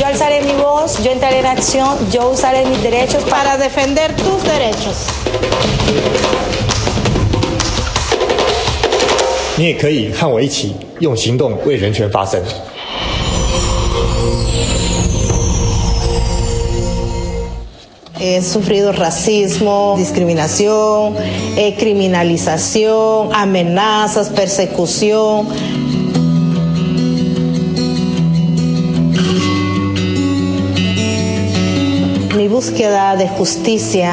Yo alzaré mi voz, yo entraré en acción, yo usaré mis derechos para defender tus derechos. 你也可以和我一起用行动为人权发声。He sufrido racismo, discriminación, eh, criminalización, amenazas, persecución. Mi búsqueda de justicia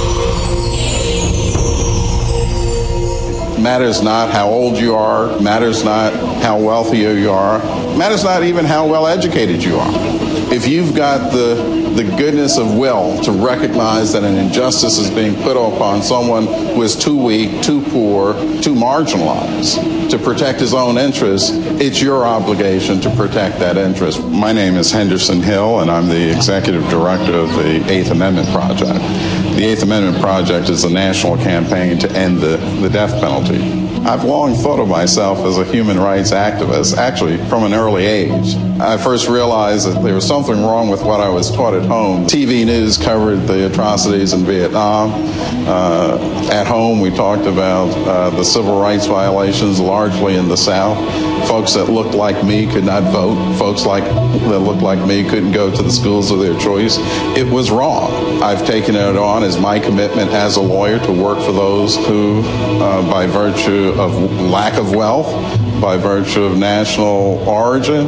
matters not how old you are, matters not how wealthy you are, matters not even how well educated you are. If you've got the the goodness of will to recognize that an injustice is being put upon someone who is too weak, too poor, too marginalized to protect his own interests, it's your obligation to protect that interest. My name is Henderson Hill, and I'm the executive director of the Eighth Amendment Project. The Eighth Amendment Project is a national campaign to end the, the death penalty. I've long thought of myself as a human rights activist, actually from an early age. I first realized that there was something wrong with what I was taught at home. TV news covered the atrocities in Vietnam. Uh, at home, we talked about uh, the civil rights violations largely in the South. Folks that looked like me could not vote. Folks like that looked like me couldn't go to the schools of their choice. It was wrong. I've taken it on as my commitment as a lawyer to work for those who, uh, by virtue of lack of wealth, by virtue of national origin,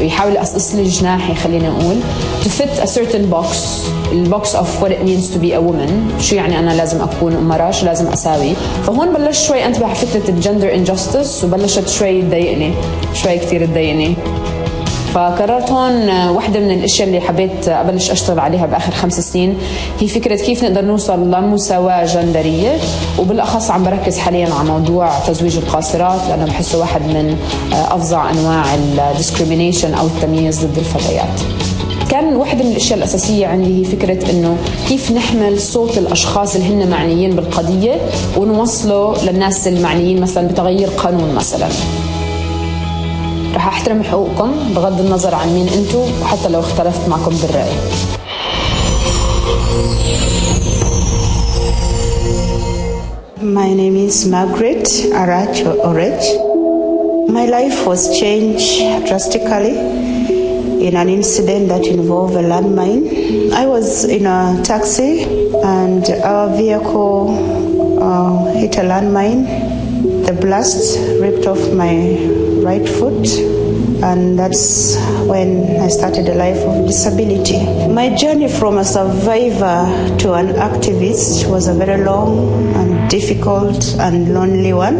يحاول يقصقص لي خلينا نقول to fit a certain box البوكس of what it means to be a woman شو يعني أنا لازم أكون مرة شو لازم أساوي فهون بلش شوي أنت بحفتة الجندر injustice وبلشت شوي تضايقني شوي كتير تضايقني فقررت هون واحدة من الأشياء اللي حبيت أبلش أشتغل عليها بآخر خمس سنين هي فكرة كيف نقدر نوصل لمساواة جندرية وبالأخص عم بركز حاليا على موضوع تزويج القاصرات لأنه بحسه واحد من أفظع أنواع الديسكريمينيشن أو التمييز ضد الفتيات كان واحدة من الأشياء الأساسية عندي هي فكرة إنه كيف نحمل صوت الأشخاص اللي هن معنيين بالقضية ونوصله للناس المعنيين مثلا بتغيير قانون مثلا رح احترم حقوقكم بغض النظر عن مين أنتوا وحتى لو اختلفت معكم بالرأي My name is Margaret Arach Orech. My life was changed drastically in an incident that involved a landmine. I was in a taxi and our vehicle uh, hit a landmine. The blast ripped off my right foot, and that's when I started a life of disability. My journey from a survivor to an activist was a very long and difficult and lonely one.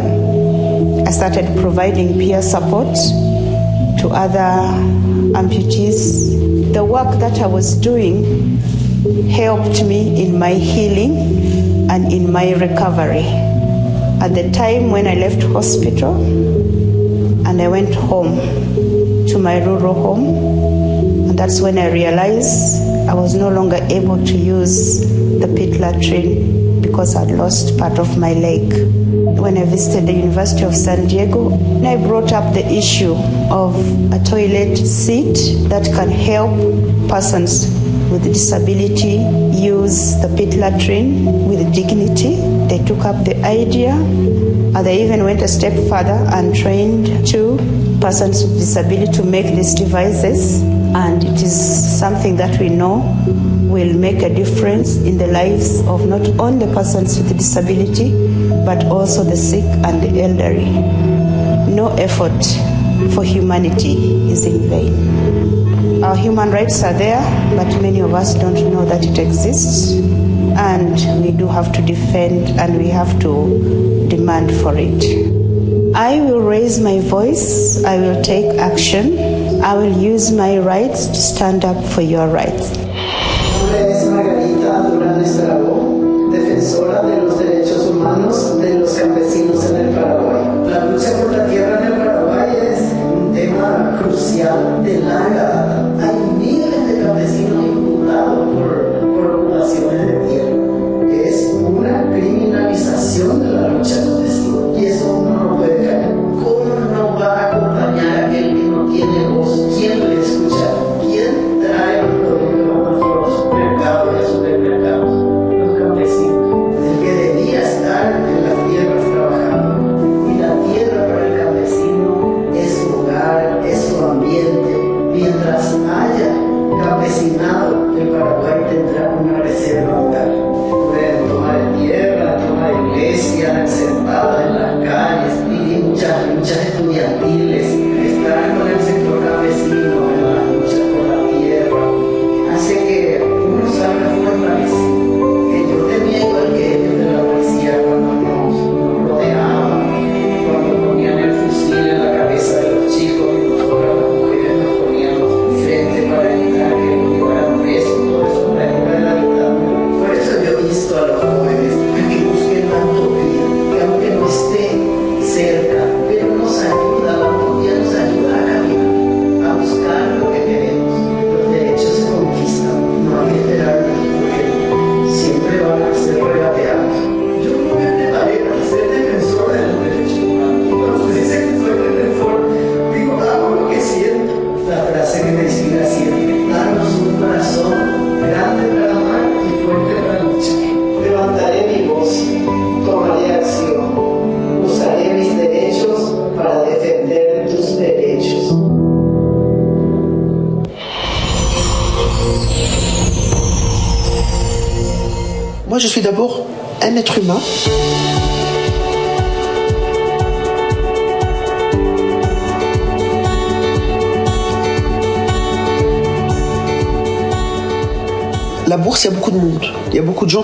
I started providing peer support to other amputees. The work that I was doing helped me in my healing and in my recovery. At the time when I left hospital, and I went home to my rural home. And that's when I realized I was no longer able to use the pit latrine because I'd lost part of my leg. When I visited the University of San Diego, I brought up the issue of a toilet seat that can help persons with disability use the pit latrine with dignity. They took up the idea Uh, they even went a step further and trained two persons with disability to make these devices. And it is something that we know will make a difference in the lives of not only persons with disability, but also the sick and the elderly. No effort for humanity is in vain. Our human rights are there, but many of us don't know that it exists. And we do have to defend and we have to demand for it. I will raise my voice, I will take action, I will use my rights to stand up for your rights.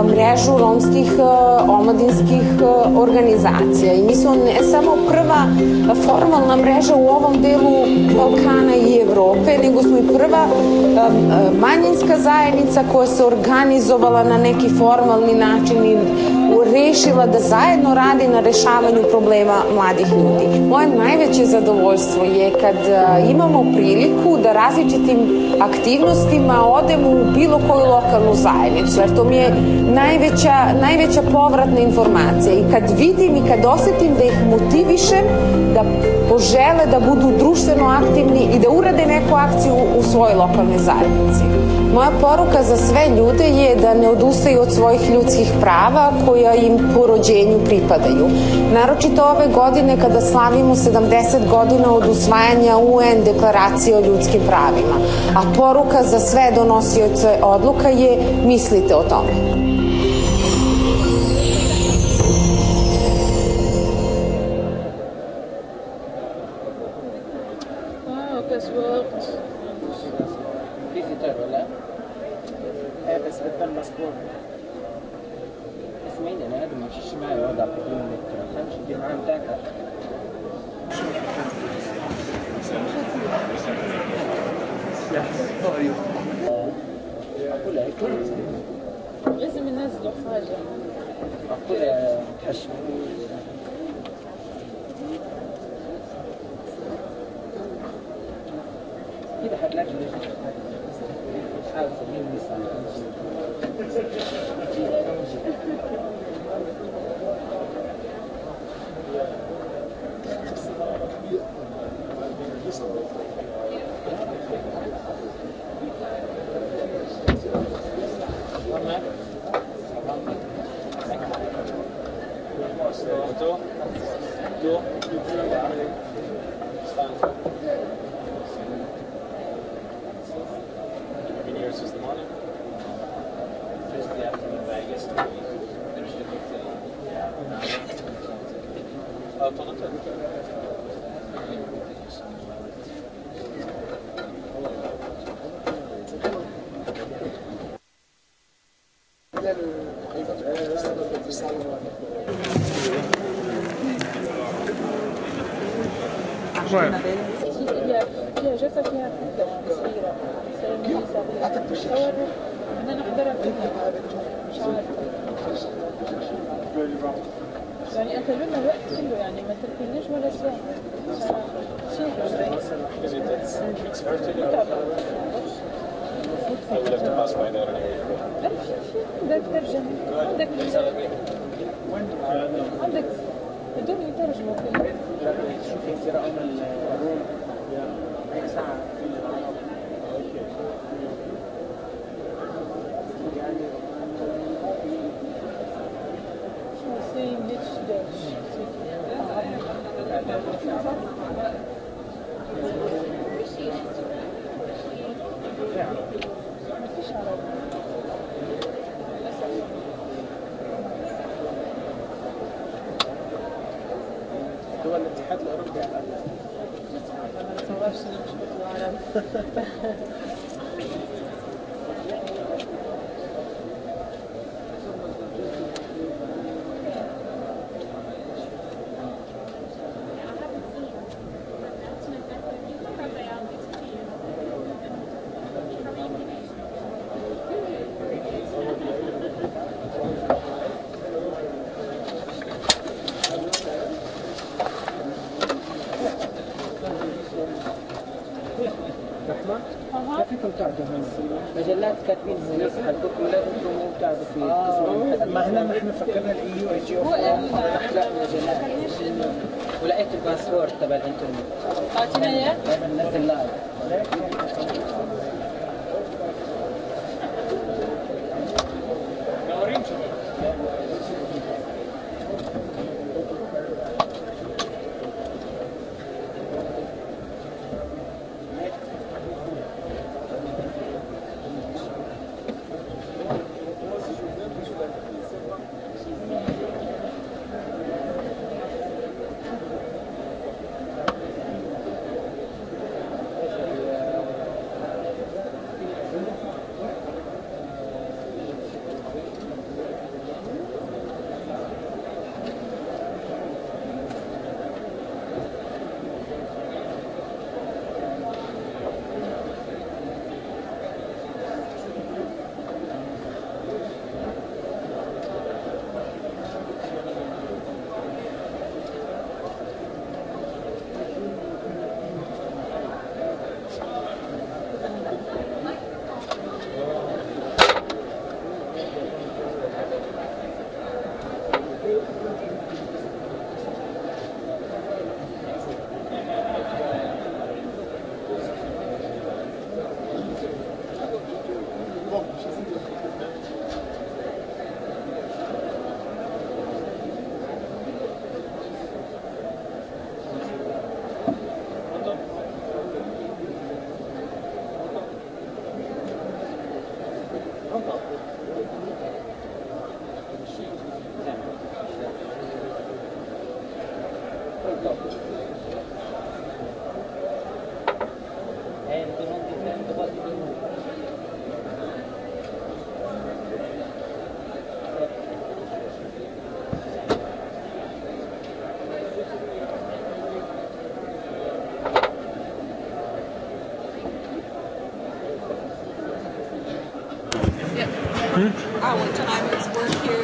mrežu romskih omladinskih organizacija i mi smo ne samo prva formalna mreža u ovom delu uh, Balkana i Evrope, nego smo i prva manjinska zajednica koja se organizovala na neki formalni način i problemu rešila, da zajedno radi na rešavanju problema mladih ljudi. Moje najveće zadovoljstvo je kad e, imamo priliku da različitim aktivnostima odemo u bilo koju lokalnu zajednicu, jer to mi je najveća, najveća povratna informacija. I kad vidim i kad osetim da ih motivišem da požele da budu društveno aktivni i da urade neku akciju u svojoj lokalnoj zajednici. Moja poruka za sve ljude je da ne odustaju od svojih ljudskih prava koje koja im po rođenju pripadaju. Naročito ove godine kada slavimo 70 godina od usvajanja UN deklaracije o ljudskim pravima. A poruka za sve donosioce odluka je mislite o tome. Antarktis.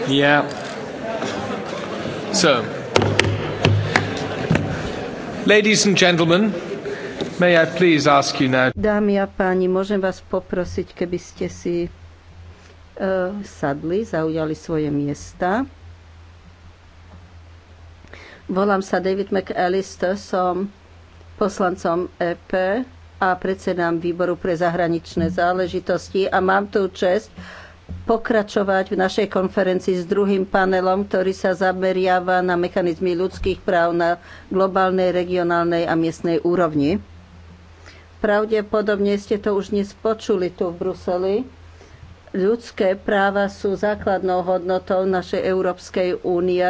Yeah. So, ladies and gentlemen, may I please ask you now... Dámy a páni, môžem vás poprosiť, keby ste si uh, sadli, zaujali svoje miesta. Volám sa David McAllister, som poslancom EP a predsedám výboru pre zahraničné záležitosti a mám tu čest, pokračovať v našej konferencii s druhým panelom, ktorý sa zameriava na mechanizmy ľudských práv na globálnej, regionálnej a miestnej úrovni. Pravdepodobne ste to už dnes počuli tu v Bruseli. Ľudské práva sú základnou hodnotou našej Európskej únie,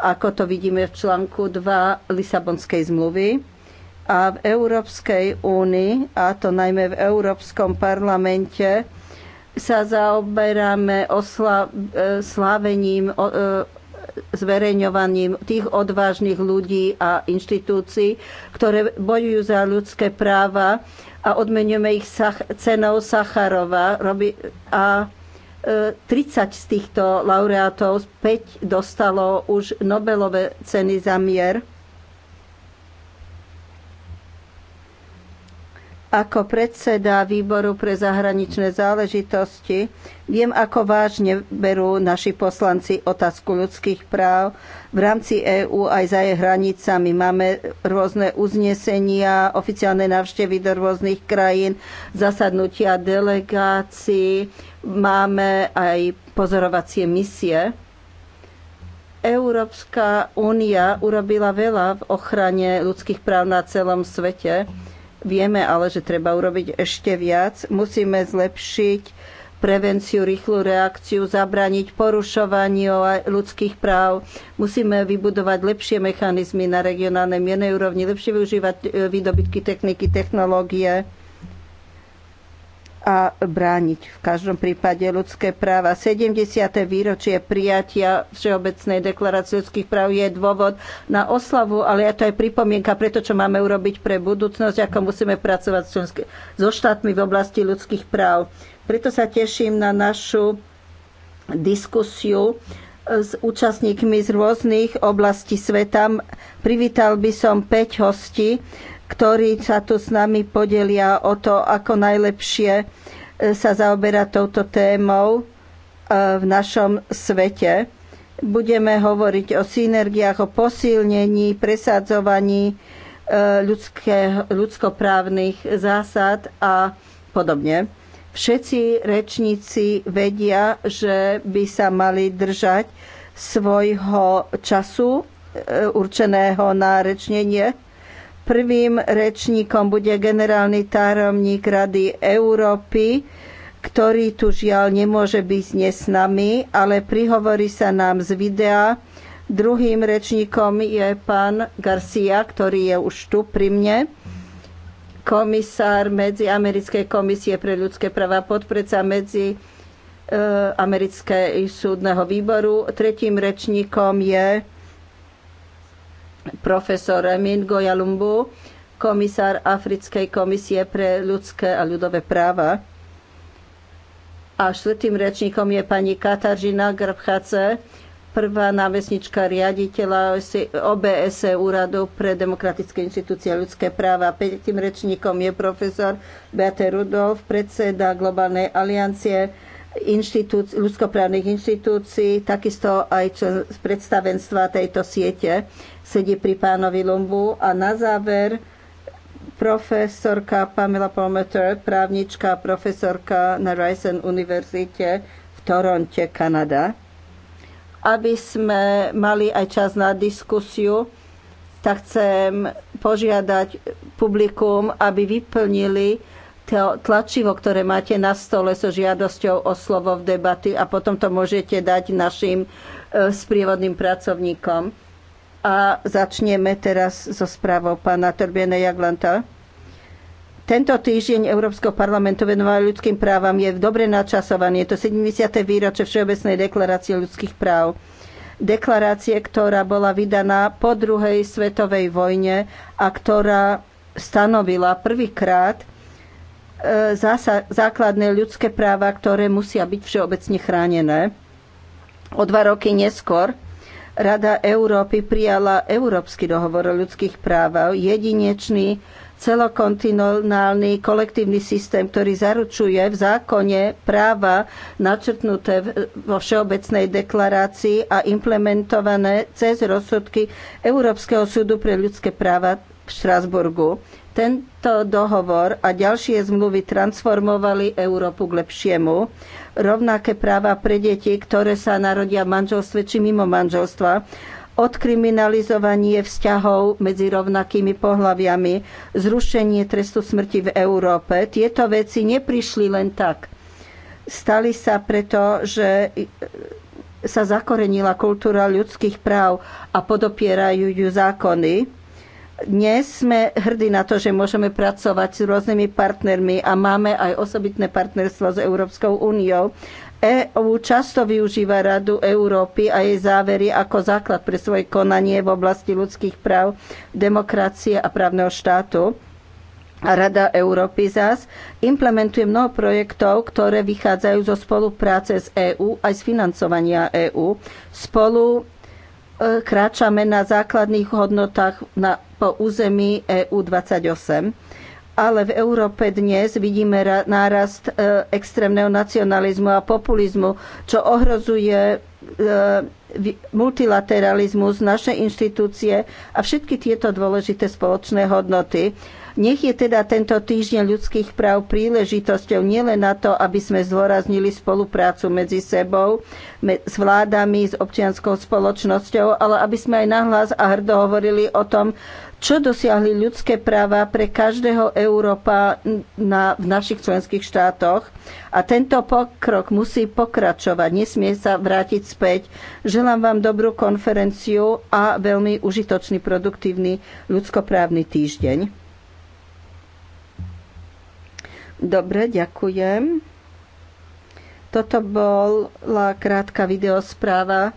ako to vidíme v článku 2 Lisabonskej zmluvy. A v Európskej únii, a to najmä v Európskom parlamente, sa zaoberáme osla, e, slávením, e, zverejňovaním tých odvážnych ľudí a inštitúcií, ktoré bojujú za ľudské práva a odmenujeme ich sach- cenou Sacharova. Robi- a 30 e, z týchto laureátov 5 dostalo už Nobelové ceny za mier. Ako predseda výboru pre zahraničné záležitosti viem, ako vážne berú naši poslanci otázku ľudských práv. V rámci EÚ aj za jej hranicami máme rôzne uznesenia, oficiálne návštevy do rôznych krajín, zasadnutia delegácií, máme aj pozorovacie misie. Európska únia urobila veľa v ochrane ľudských práv na celom svete. Vieme ale, že treba urobiť ešte viac. Musíme zlepšiť prevenciu, rýchlu reakciu, zabrániť porušovaniu ľudských práv. Musíme vybudovať lepšie mechanizmy na regionálnej miernej úrovni, lepšie využívať e, výdobytky techniky, technológie a brániť v každom prípade ľudské práva. 70. výročie prijatia Všeobecnej deklarácie ľudských práv je dôvod na oslavu, ale je to aj pripomienka pre to, čo máme urobiť pre budúcnosť, ako musíme pracovať so štátmi v oblasti ľudských práv. Preto sa teším na našu diskusiu s účastníkmi z rôznych oblastí sveta. Privítal by som 5 hostí ktorí sa tu s nami podelia o to, ako najlepšie e, sa zaoberať touto témou e, v našom svete. Budeme hovoriť o synergiách, o posilnení, presadzovaní e, ľudské, ľudskoprávnych zásad a podobne. Všetci rečníci vedia, že by sa mali držať svojho času určeného na rečnenie Prvým rečníkom bude generálny tajomník Rady Európy, ktorý tu žiaľ nemôže byť dnes s nami, ale prihovorí sa nám z videa. Druhým rečníkom je pán Garcia, ktorý je už tu pri mne komisár medzi Americkej komisie pre ľudské práva, podpredca medzi eh, americkej súdneho výboru. Tretím rečníkom je profesor Mingo Jalumbu, komisár Africkej komisie pre ľudské a ľudové práva. A štvrtým rečníkom je pani Kataržina Grbchace, prvá námestnička riaditeľa OBS e, Úradu pre demokratické inštitúcie a ľudské práva. Petým rečníkom je profesor Beate Rudolf, predseda Globálnej aliancie inštitút, ľudskoprávnych inštitúcií, takisto aj člen predstavenstva tejto siete sedí pri pánovi Lumbu. A na záver profesorka Pamela Palmetter, právnička a profesorka na Ryerson univerzite v Toronte, Kanada. Aby sme mali aj čas na diskusiu, tak chcem požiadať publikum, aby vyplnili to tlačivo, ktoré máte na stole so žiadosťou o slovo v debaty a potom to môžete dať našim e, sprievodným pracovníkom a začneme teraz so správou pána Torbiene Jaglanta. Tento týždeň Európskeho parlamentu venovaný ľudským právam je dobre načasovaný. Je to 70. výročie Všeobecnej deklarácie ľudských práv. Deklarácie, ktorá bola vydaná po druhej svetovej vojne a ktorá stanovila prvýkrát e, základné ľudské práva, ktoré musia byť všeobecne chránené. O dva roky neskôr Rada Európy prijala Európsky dohovor o ľudských právach, jedinečný celokontinentálny kolektívny systém, ktorý zaručuje v zákone práva načrtnuté vo Všeobecnej deklarácii a implementované cez rozsudky Európskeho súdu pre ľudské práva v Štrasburgu. Tento dohovor a ďalšie zmluvy transformovali Európu k lepšiemu. Rovnaké práva pre deti, ktoré sa narodia v manželstve či mimo manželstva, odkriminalizovanie vzťahov medzi rovnakými pohľaviami, zrušenie trestu smrti v Európe. Tieto veci neprišli len tak. Stali sa preto, že sa zakorenila kultúra ľudských práv a podopierajú ju zákony dnes sme hrdí na to, že môžeme pracovať s rôznymi partnermi a máme aj osobitné partnerstvo s Európskou úniou. EÚ často využíva Radu Európy a jej závery ako základ pre svoje konanie v oblasti ľudských práv, demokracie a právneho štátu. A Rada Európy zás implementuje mnoho projektov, ktoré vychádzajú zo spolupráce s EÚ aj z financovania EÚ. Spolu kráčame na základných hodnotách na, po území EU28. Ale v Európe dnes vidíme nárast e, extrémneho nacionalizmu a populizmu, čo ohrozuje e, multilateralizmus, naše inštitúcie a všetky tieto dôležité spoločné hodnoty. Nech je teda tento týždeň ľudských práv príležitosťou nielen na to, aby sme zdôraznili spoluprácu medzi sebou, s vládami, s občianskou spoločnosťou, ale aby sme aj nahlas a hrdo hovorili o tom, čo dosiahli ľudské práva pre každého Európa na, v našich členských štátoch. A tento pokrok musí pokračovať, nesmie sa vrátiť späť. Želám vám dobrú konferenciu a veľmi užitočný, produktívny ľudskoprávny týždeň. Dobre, ďakujem. Toto bola krátka videospráva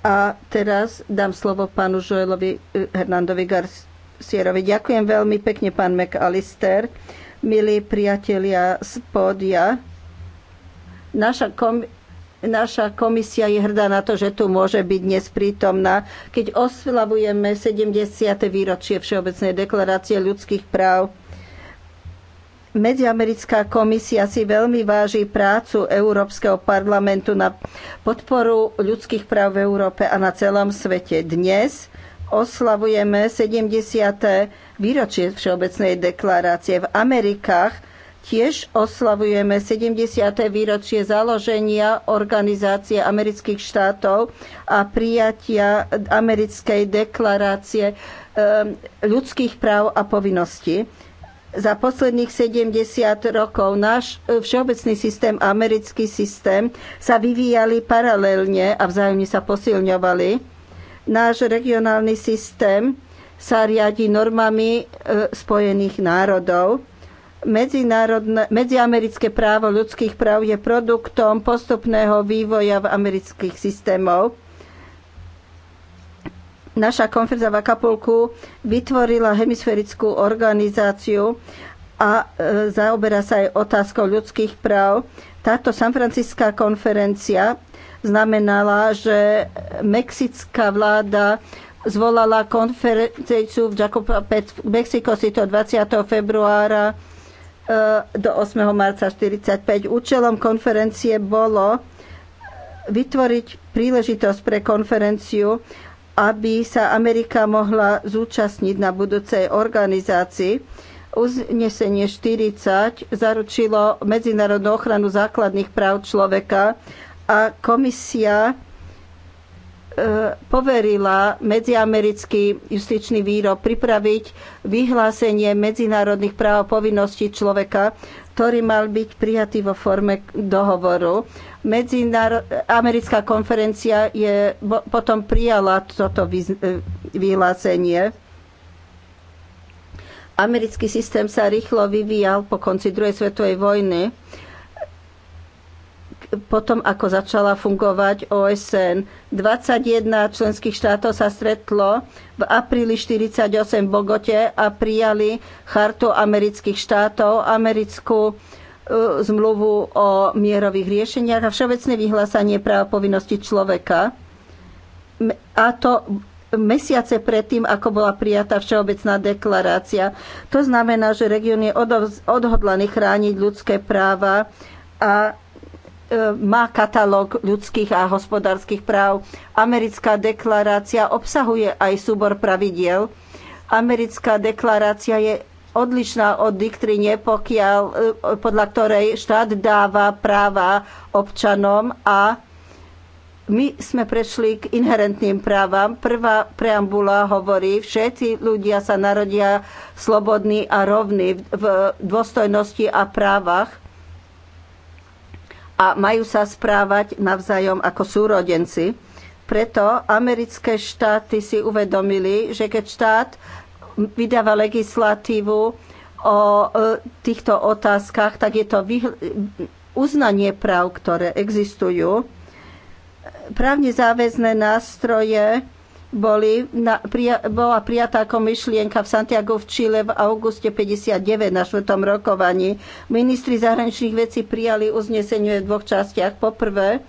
a teraz dám slovo pánu Joelovi eh, Hernandovi Garcierovi. Ďakujem veľmi pekne, pán McAllister. Milí priatelia z pódia, naša kom- naša komisia je hrdá na to, že tu môže byť dnes prítomná, keď oslavujeme 70. výročie Všeobecnej deklarácie ľudských práv Medziamerická komisia si veľmi váži prácu Európskeho parlamentu na podporu ľudských práv v Európe a na celom svete. Dnes oslavujeme 70. výročie Všeobecnej deklarácie. V Amerikách tiež oslavujeme 70. výročie založenia Organizácie amerických štátov a prijatia americkej deklarácie ehm, ľudských práv a povinností. Za posledných 70 rokov náš e, všeobecný systém a americký systém sa vyvíjali paralelne a vzájomne sa posilňovali. Náš regionálny systém sa riadi normami e, Spojených národov medziamerické právo ľudských práv je produktom postupného vývoja v amerických systémoch naša konferencia v Akapulku vytvorila hemisférickú organizáciu a e, zaoberá sa aj otázkou ľudských práv. Táto San Franciská konferencia znamenala, že mexická vláda zvolala konferenciu v v Mexico City 20. februára e, do 8. marca 1945. Účelom konferencie bolo vytvoriť príležitosť pre konferenciu, aby sa Amerika mohla zúčastniť na budúcej organizácii. Uznesenie 40 zaručilo medzinárodnú ochranu základných práv človeka a komisia e, poverila medziamerický justičný výrob pripraviť vyhlásenie medzinárodných práv a povinností človeka, ktorý mal byť prijatý vo forme dohovoru. Medzinárodná americká konferencia je, bo, potom prijala toto vyz, e, vyhlásenie. Americký systém sa rýchlo vyvíjal po konci druhej svetovej vojny. Potom, ako začala fungovať OSN, 21 členských štátov sa stretlo v apríli 1948 v Bogote a prijali chartu amerických štátov, americkú E, zmluvu o mierových riešeniach a všeobecné vyhlásanie práv povinnosti človeka. A to mesiace predtým, ako bola prijatá Všeobecná deklarácia. To znamená, že región je odhodlaný chrániť ľudské práva a e, má katalóg ľudských a hospodárskych práv. Americká deklarácia obsahuje aj súbor pravidiel. Americká deklarácia je odlišná od diktrine, pokiaľ, e, podľa ktorej štát dáva práva občanom a my sme prešli k inherentným právam. Prvá preambula hovorí, všetci ľudia sa narodia slobodní a rovní v dôstojnosti a právach a majú sa správať navzájom ako súrodenci. Preto americké štáty si uvedomili, že keď štát vydáva legislatívu o e, týchto otázkach, tak je to uznanie práv, ktoré existujú. Právne záväzné nástroje boli, na, prija, bola prijatá ako myšlienka v Santiago v Čile v auguste 59 na štvrtom rokovaní. Ministri zahraničných vecí prijali uznesenie v dvoch častiach. Poprvé,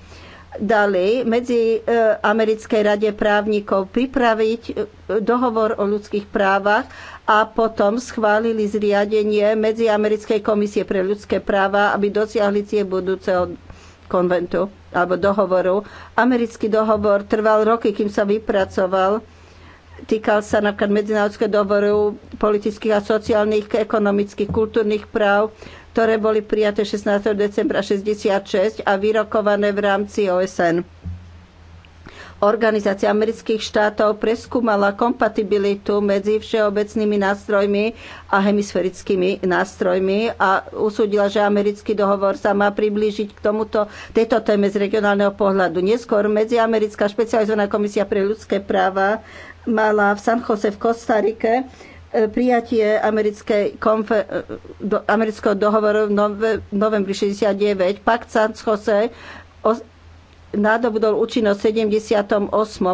dali medzi e, Americkej rade právnikov pripraviť e, dohovor o ľudských právach a potom schválili zriadenie Medzi Americkej komisie pre ľudské práva, aby dosiahli tie budúceho konventu alebo dohovoru. Americký dohovor trval roky, kým sa vypracoval. Týkal sa napríklad medzinárodského dohovoru politických a sociálnych, ekonomických, kultúrnych práv, ktoré boli prijaté 16. decembra 66 a vyrokované v rámci OSN. Organizácia amerických štátov preskúmala kompatibilitu medzi všeobecnými nástrojmi a hemisférickými nástrojmi a usúdila, že americký dohovor sa má priblížiť k tomuto, tejto téme z regionálneho pohľadu. Neskôr Medziamerická špecializovaná komisia pre ľudské práva mala v San Jose v Kostarike prijatie do amerického dohovoru v novembri 69, pakt San Jose nadobudol účinnosť v 78.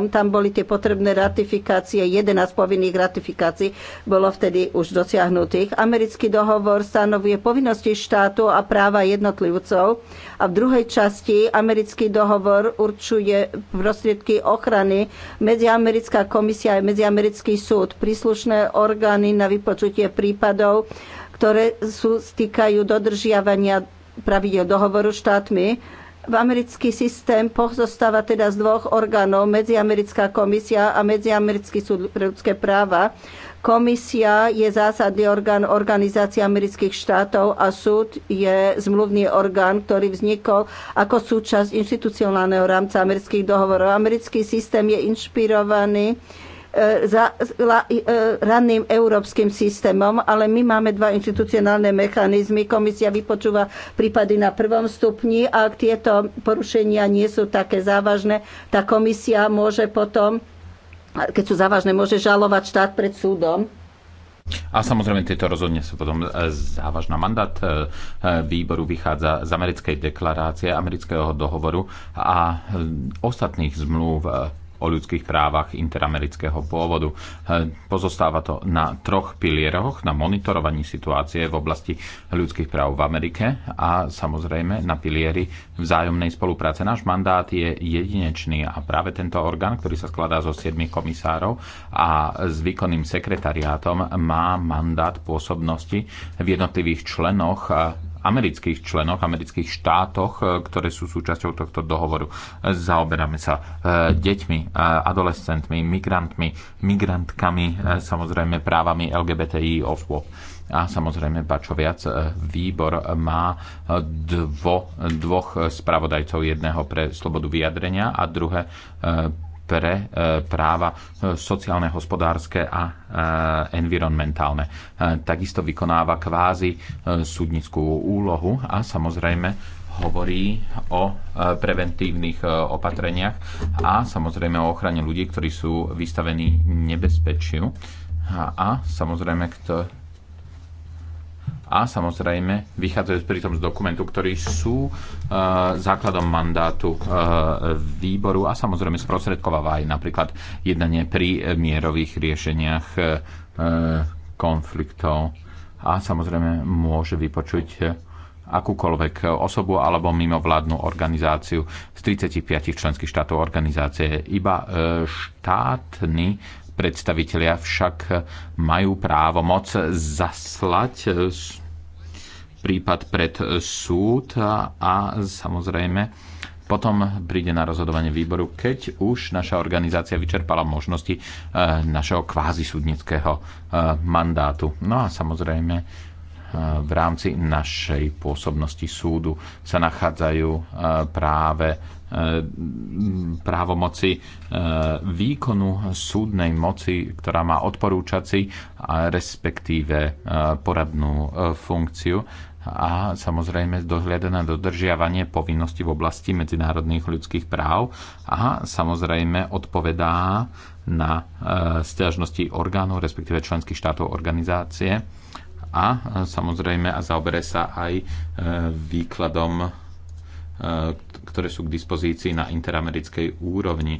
Tam boli tie potrebné ratifikácie, 11 povinných ratifikácií bolo vtedy už dosiahnutých. Americký dohovor stanovuje povinnosti štátu a práva jednotlivcov a v druhej časti americký dohovor určuje prostriedky ochrany Medziamerická komisia a Medziamerický súd, príslušné orgány na vypočutie prípadov, ktoré sú, stýkajú dodržiavania pravidel dohovoru štátmi Americký systém pozostáva teda z dvoch orgánov, Medziamerická komisia a Medziamerický súd pre ľudské práva. Komisia je zásadný orgán Organizácie amerických štátov a súd je zmluvný orgán, ktorý vznikol ako súčasť inštitucionálneho rámca amerických dohovorov. Americký systém je inšpirovaný E, e, ranným európskym systémom, ale my máme dva inštitucionálne mechanizmy. Komisia vypočúva prípady na prvom stupni a ak tieto porušenia nie sú také závažné, tá komisia môže potom, keď sú závažné, môže žalovať štát pred súdom. A samozrejme tieto rozhodne sú potom e, závažná. Mandát výboru vychádza z americkej deklarácie, amerického dohovoru a ostatných zmluv o ľudských právach interamerického pôvodu. E, pozostáva to na troch pilieroch, na monitorovaní situácie v oblasti ľudských práv v Amerike a samozrejme na pilieri vzájomnej spolupráce. Náš mandát je jedinečný a práve tento orgán, ktorý sa skladá zo siedmi komisárov a s výkonným sekretariátom má mandát pôsobnosti v jednotlivých členoch e, amerických členoch, amerických štátoch, e, ktoré sú súčasťou tohto dohovoru. Zaoberáme sa e, deťmi, e, adolescentmi, migrantmi, migrantkami, samozrejme právami LGBTI osôb. A samozrejme, pačo viac, výbor má dvo, dvoch spravodajcov, jedného pre slobodu vyjadrenia a druhé pre e, práva e, sociálne, hospodárske a e, environmentálne. Takisto vykonáva kvázi súdnickú úlohu a samozrejme hovorí o preventívnych opatreniach a samozrejme o ochrane ľudí, ktorí sú vystavení nebezpečiu a, a samozrejme, a samozrejme vychádzajú pritom z dokumentu, ktorí sú e, základom mandátu e, výboru a samozrejme sprostredkováva aj napríklad jednanie pri mierových riešeniach e, konfliktov a samozrejme môže vypočuť akúkoľvek osobu alebo mimovládnu organizáciu z 35 členských štátov organizácie. Iba štátni predstavitelia však majú právo moc zaslať prípad pred súd a samozrejme potom príde na rozhodovanie výboru, keď už naša organizácia vyčerpala možnosti eh, našeho kvázi súdnického eh, mandátu. No a samozrejme eh, v rámci našej pôsobnosti súdu sa nachádzajú práve právomoci výkonu súdnej moci, ktorá má odporúčací a respektíve poradnú funkciu a samozrejme dohliada na dodržiavanie povinností v oblasti medzinárodných ľudských práv a samozrejme odpovedá na e, stiažnosti orgánov, respektíve členských štátov organizácie a samozrejme a zaobere sa aj e, výkladom, e, ktoré sú k dispozícii na interamerickej úrovni.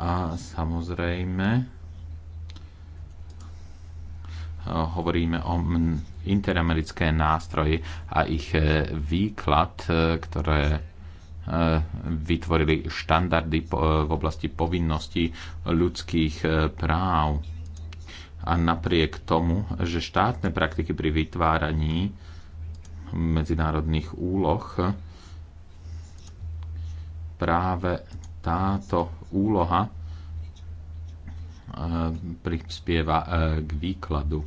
A samozrejme hovoríme o interamerické nástroje a ich e, výklad, e, ktoré e, vytvorili štandardy v oblasti povinností ľudských práv. A napriek tomu, že štátne praktiky pri vytváraní medzinárodných úloh práve táto úloha prispieva k výkladu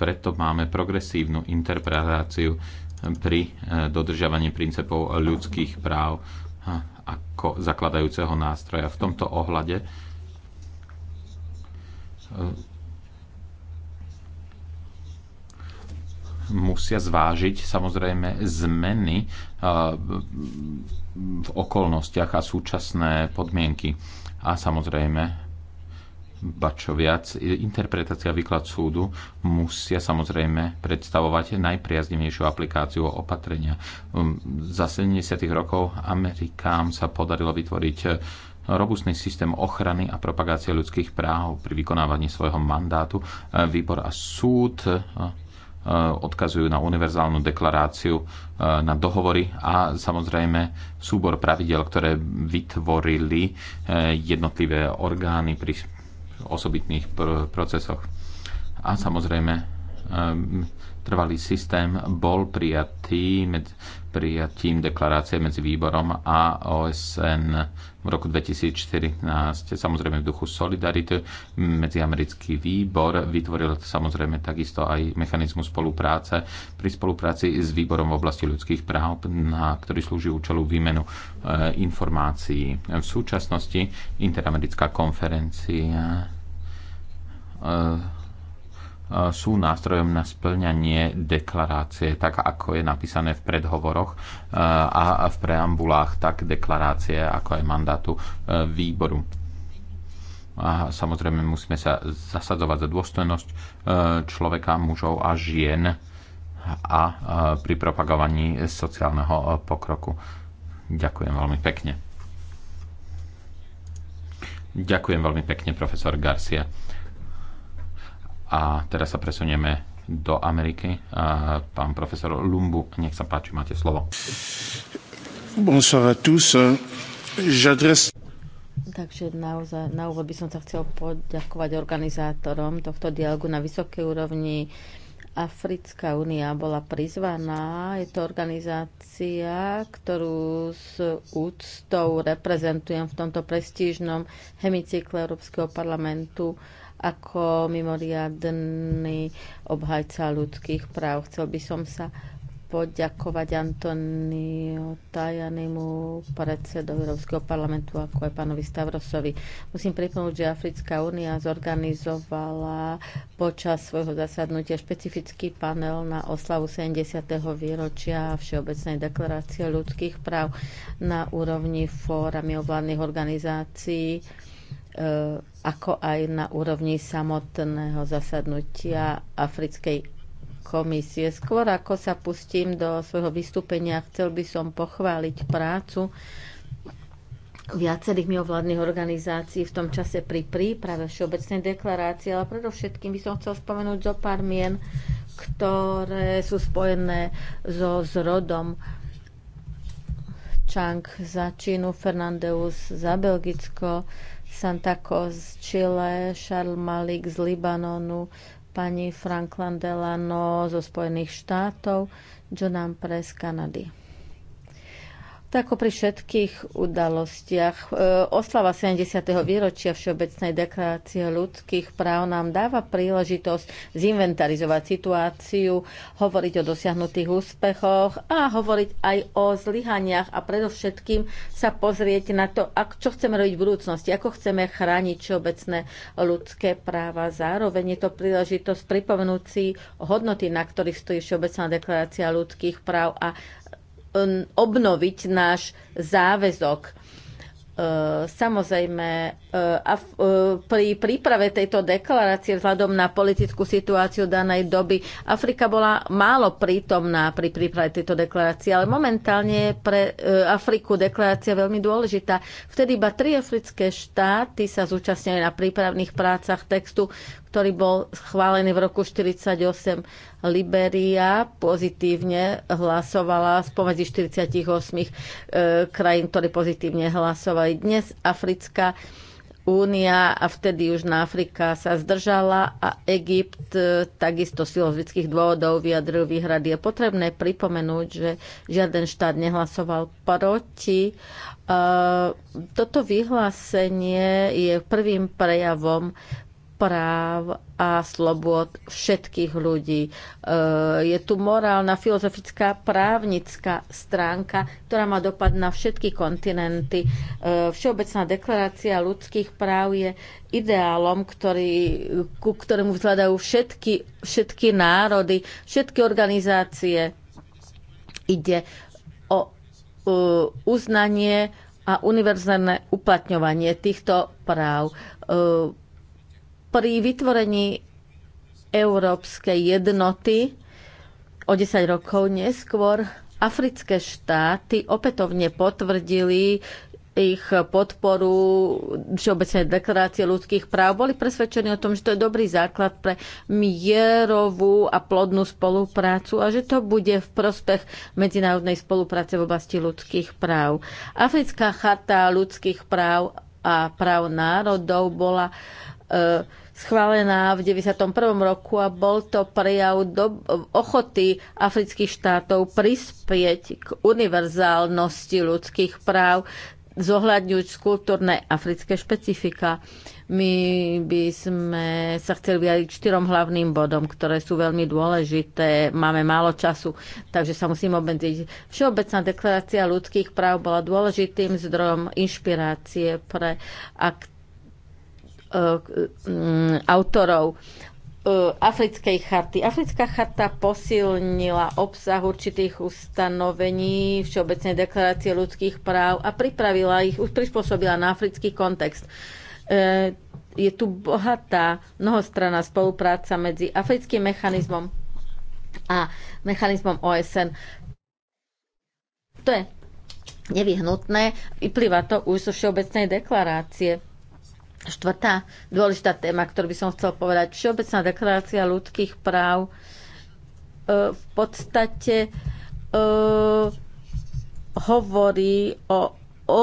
preto máme progresívnu interpretáciu pri e, dodržiavaní princípov ľudských práv ako zakladajúceho nástroja. V tomto ohľade e, musia zvážiť samozrejme zmeny e, v okolnostiach a súčasné podmienky. A samozrejme ba čo viac, interpretácia výklad súdu musia samozrejme predstavovať najpriaznivejšiu aplikáciu opatrenia. Um, za 70. rokov Amerikám sa podarilo vytvoriť e, robustný systém ochrany a propagácie ľudských práv pri vykonávaní svojho mandátu. E, výbor a súd e, odkazujú na univerzálnu deklaráciu, na dohovory a samozrejme súbor pravidel, ktoré vytvorili jednotlivé orgány pri osobitných pr- procesoch. A samozrejme, ehm, trvalý systém bol prijatý prijatím deklarácie medzi výborom a OSN v roku 2014. Samozrejme v duchu solidarity medziamerický výbor vytvoril samozrejme takisto aj mechanizmus spolupráce pri spolupráci s výborom v oblasti ľudských práv, na ktorý slúži účelu výmenu eh, informácií. V súčasnosti Interamerická konferencia eh, sú nástrojom na splňanie deklarácie, tak ako je napísané v predhovoroch e, a v preambulách, tak deklarácie, ako aj mandátu e, výboru. A samozrejme musíme sa zasadzovať za dôstojnosť e, človeka, mužov a žien a pri propagovaní sociálneho pokroku. Ďakujem veľmi pekne. Ďakujem veľmi pekne, profesor Garcia. A teraz sa presunieme do Ameriky. Pán profesor Lumbu, nech sa páči, máte slovo. Bonsoir à tous. J'adresse Takže naozaj, na úvod by som sa chcel poďakovať organizátorom tohto dialogu na vysokej úrovni. Africká únia bola prizvaná. Je to organizácia, ktorú s úctou reprezentujem v tomto prestížnom hemicykle Európskeho parlamentu ako mimoriadný obhajca ľudských práv. Chcel by som sa poďakovať Antonio Tajanimu, predsedovi Európskeho parlamentu, ako aj pánovi Stavrosovi. Musím pripomúť, že Africká únia zorganizovala počas svojho zasadnutia špecifický panel na oslavu 70. výročia Všeobecnej deklarácie ľudských práv na úrovni fóra mimovládnych organizácií Eh, ako aj na úrovni samotného zasadnutia Africkej komisie. Skôr ako sa pustím do svojho vystúpenia, chcel by som pochváliť prácu viacerých mimovládnych organizácií v tom čase pri príprave Všeobecnej deklarácie, ale predovšetkým by som chcel spomenúť zo pár mien, ktoré sú spojené so zrodom Čang za Čínu, Fernandeus za Belgicko, Santacos z Chile, Charles Malik z Libanonu, pani Franklin Delano zo Spojených štátov, John Ampre z Kanady. Tak ako pri všetkých udalostiach, e, oslava 70. výročia Všeobecnej deklarácie ľudských práv nám dáva príležitosť zinventarizovať situáciu, hovoriť o dosiahnutých úspechoch a hovoriť aj o zlyhaniach a predovšetkým sa pozrieť na to, čo chceme robiť v budúcnosti, ako chceme chrániť všeobecné ľudské práva. Zároveň je to príležitosť pripomenúť si hodnoty, na ktorých stojí Všeobecná deklarácia ľudských práv a obnoviť náš záväzok. E, samozrejme, e, a e, pri príprave tejto deklarácie vzhľadom na politickú situáciu danej doby Afrika bola málo prítomná pri príprave tejto deklarácie, ale momentálne je pre Afriku deklarácia veľmi dôležitá. Vtedy iba tri africké štáty sa zúčastnili na prípravných prácach textu, ktorý bol schválený v roku 1948, Liberia pozitívne hlasovala spomedzi 48 e, krajín, ktoré pozitívne hlasovali. Dnes Africká Únia a vtedy Južná Afrika sa zdržala a Egypt e, takisto silozvických dôvodov vyjadril výhrady. Je potrebné pripomenúť, že žiaden štát nehlasoval proti. E, toto vyhlásenie je prvým prejavom práv a slobod všetkých ľudí. E, je tu morálna, filozofická, právnická stránka, ktorá má dopad na všetky kontinenty. E, Všeobecná deklarácia ľudských práv je ideálom, ktorý, ku ktorému vzhľadajú všetky, všetky národy, všetky organizácie. Ide o e, uznanie a univerzálne uplatňovanie týchto práv pri vytvorení európskej jednoty o 10 rokov neskôr africké štáty opätovne potvrdili ich podporu Všeobecnej deklarácie ľudských práv. Boli presvedčení o tom, že to je dobrý základ pre mierovú a plodnú spoluprácu a že to bude v prospech medzinárodnej spolupráce v oblasti ľudských práv. Africká charta ľudských práv a práv národov bola uh, schválená v 91. roku a bol to prejav do, ochoty afrických štátov prispieť k univerzálnosti ľudských práv, zohľadňujúc kultúrne africké špecifika. My by sme sa chceli vyjadriť štyrom hlavným bodom, ktoré sú veľmi dôležité. Máme málo času, takže sa musím obmedziť. Všeobecná deklarácia ľudských práv bola dôležitým zdrojom inšpirácie pre akt E, mm, autorov e, Africkej charty. Africká charta posilnila obsah určitých ustanovení Všeobecnej deklarácie ľudských práv a pripravila ich, už prispôsobila na africký kontext. E, je tu bohatá mnohostranná spolupráca medzi africkým mechanizmom a mechanizmom OSN. To je nevyhnutné, vyplýva to už zo Všeobecnej deklarácie Štvrtá dôležitá téma, ktorú by som chcel povedať, Všeobecná deklarácia ľudských práv e, v podstate e, hovorí o, o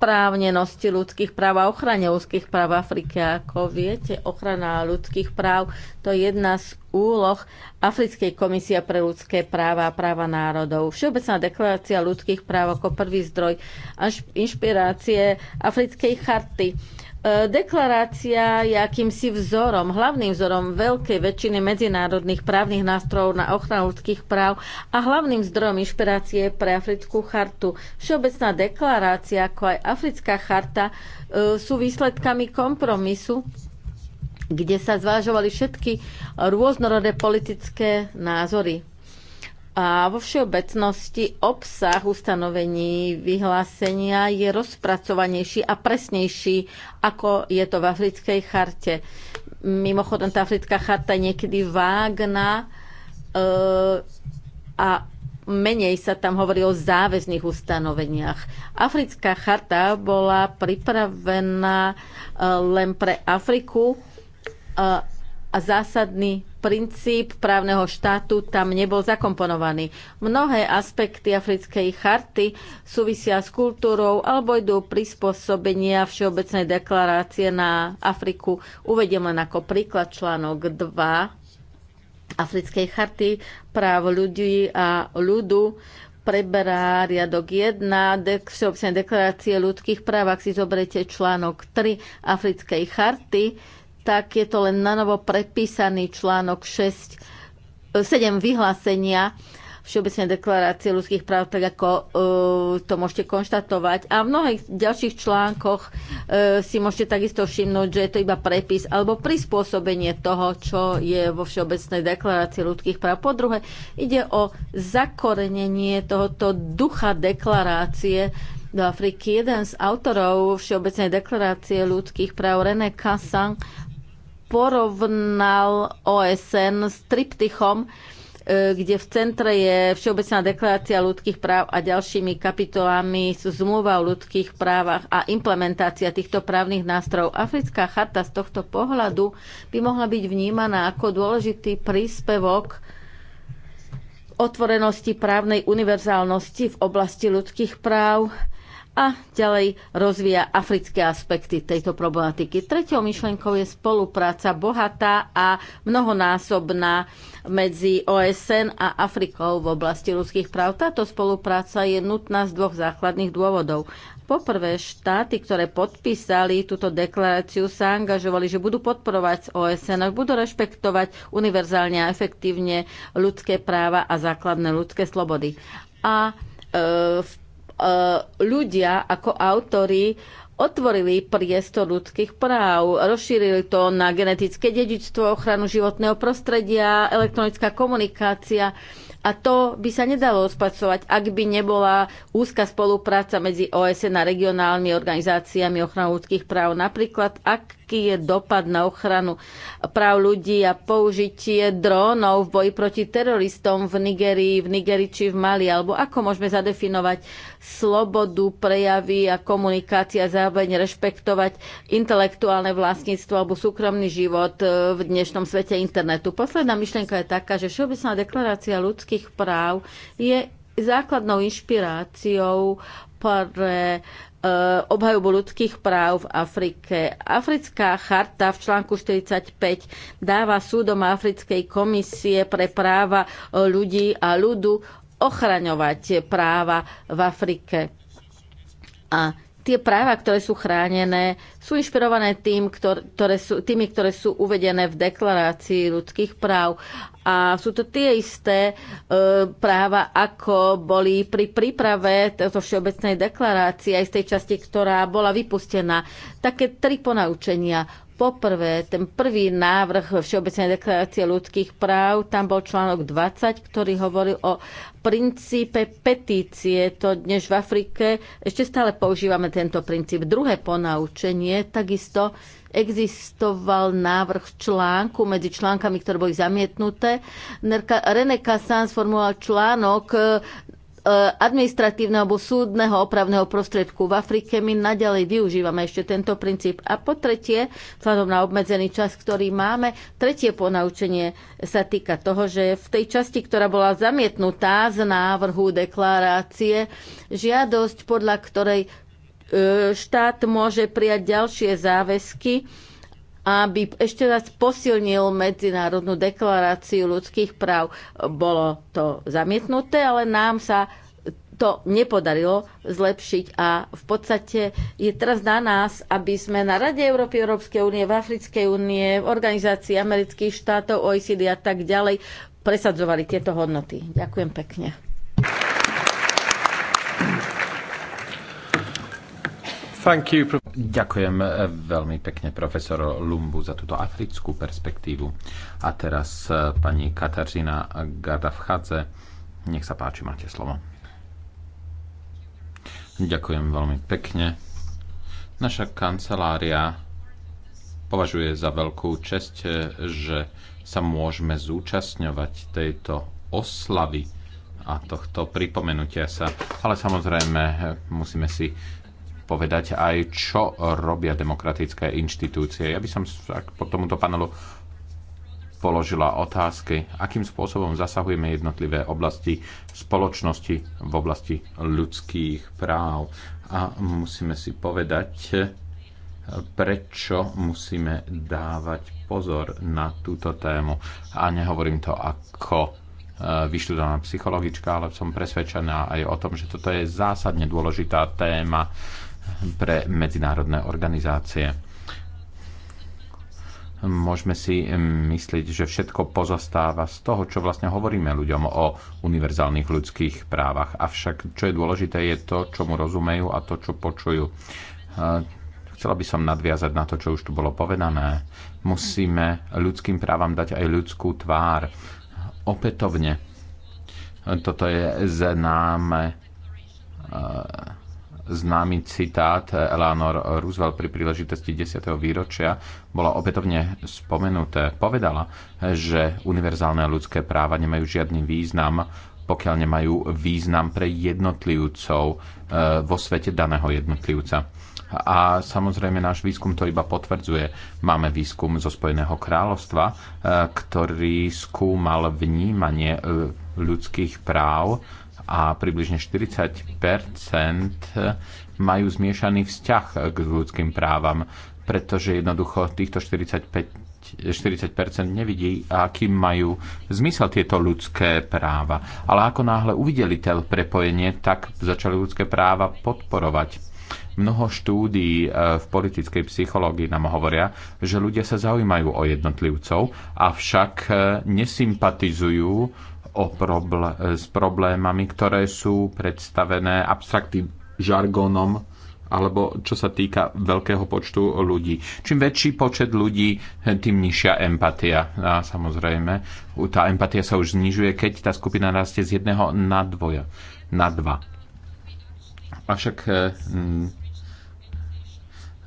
právnenosti ľudských práv a ochrane ľudských práv v Afrike. Ako viete, ochrana ľudských práv to je jedna z úloh Africkej komisie pre ľudské práva a práva národov. Všeobecná deklarácia ľudských práv ako prvý zdroj inšpirácie Africkej charty E, deklarácia je akýmsi vzorom, hlavným vzorom veľkej väčšiny medzinárodných právnych nástrojov na ochranu ľudských práv a hlavným zdrojom inšpirácie pre Africkú chartu. Všeobecná deklarácia, ako aj Africká charta, e, sú výsledkami kompromisu, kde sa zvážovali všetky rôznorodé politické názory a vo všeobecnosti obsah ustanovení vyhlásenia je rozpracovanejší a presnejší, ako je to v africkej charte. Mimochodom, tá africká charta je niekedy vágna uh, a menej sa tam hovorí o záväzných ustanoveniach. Africká charta bola pripravená eh, len pre Afriku eh, a zásadný princíp právneho štátu tam nebol zakomponovaný. Mnohé aspekty africkej charty súvisia s kultúrou alebo idú prispôsobenia Všeobecnej deklarácie na Afriku. Uvediem len ako príklad článok 2 Africkej charty práv ľudí a ľudu preberá riadok 1 dek- Všeobecnej deklarácie ľudských práv. Ak si zoberiete článok 3 Africkej charty, tak je to len nanovo prepísaný článok 6, 7 e, vyhlásenia Všeobecnej deklarácie ľudských práv, tak ako uh, to môžete konštatovať. A v mnohých ďalších článkoch uh, si môžete takisto všimnúť, že je to iba prepis alebo prispôsobenie toho, čo je vo Všeobecnej deklarácii ľudských práv. Po druhé, ide o zakorenenie tohoto ducha deklarácie do Afriky. Jeden z autorov Všeobecnej deklarácie ľudských práv, René Kassan, porovnal OSN s triptychom, e, kde v centre je Všeobecná deklarácia ľudských práv a ďalšími kapitolami sú zmluva o ľudských právach a implementácia týchto právnych nástrojov. Africká charta z tohto pohľadu by mohla byť vnímaná ako dôležitý príspevok otvorenosti právnej univerzálnosti v oblasti ľudských práv a ďalej rozvíja africké aspekty tejto problematiky. Tretou myšlenkou je spolupráca bohatá a mnohonásobná medzi OSN a Afrikou v oblasti ľudských práv. Táto spolupráca je nutná z dvoch základných dôvodov. Poprvé, štáty, ktoré podpísali túto deklaráciu, sa angažovali, že budú podporovať OSN a budú rešpektovať univerzálne a efektívne ľudské práva a základné ľudské slobody. A e, v E, ľudia ako autory otvorili priestor ľudských práv, rozšírili to na genetické dedičstvo, ochranu životného prostredia, elektronická komunikácia. A to by sa nedalo spacovať, ak by nebola úzka spolupráca medzi OSN a regionálnymi organizáciami ochrany ľudských práv. Napríklad, ak aký je dopad na ochranu práv ľudí a použitie drónov v boji proti teroristom v Nigerii, v Nigerii či v Mali, alebo ako môžeme zadefinovať slobodu prejavy a komunikácia, zároveň rešpektovať intelektuálne vlastníctvo alebo súkromný život e, v dnešnom svete internetu. Posledná myšlienka je taká, že Všeobecná deklarácia ľudských práv je základnou inšpiráciou pre Eh, obhajobu ľudských práv v Afrike. Africká charta v článku 45 dáva súdom Africkej komisie pre práva eh, ľudí a ľudu ochraňovať práva v Afrike. A tie práva, ktoré sú chránené, sú inšpirované tým, ktoré sú, tými, ktoré sú uvedené v deklarácii ľudských práv. A sú to tie isté e, práva, ako boli pri príprave tejto všeobecnej deklarácie aj z tej časti, ktorá bola vypustená. Také tri ponaučenia Poprvé, ten prvý návrh Všeobecnej deklarácie ľudských práv, tam bol článok 20, ktorý hovoril o princípe petície. To dnes v Afrike ešte stále používame tento princíp. Druhé ponaučenie, takisto existoval návrh článku medzi článkami, ktoré boli zamietnuté. René Cassin sformuloval článok administratívneho alebo súdneho opravného prostriedku v Afrike, my naďalej využívame ešte tento princíp. A po tretie, vzhľadom na obmedzený čas, ktorý máme, tretie ponaučenie sa týka toho, že v tej časti, ktorá bola zamietnutá z návrhu deklarácie, žiadosť, podľa ktorej e, štát môže prijať ďalšie záväzky, aby ešte raz posilnil Medzinárodnú deklaráciu ľudských práv. Bolo to zamietnuté, ale nám sa to nepodarilo zlepšiť a v podstate je teraz na nás, aby sme na Rade Európy, Európskej únie, v Africkej únie, v Organizácii amerických štátov, OECD a tak ďalej presadzovali tieto hodnoty. Ďakujem pekne. Thank you. Ďakujem eh, veľmi pekne profesor Lumbu za túto africkú perspektívu. A teraz eh, pani Katarzyna Gardavchadze. Nech sa páči, máte slovo. Ďakujem veľmi pekne. Naša kancelária považuje za veľkú čest, eh, že sa môžeme zúčastňovať tejto oslavy a tohto pripomenutia sa. Ale samozrejme musíme si povedať aj, čo robia demokratické inštitúcie. Ja by som po tomuto panelu položila otázky, akým spôsobom zasahujeme jednotlivé oblasti spoločnosti v oblasti ľudských práv. A musíme si povedať, prečo musíme dávať pozor na túto tému. A nehovorím to ako e, vyštudovaná psychologička, ale som presvedčená aj o tom, že toto je zásadne dôležitá téma pre medzinárodné organizácie. Môžeme si myslieť, že všetko pozostáva z toho, čo vlastne hovoríme ľuďom o univerzálnych ľudských právach. Avšak, čo je dôležité, je to, čo mu rozumejú a to, čo počujú. Chcela by som nadviazať na to, čo už tu bolo povedané. Musíme ľudským právam dať aj ľudskú tvár. Opätovne. Toto je známe známy citát Eleanor Roosevelt pri príležitosti 10. výročia bolo opätovne spomenuté. Povedala, že univerzálne ľudské práva nemajú žiadny význam, pokiaľ nemajú význam pre jednotlivcov e, vo svete daného jednotlivca. A samozrejme náš výskum to iba potvrdzuje. Máme výskum zo Spojeného kráľovstva, e, ktorý skúmal vnímanie e, ľudských práv a približne 40 majú zmiešaný vzťah k ľudským právam, pretože jednoducho týchto 45 40% nevidí, akým majú zmysel tieto ľudské práva. Ale ako náhle uvideli to prepojenie, tak začali ľudské práva podporovať. Mnoho štúdií e, v politickej psychológii nám hovoria, že ľudia sa zaujímajú o jednotlivcov, avšak e, nesympatizujú o probl- s problémami, ktoré sú predstavené abstraktným žargonom, alebo čo sa týka veľkého počtu ľudí. Čím väčší počet ľudí, tým nižšia empatia. A samozrejme, tá empatia sa už znižuje, keď tá skupina rastie z jedného na dvoja, na dva. Avšak hm,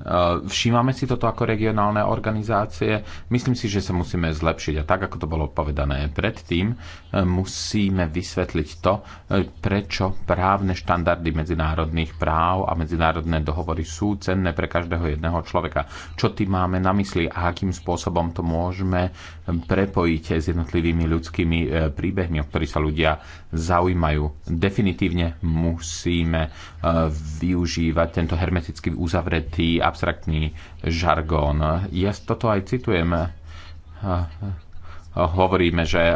Eh, všímame si toto ako regionálne organizácie. Myslím si, že sa musíme zlepšiť. A tak, ako to bolo povedané predtým, eh, musíme vysvetliť to, eh, prečo právne štandardy medzinárodných práv a medzinárodné dohovory sú cenné pre každého jedného človeka. Čo tým máme na mysli a akým spôsobom to môžeme prepojiť s jednotlivými ľudskými príbehmi, o ktorých sa ľudia zaujímajú. Definitívne musíme využívať tento hermeticky uzavretý abstraktný žargón. Ja toto aj citujem. Hovoríme, že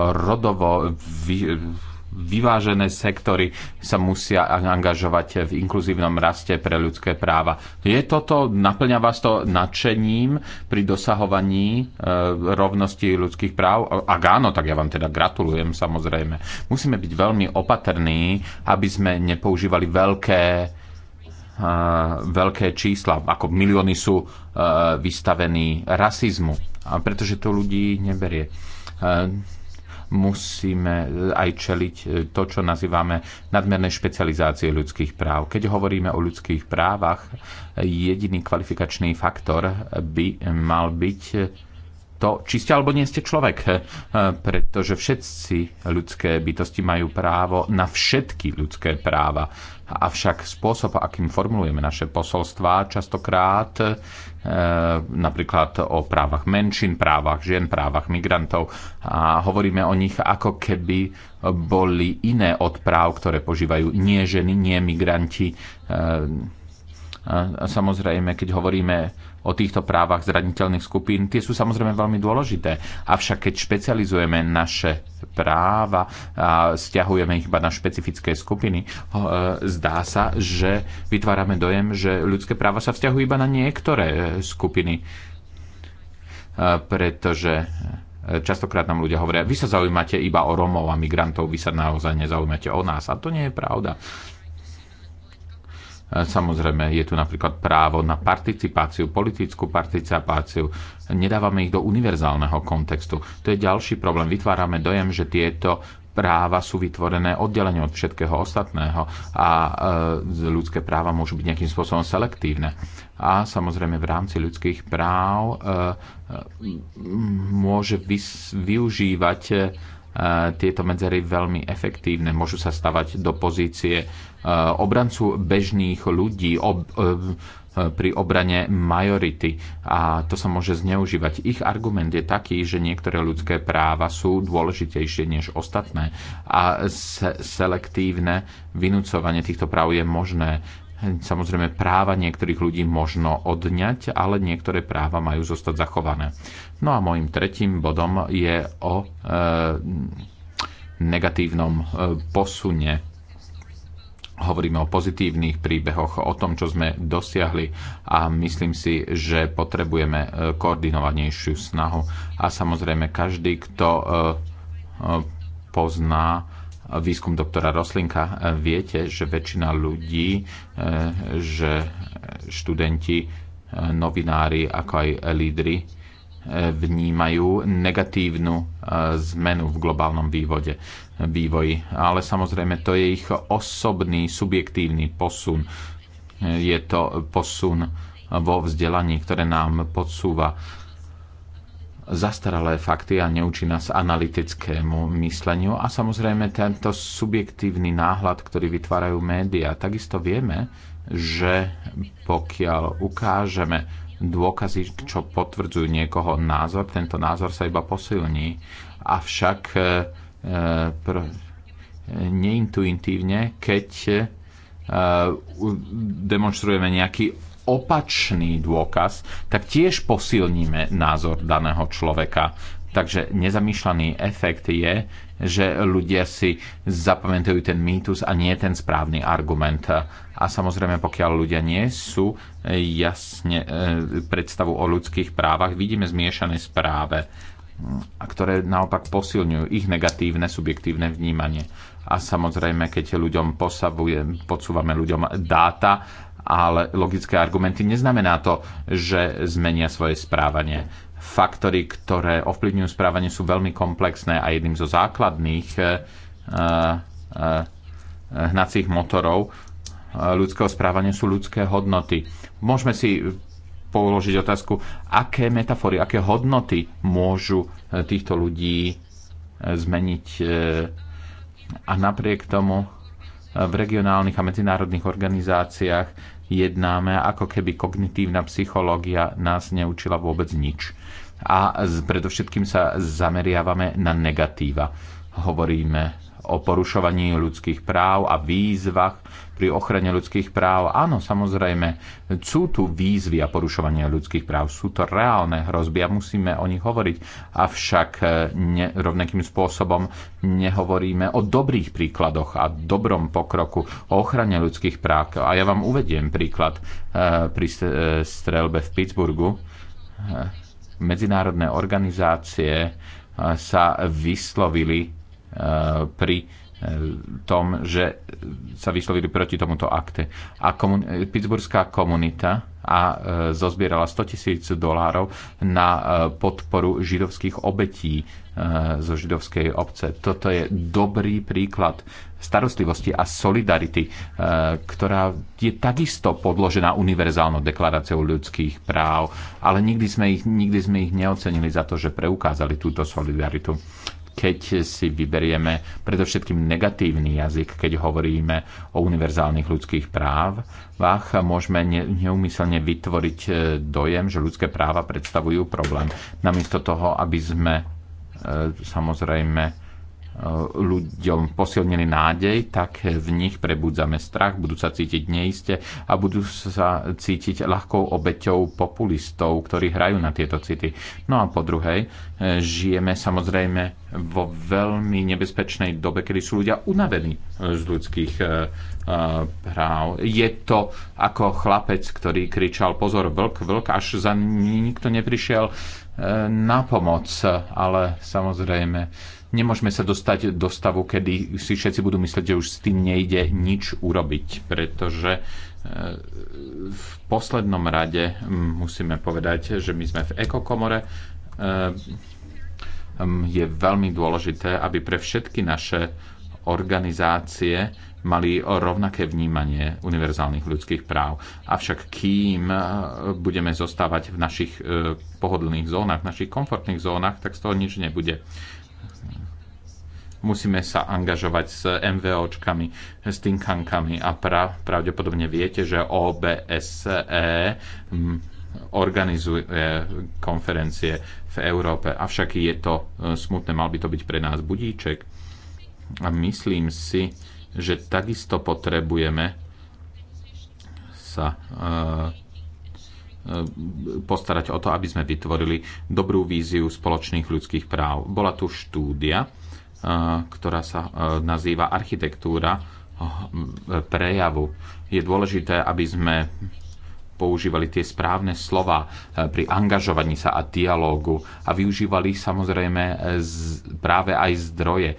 rodovo vy, vyvážené sektory sa musia angažovať v inkluzívnom raste pre ľudské práva. Je toto, naplňa vás to nadšením pri dosahovaní e, rovnosti ľudských práv? Ak áno, tak ja vám teda gratulujem samozrejme. Musíme byť veľmi opatrní, aby sme nepoužívali veľké veľké čísla, ako milióny sú e, vystavení rasizmu, pretože to ľudí neberie. E, musíme e, aj čeliť to, čo nazývame nadmerné špecializácie ľudských práv. Keď hovoríme o ľudských právach, jediný kvalifikačný faktor by mal byť to, či ste alebo nie ste človek, pretože všetci ľudské bytosti majú právo na všetky ľudské práva. Avšak spôsob, akým formulujeme naše posolstvá, častokrát napríklad o právach menšín, právach žien, právach migrantov a hovoríme o nich ako keby boli iné od práv, ktoré požívajú nie ženy, nie migranti. Samozrejme, keď hovoríme o týchto právach zraniteľných skupín, tie sú samozrejme veľmi dôležité. Avšak keď špecializujeme naše práva a stiahujeme ich iba na špecifické skupiny, e, zdá sa, že vytvárame dojem, že ľudské práva sa vzťahujú iba na niektoré e, skupiny. E, pretože častokrát nám ľudia hovoria, vy sa zaujímate iba o Romov a migrantov, vy sa naozaj nezaujímate o nás. A to nie je pravda. E, samozrejme, je tu napríklad právo na participáciu, politickú participáciu. Nedávame ich do univerzálneho kontextu. To je ďalší problém. Vytvárame dojem, že tieto práva sú vytvorené oddelenie od všetkého ostatného a e, ľudské práva môžu byť nejakým spôsobom selektívne. A samozrejme v rámci ľudských práv e, e, môže vys- využívať e, tieto medzery veľmi efektívne. Môžu sa stavať do pozície e, obrancu bežných ľudí, ob, e, e, pri obrane majority a to sa môže zneužívať. Ich argument je taký, že niektoré ľudské práva sú dôležitejšie než ostatné a se- selektívne vynúcovanie týchto práv je možné. Samozrejme, práva niektorých ľudí možno odňať, ale niektoré práva majú zostať zachované. No a môjim tretím bodom je o e, negatívnom e, posune. Hovoríme o pozitívnych príbehoch, o tom, čo sme dosiahli a myslím si, že potrebujeme e, koordinovanejšiu snahu. A samozrejme každý, kto e, pozná výskum doktora Roslinka, viete, že väčšina ľudí, že študenti, novinári, ako aj lídry vnímajú negatívnu e, zmenu v globálnom vývode, vývoji. Ale samozrejme, to je ich osobný, subjektívny posun. Je to posun vo vzdelaní, ktoré nám podsúva zastaralé fakty a neučí nás analytickému mysleniu. A samozrejme tento subjektívny náhľad, ktorý vytvárajú médiá. Takisto vieme, že pokiaľ ukážeme dôkazy, čo potvrdzujú niekoho názor. Tento názor sa iba posilní. Avšak e, e pr- neintuitívne, keď e, demonstrujeme nejaký opačný dôkaz, tak tiež posilníme názor daného človeka. Takže nezamýšľaný efekt je, že ľudia si zapamätajú ten mýtus a nie ten správny argument a samozrejme, pokiaľ ľudia nie sú e, jasne e, predstavu o ľudských právach, vidíme zmiešané správe, ktoré naopak posilňujú ich negatívne subjektívne vnímanie. A samozrejme, keď ľuďom podsúvame ľuďom dáta, ale logické argumenty neznamená to, že zmenia svoje správanie faktory, ktoré ovplyvňujú správanie, sú veľmi komplexné a jedným zo základných e, hnacích motorov ľudského správania sú ľudské hodnoty. Môžeme si položiť otázku, aké metafory, aké hodnoty môžu e, týchto ľudí e, zmeniť. E, a napriek tomu v regionálnych a medzinárodných organizáciách jednáme, ako keby kognitívna psychológia nás neučila vôbec nič. A predovšetkým sa zameriavame na negatíva. Hovoríme o porušovaní ľudských práv a výzvach pri ochrane ľudských práv. Áno, samozrejme, sú tu výzvy a porušovanie ľudských práv. Sú to reálne hrozby a musíme o nich hovoriť. Avšak e, ne, rovnakým spôsobom nehovoríme o dobrých príkladoch a dobrom pokroku, o ochrane ľudských práv. A ja vám uvediem príklad e, pri e, strelbe v Pittsburghu. Medzinárodné organizácie sa vyslovili pri eh, tom, že sa vyslovili proti tomuto akte. A komun- Pittsburghská komunita a e, zozbierala 100 tisíc dolárov na e, podporu židovských obetí e, zo židovskej obce. Toto je dobrý príklad starostlivosti a solidarity, e, ktorá je takisto podložená univerzálnou deklaráciou ľudských práv, ale nikdy sme ich, nikdy sme ich neocenili za to, že preukázali túto solidaritu keď si vyberieme predovšetkým negatívny jazyk, keď hovoríme o univerzálnych ľudských právach, môžeme neumyselne vytvoriť e, dojem, že ľudské práva predstavujú problém. Namiesto toho, aby sme e, samozrejme ľuďom posilnili nádej, tak v nich prebudzame strach, budú sa cítiť neiste a budú sa cítiť ľahkou obeťou populistov, ktorí hrajú na tieto city. No a po druhej, žijeme samozrejme vo veľmi nebezpečnej dobe, kedy sú ľudia unavení z ľudských eh, eh, práv. Je to ako chlapec, ktorý kričal pozor, vlk, vlk, až za nikto neprišiel eh, na pomoc, ale samozrejme Nemôžeme sa dostať do stavu, kedy si všetci budú myslieť, že už s tým nejde nič urobiť, pretože e, v poslednom rade musíme povedať, že my sme v ekokomore. E, je veľmi dôležité, aby pre všetky naše organizácie mali rovnaké vnímanie univerzálnych ľudských práv. Avšak kým e, budeme zostávať v našich pohodlných zónach, v našich komfortných zónach, tak z toho nič nebude musíme sa angažovať s MVOčkami, s tinkankami a pra, pravdepodobne viete, že OBSE organizuje konferencie v Európe. Avšak je to e, smutné, mal by to byť pre nás budíček. A myslím si, že takisto potrebujeme sa uh, E, postarať o to, aby sme vytvorili dobrú víziu spoločných ľudských práv. Bola tu štúdia, e, ktorá sa e, nazýva architektúra prejavu. Je dôležité, aby sme používali tie správne slova pri angažovaní sa a dialógu a využívali samozrejme práve aj zdroje,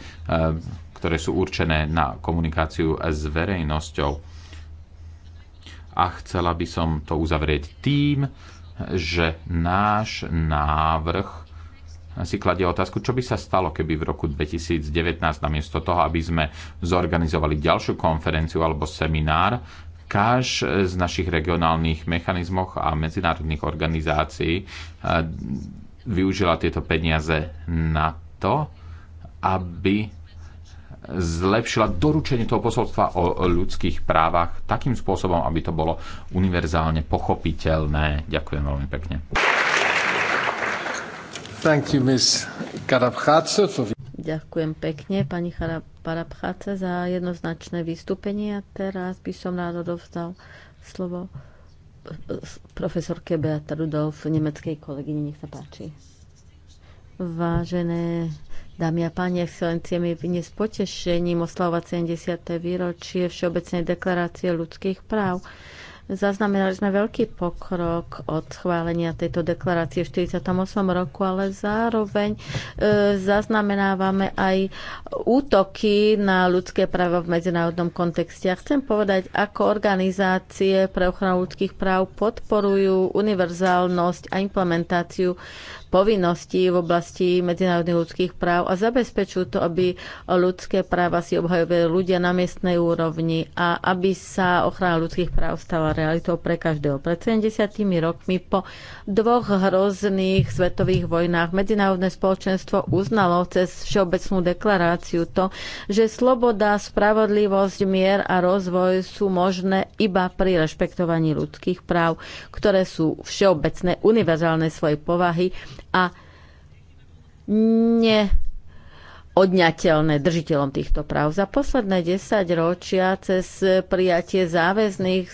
ktoré sú určené na komunikáciu s verejnosťou a chcela by som to uzavrieť tým, že náš návrh si kladie otázku, čo by sa stalo, keby v roku 2019 namiesto toho, aby sme zorganizovali ďalšiu konferenciu alebo seminár, kaž z našich regionálnych mechanizmoch a medzinárodných organizácií eh, využila tieto peniaze na to, aby zlepšila doručenie toho posolstva o ľudských právach takým spôsobom, aby to bolo univerzálne pochopiteľné. Ďakujem veľmi pekne. Thank you, Miss Ďakujem pekne, pani Parabcháce, za jednoznačné vystúpenie. A teraz by som rád odovzdal slovo eh, profesorke Beata Rudolf, nemeckej kolegyne. Nech sa páči. Vážené Dámy a páni, excelencie, my dnes potešením oslavovať 70. výročie Všeobecnej deklarácie ľudských práv. Zaznamenali sme veľký pokrok od schválenia tejto deklarácie v 48 roku, ale zároveň e, zaznamenávame aj útoky na ľudské práva v medzinárodnom kontexte. A chcem povedať, ako organizácie pre ochranu ľudských práv podporujú univerzálnosť a implementáciu povinností v oblasti medzinárodných ľudských práv a zabezpečujú to, aby ľudské práva si obhajovali ľudia na miestnej úrovni a aby sa ochrana ľudských práv stala realitou pre každého. Pred 70 rokmi po dvoch hrozných svetových vojnách medzinárodné spoločenstvo uznalo cez Všeobecnú deklaráciu to, že sloboda, spravodlivosť, mier a rozvoj sú možné iba pri rešpektovaní ľudských práv, ktoré sú všeobecné, univerzálne svojej povahy a neodňateľné držiteľom týchto práv. Za posledné 10 ročia cez prijatie záväzných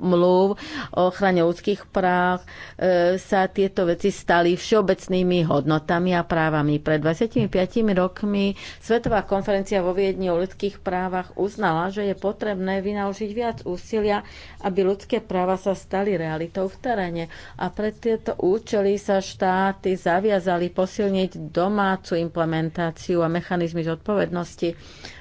mluv o ochrane ľudských práv e, sa tieto veci stali všeobecnými hodnotami a právami. Pred 25 rokmi Svetová konferencia vo Viedni o ľudských právach uznala, že je potrebné vynaložiť viac úsilia, aby ľudské práva sa stali realitou v teréne. A pre tieto účely sa štáty zaviazali posilniť domácu implementáciu a mechanizmy zodpovednosti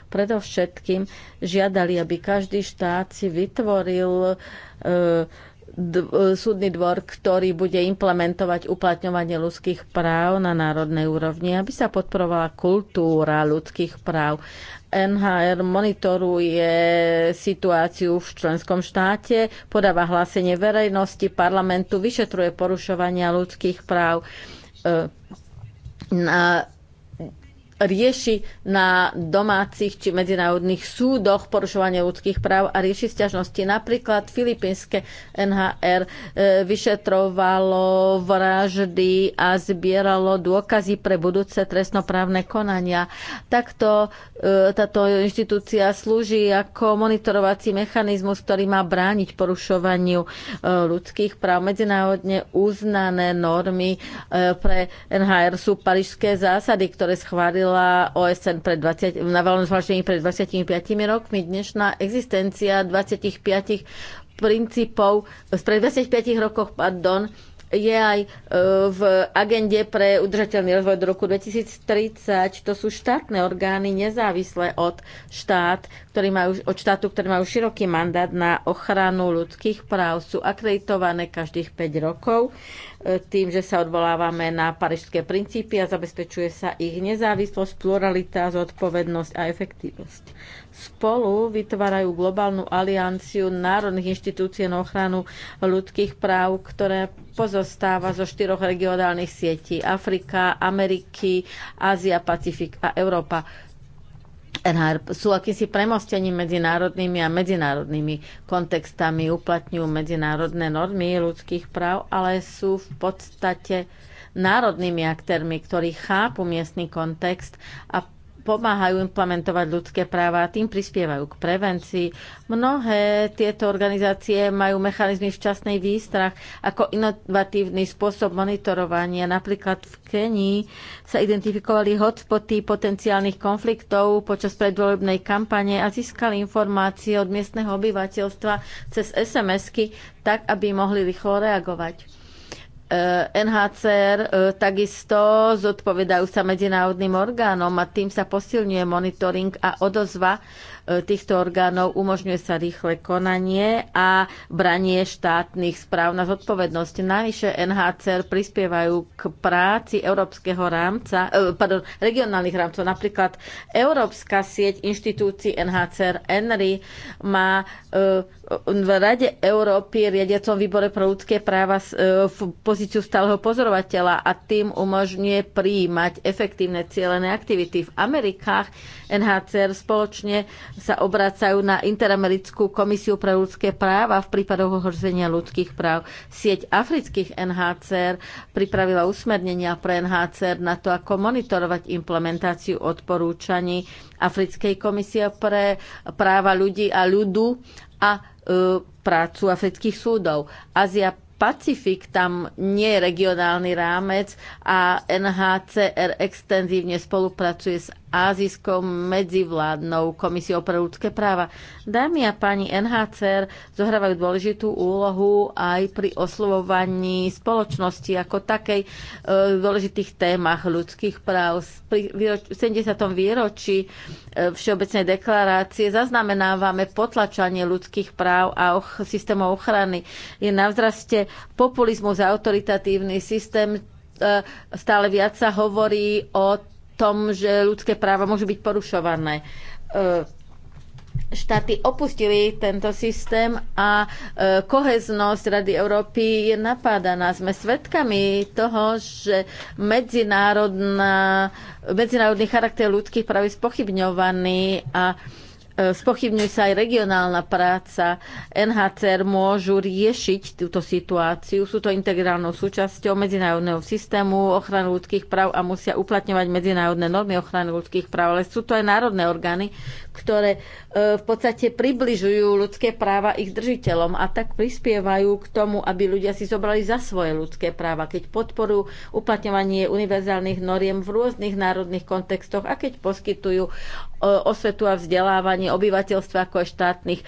predovšetkým žiadali, aby každý štát si vytvoril e, e, súdny dvor, ktorý bude implementovať uplatňovanie ľudských práv na národnej úrovni, aby sa podporovala kultúra ľudských práv. NHR monitoruje situáciu v členskom štáte, podáva hlásenie verejnosti, parlamentu, vyšetruje porušovania ľudských práv. E, na rieši na domácich či medzinárodných súdoch porušovanie ľudských práv a rieši sťažnosti. Napríklad filipínske NHR e, vyšetrovalo vraždy a zbieralo dôkazy pre budúce trestnoprávne konania. Takto e, táto inštitúcia slúži ako monitorovací mechanizmus, ktorý má brániť porušovaniu e, ľudských práv. Medzinárodne uznané normy pre NHR sú parížské zásady, ktoré schválil vyhlásila OSN pred 20, na valnom zhlášení pred 25 rokmi. Dnešná existencia 25 princípov, pred 25 rokoch, pardon, je aj e, v agende pre udržateľný rozvoj do roku 2030. To sú štátne orgány nezávislé od, štát, ktorý majú, od štátu, ktorý majú široký mandát na ochranu ľudských práv. Sú akreditované každých 5 rokov e, tým, že sa odvolávame na parížské princípy a zabezpečuje sa ich nezávislosť, pluralita, zodpovednosť a efektívnosť spolu vytvárajú globálnu alianciu národných inštitúcií na ochranu ľudských práv, ktoré pozostáva zo štyroch regionálnych sietí Afrika, Ameriky, Ázia, Pacifik a Európa. NHR sú akýsi premostení medzinárodnými a medzinárodnými kontextami, uplatňujú medzinárodné normy ľudských práv, ale sú v podstate národnými aktérmi, ktorí chápu miestny kontext a pomáhajú implementovať ľudské práva a tým prispievajú k prevencii. Mnohé tieto organizácie majú mechanizmy včasnej výstrach ako inovatívny spôsob monitorovania. Napríklad v Kenii sa identifikovali hotspoty potenciálnych konfliktov počas predvolebnej kampane a získali informácie od miestneho obyvateľstva cez SMS-ky, tak aby mohli rýchlo reagovať Eh, NHCR eh, takisto zodpovedajú sa medzinárodným orgánom a tým sa posilňuje monitoring a odozva eh, týchto orgánov, umožňuje sa rýchle konanie a branie štátnych správ na zodpovednosť. Najvyššie NHCR prispievajú k práci európskeho rámca, pardon, regionálnych rámcov. Napríklad Európska sieť inštitúcií NHCR ENRI má v Rade Európy, riadiacom výbore pro ľudské práva e, v pozíciu stáleho pozorovateľa a tým umožňuje prijímať efektívne cieľené aktivity. V Amerikách NHCR spoločne sa obracajú na Interamerickú komisiu pre ľudské práva v prípadoch ohrozenia ľudských práv. Sieť afrických NHCR pripravila usmernenia pre NHCR na to, ako monitorovať implementáciu odporúčaní Africkej komisie pre práva ľudí a ľudu a E, prácu afrických súdov. Azia Pacifik, tam nie je regionálny rámec a NHCR extenzívne spolupracuje s azijskou medzivládnou komisiou pre ľudské práva. Dámy a páni NHCR zohrávajú dôležitú úlohu aj pri oslovovaní spoločnosti ako takej e, dôležitých témach ľudských práv. Pri 70. výročí e, Všeobecnej deklarácie zaznamenávame potlačanie ľudských práv a och, systémov ochrany. Je na vzraste populizmus a autoritatívny systém e, stále viac sa hovorí o tom, že ľudské práva môžu byť porušované e, štáty opustili tento systém a e, koheznosť Rady Európy je napádaná. Sme svedkami toho, že medzinárodný charakter ľudských práv je spochybňovaný a spochybňuje sa aj regionálna práca. NHCR môžu riešiť túto situáciu, sú to integrálnou súčasťou medzinárodného systému ochrany ľudských práv a musia uplatňovať medzinárodné normy ochrany ľudských práv, ale sú to aj národné orgány, ktoré e, v podstate približujú ľudské práva ich držiteľom a tak prispievajú k tomu, aby ľudia si zobrali za svoje ľudské práva, keď podporujú uplatňovanie univerzálnych noriem v rôznych národných kontextoch a keď poskytujú osvetu a vzdelávanie obyvateľstva ako aj štátnych e,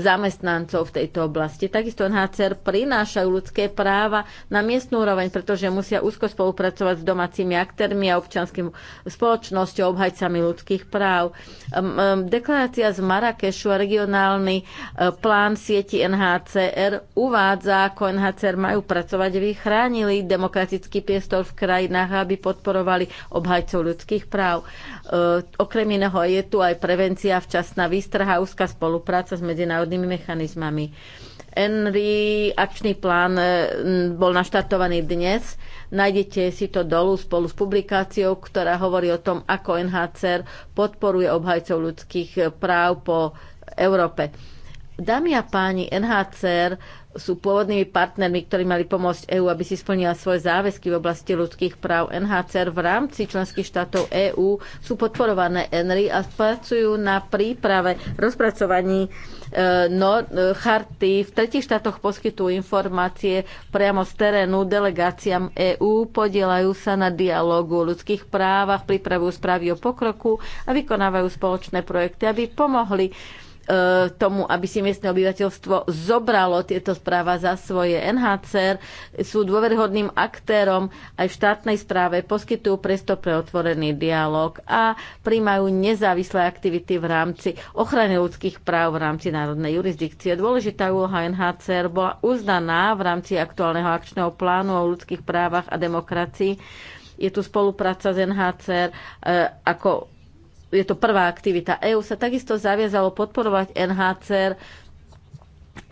zamestnancov v tejto oblasti. Takisto NHCR prinášajú ľudské práva na miestnú úroveň, pretože musia úzko spolupracovať s domácimi aktérmi a občanským spoločnosťou, obhajcami ľudských práv. Deklarácia z Marrakešu a regionálny e, plán sieti NHCR uvádza, ako NHCR majú pracovať, aby chránili demokratický priestor v krajinách, aby podporovali obhajcov ľudských práv. E, okrem iného je tu aj prevencia, včasná výstraha, úzka spolupráca s medzinárodnými mechanizmami. Enri akčný plán e, bol naštartovaný dnes. Nájdete si to dolu spolu s publikáciou, ktorá hovorí o tom, ako NHCR podporuje obhajcov ľudských práv po Európe. Dámy a páni, NHCR sú pôvodnými partnermi, ktorí mali pomôcť EÚ, aby si splnila svoje záväzky v oblasti ľudských práv. NHCR v rámci členských štátov EÚ sú podporované ENRI a spracujú na príprave, rozpracovaní e, no, e, charty. V tretich štátoch poskytujú informácie priamo z terénu delegáciám EÚ, podielajú sa na dialogu o ľudských právach, pripravujú správy o pokroku a vykonávajú spoločné projekty, aby pomohli E, tomu, aby si miestne obyvateľstvo zobralo tieto správa za svoje. NHCR sú dôverhodným aktérom aj v štátnej správe, poskytujú priestor pre otvorený dialog a príjmajú nezávislé aktivity v rámci ochrany ľudských práv v rámci národnej jurisdikcie. Dôležitá úloha NHCR bola uznaná v rámci aktuálneho akčného plánu o ľudských právach a demokracii je tu spolupráca s NHCR e, ako je to prvá aktivita. EÚ sa takisto zaviazalo podporovať NHCR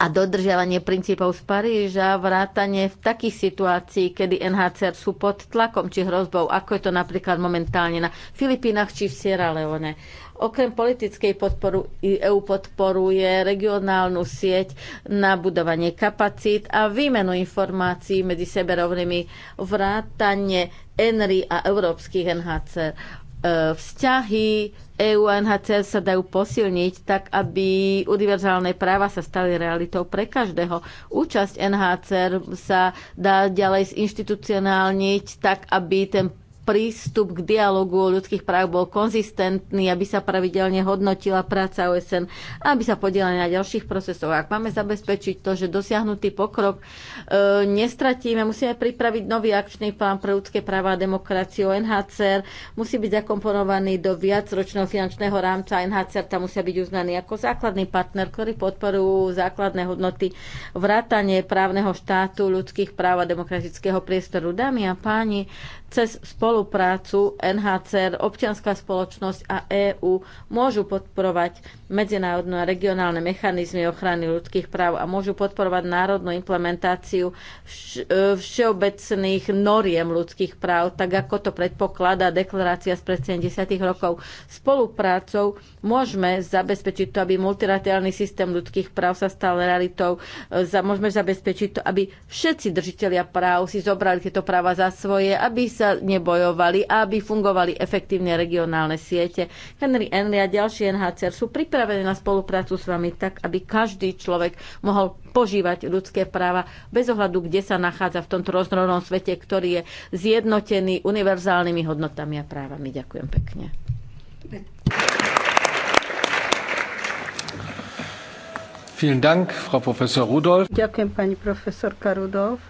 a dodržiavanie princípov z Paríža, vrátanie v takých situácií, kedy NHCR sú pod tlakom či hrozbou, ako je to napríklad momentálne na Filipínach či v Sierra Leone. Okrem politickej podporu EU podporuje regionálnu sieť na budovanie kapacít a výmenu informácií medzi seberovnými vrátanie ENRI a európskych NHCR. E, vzťahy EU a NHCR sa dajú posilniť tak, aby univerzálne práva sa stali realitou pre každého. Účasť NHCR sa dá ďalej zinstitucionálniť tak, aby ten prístup k dialogu o ľudských práv bol konzistentný, aby sa pravidelne hodnotila práca OSN, aby sa podielali na ďalších procesoch. Ak máme zabezpečiť to, že dosiahnutý pokrok e, nestratíme, musíme pripraviť nový akčný plán pre ľudské práva a demokraciu. NHCR musí byť zakomponovaný do viacročného finančného rámca. NHCR tam musia byť uznaný ako základný partner, ktorý podporujú základné hodnoty vrátanie právneho štátu, ľudských práv a demokratického priestoru. Dámy a páni, cez spoluprácu NHCR, občianská spoločnosť a EÚ môžu podporovať medzinárodné a regionálne mechanizmy ochrany ľudských práv a môžu podporovať národnú implementáciu e, všeobecných noriem ľudských práv, tak ako to predpokladá deklarácia z pred 70. rokov. Spoluprácou môžeme zabezpečiť to, aby multilaterálny systém ľudských práv sa stal realitou. E, môžeme zabezpečiť to, aby všetci držitelia práv si zobrali tieto práva za svoje, aby sa nebojovali a aby fungovali efektívne regionálne siete. Henry Enley a ďalší NHCR sú pripravení pripravené na spoluprácu s vami tak, aby každý človek mohol požívať ľudské práva bez ohľadu, kde sa nachádza v tomto rozdrobnom svete, ktorý je zjednotený univerzálnymi hodnotami a právami. Ďakujem pekne. Dank, Frau Rudolf. Ďakujem pani profesorka Rudolf.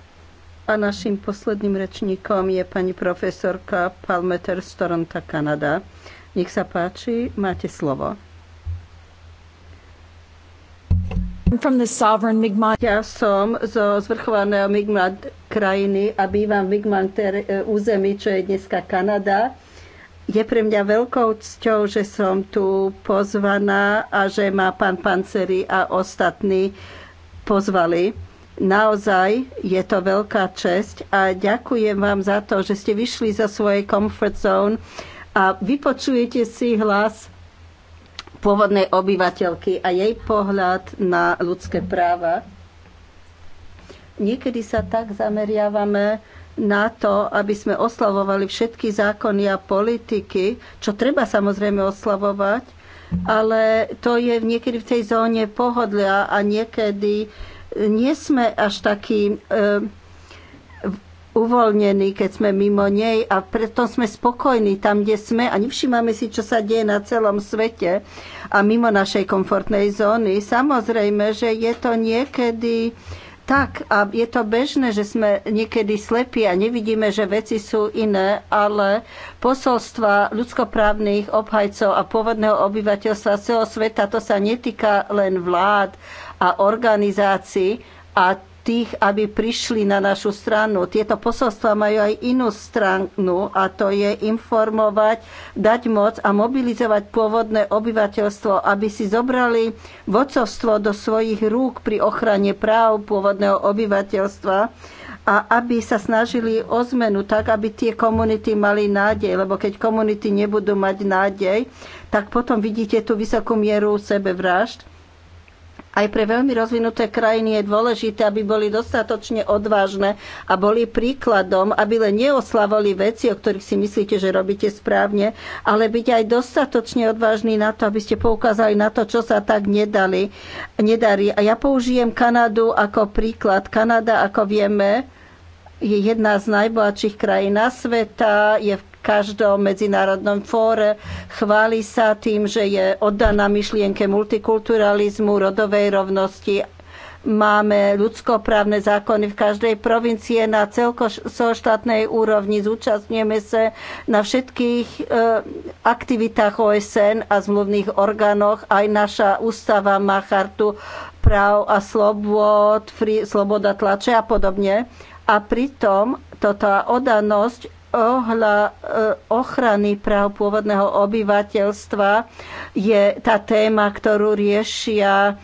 A našim posledným rečníkom je pani profesorka Palmeter z Toronto, Kanada. Nech sa páči, máte slovo. Ja som zo zvrchovaného Mi'kmaq krajiny a bývam v Mi'kmaq e, území, čo je dneska Kanada. Je pre mňa veľkou cťou, že som tu pozvaná a že ma pán Panceri a ostatní pozvali. Naozaj je to veľká česť a ďakujem vám za to, že ste vyšli zo svojej comfort zone a vypočujete si hlas pôvodnej obyvateľky a jej pohľad na ľudské práva. Niekedy sa tak zameriavame na to, aby sme oslavovali všetky zákony a politiky, čo treba samozrejme oslavovať, ale to je niekedy v tej zóne pohodlia a niekedy nie sme až takí e, uvoľnení, keď sme mimo nej a preto sme spokojní tam, kde sme a nevšímame si, čo sa deje na celom svete a mimo našej komfortnej zóny. Samozrejme, že je to niekedy tak a je to bežné, že sme niekedy slepí a nevidíme, že veci sú iné, ale posolstva ľudskoprávnych obhajcov a pôvodného obyvateľstva celého sveta, to sa netýka len vlád a organizácií a tých, aby prišli na našu stranu. Tieto posolstva majú aj inú stranu a to je informovať, dať moc a mobilizovať pôvodné obyvateľstvo, aby si zobrali vodcovstvo do svojich rúk pri ochrane práv pôvodného obyvateľstva a aby sa snažili o zmenu tak, aby tie komunity mali nádej, lebo keď komunity nebudú mať nádej, tak potom vidíte tú vysokú mieru sebevražd aj pre veľmi rozvinuté krajiny je dôležité, aby boli dostatočne odvážne a boli príkladom, aby len neoslavovali veci, o ktorých si myslíte, že robíte správne, ale byť aj dostatočne odvážni na to, aby ste poukázali na to, čo sa tak nedali, nedarí. A ja použijem Kanadu ako príklad. Kanada, ako vieme, je jedna z najbohatších krajín na sveta, je v každom medzinárodnom fóre. Chváli sa tým, že je oddaná myšlienke multikulturalizmu, rodovej rovnosti máme ľudskoprávne zákony v každej provincie na celkoštátnej úrovni. Zúčastňujeme sa na všetkých e, aktivitách OSN a zmluvných orgánoch. Aj naša ústava má chartu práv a slobod, free, sloboda tlače a podobne. A pritom toto odanosť ohľa, eh, ochrany práv pôvodného obyvateľstva je tá téma, ktorú riešia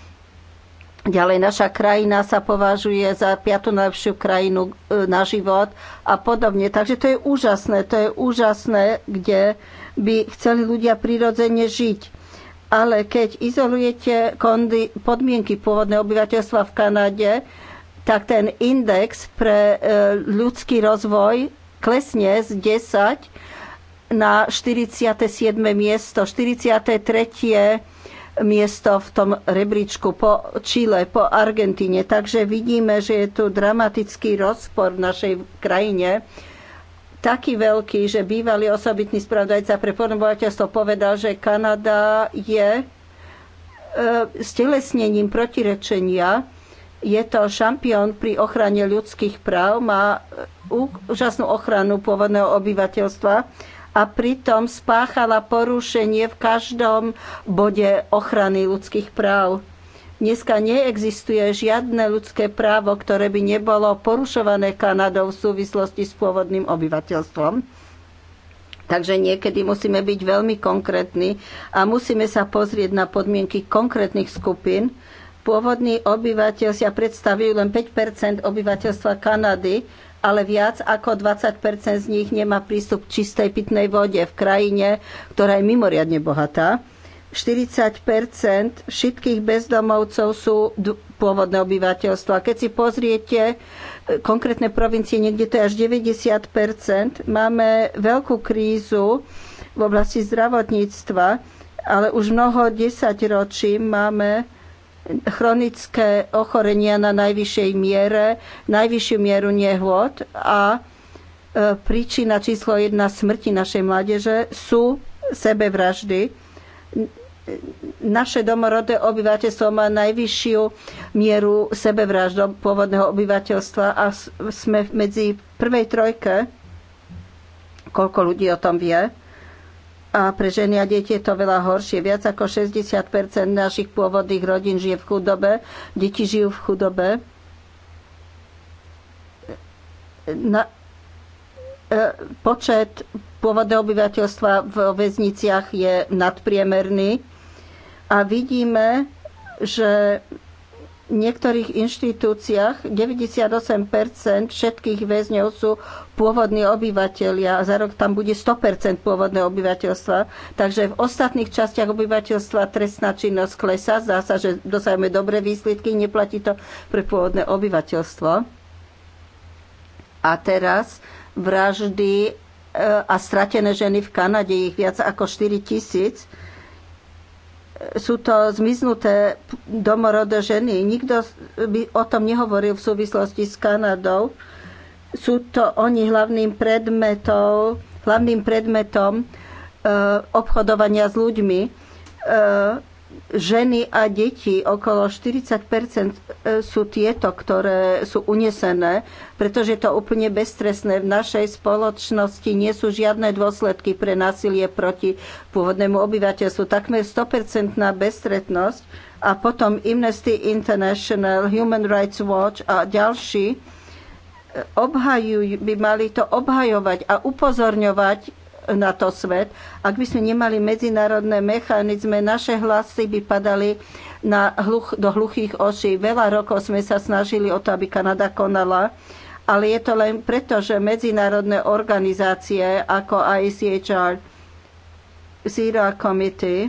Ďalej, naša krajina sa považuje za piatu najlepšiu krajinu eh, na život a podobne. Takže to je úžasné, to je úžasné, kde by chceli ľudia prirodzene žiť. Ale keď izolujete podmienky pôvodného obyvateľstva v Kanade, tak ten index pre eh, ľudský rozvoj klesne z 10 na 47. miesto, 43 miesto v tom rebríčku po Čile, po Argentíne. Takže vidíme, že je tu dramatický rozpor v našej krajine. Taký veľký, že bývalý osobitný spravodajca pre pornobovateľstvo povedal, že Kanada je e, stelesnením protirečenia je to šampión pri ochrane ľudských práv, má úžasnú ochranu pôvodného obyvateľstva a pritom spáchala porušenie v každom bode ochrany ľudských práv. Dneska neexistuje žiadne ľudské právo, ktoré by nebolo porušované Kanadou v súvislosti s pôvodným obyvateľstvom. Takže niekedy musíme byť veľmi konkrétni a musíme sa pozrieť na podmienky konkrétnych skupín, Pôvodní obyvateľstvia predstavujú len 5 obyvateľstva Kanady, ale viac ako 20 z nich nemá prístup k čistej pitnej vode v krajine, ktorá je mimoriadne bohatá. 40 všetkých bezdomovcov sú pôvodné obyvateľstvo. A keď si pozriete e, konkrétne provincie, niekde to je až 90 Máme veľkú krízu v oblasti zdravotníctva, ale už mnoho desaťročí máme chronické ochorenia na najvyššej miere, najvyššiu mieru nehôd a e, príčina číslo jedna smrti našej mládeže sú sebevraždy. Naše domorodé obyvateľstvo má najvyššiu mieru sebevraždy pôvodného obyvateľstva a sme medzi prvej trojke. Koľko ľudí o tom vie? a pre ženy a deti je to veľa horšie. Viac ako 60 našich pôvodných rodín žije v chudobe, deti žijú v chudobe. Na, e, počet pôvodného obyvateľstva v väzniciach je nadpriemerný a vidíme, že niektorých inštitúciách 98% všetkých väzňov sú pôvodní obyvateľia a za rok tam bude 100% pôvodného obyvateľstva. Takže v ostatných častiach obyvateľstva trestná činnosť klesa. Zdá sa, že dosajeme dobré výsledky, neplatí to pre pôvodné obyvateľstvo. A teraz vraždy e, a stratené ženy v Kanade, ich viac ako 4 tisíc sú to zmiznuté domorodé ženy. Nikto by o tom nehovoril v súvislosti s Kanadou. Sú to oni hlavným predmetom, hlavným predmetom e, obchodovania s ľuďmi e, ženy a deti, okolo 40 e, sú tieto, ktoré sú unesené, pretože je to úplne bezstresné. V našej spoločnosti nie sú žiadne dôsledky pre násilie proti pôvodnému obyvateľstvu. Takmer 100 bezstretnosť a potom Amnesty International, Human Rights Watch a ďalší e, obhajujú, by mali to obhajovať a upozorňovať na to svet. Ak by sme nemali medzinárodné mechanizme, naše hlasy by padali na hluch, do hluchých oší. Veľa rokov sme sa snažili o to, aby Kanada konala, ale je to len preto, že medzinárodné organizácie ako ICHR, Zero Committee,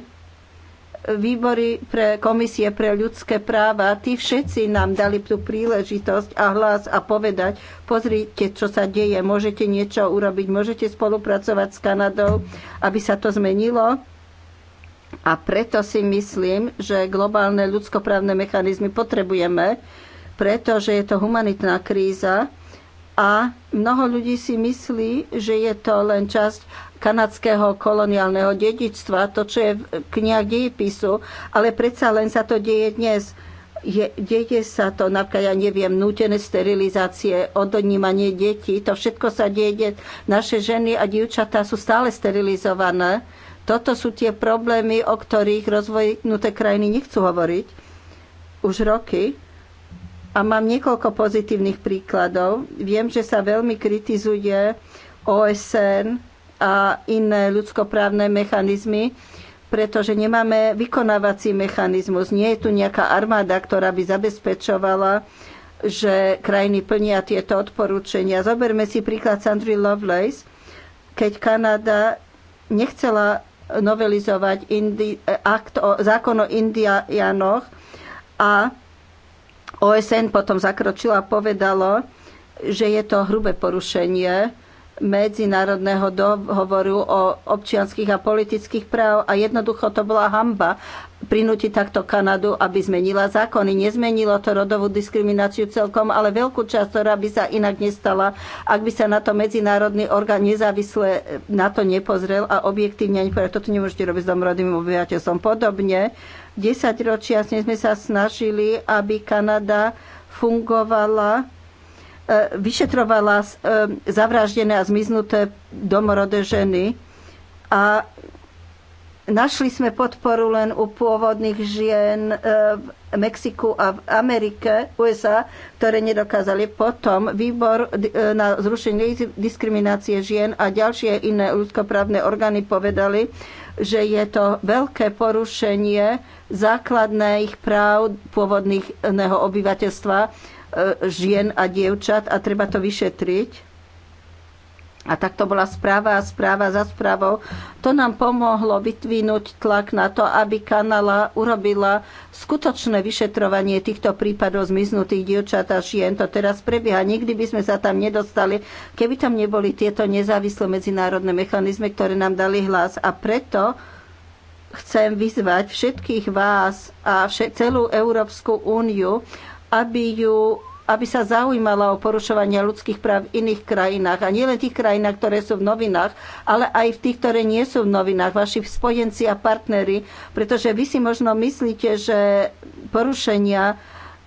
výbory pre komisie pre ľudské práva, tí všetci nám dali tú príležitosť a hlas a povedať, pozrite, čo sa deje, môžete niečo urobiť, môžete spolupracovať s Kanadou, aby sa to zmenilo. A preto si myslím, že globálne ľudskoprávne mechanizmy potrebujeme, pretože je to humanitná kríza a mnoho ľudí si myslí, že je to len časť kanadského koloniálneho dedičstva, to, čo je v knihách dejepisu, ale predsa len sa to deje dnes. Je, deje sa to, napríklad, ja neviem, nútené sterilizácie, odonímanie detí, to všetko sa deje. Naše ženy a dievčatá sú stále sterilizované. Toto sú tie problémy, o ktorých rozvojnuté krajiny nechcú hovoriť už roky. A mám niekoľko pozitívnych príkladov. Viem, že sa veľmi kritizuje OSN a iné ľudskoprávne mechanizmy, pretože nemáme vykonávací mechanizmus. Nie je tu nejaká armáda, ktorá by zabezpečovala, že krajiny plnia tieto odporúčania. Zoberme si príklad Sandry Lovelace, keď Kanada nechcela novelizovať Indi- akt o, zákon o Indianoch a OSN potom zakročila a povedalo, že je to hrubé porušenie medzinárodného dohovoru o občianských a politických práv a jednoducho to bola hamba prinútiť takto Kanadu, aby zmenila zákony. Nezmenilo to rodovú diskrimináciu celkom, ale veľkú časť, ktorá by sa inak nestala, ak by sa na to medzinárodný orgán nezávisle na to nepozrel a objektívne ani povedal, toto nemôžete robiť s domorodným obyvateľstvom. Podobne, 10 ročia sme sa snažili, aby Kanada fungovala E, vyšetrovala e, zavraždené a zmiznuté domorodé ženy a našli sme podporu len u pôvodných žien e, v Mexiku a v Amerike, USA, ktoré nedokázali. Potom výbor na zrušenie diskriminácie žien a ďalšie iné ľudskoprávne orgány povedali, že je to veľké porušenie základných práv pôvodných obyvateľstva E, žien a dievčat a treba to vyšetriť. A tak to bola správa a správa za správou. To nám pomohlo vytvinúť tlak na to, aby kanala urobila skutočné vyšetrovanie týchto prípadov zmiznutých dievčat a žien. To teraz prebieha. Nikdy by sme sa tam nedostali, keby tam neboli tieto nezávislé medzinárodné mechanizmy, ktoré nám dali hlas. A preto chcem vyzvať všetkých vás a celú Európsku úniu, aby ju aby sa zaujímala o porušovanie ľudských práv v iných krajinách. A nielen tých krajinách, ktoré sú v novinách, ale aj v tých, ktoré nie sú v novinách, vaši spojenci a partnery. Pretože vy si možno myslíte, že porušenia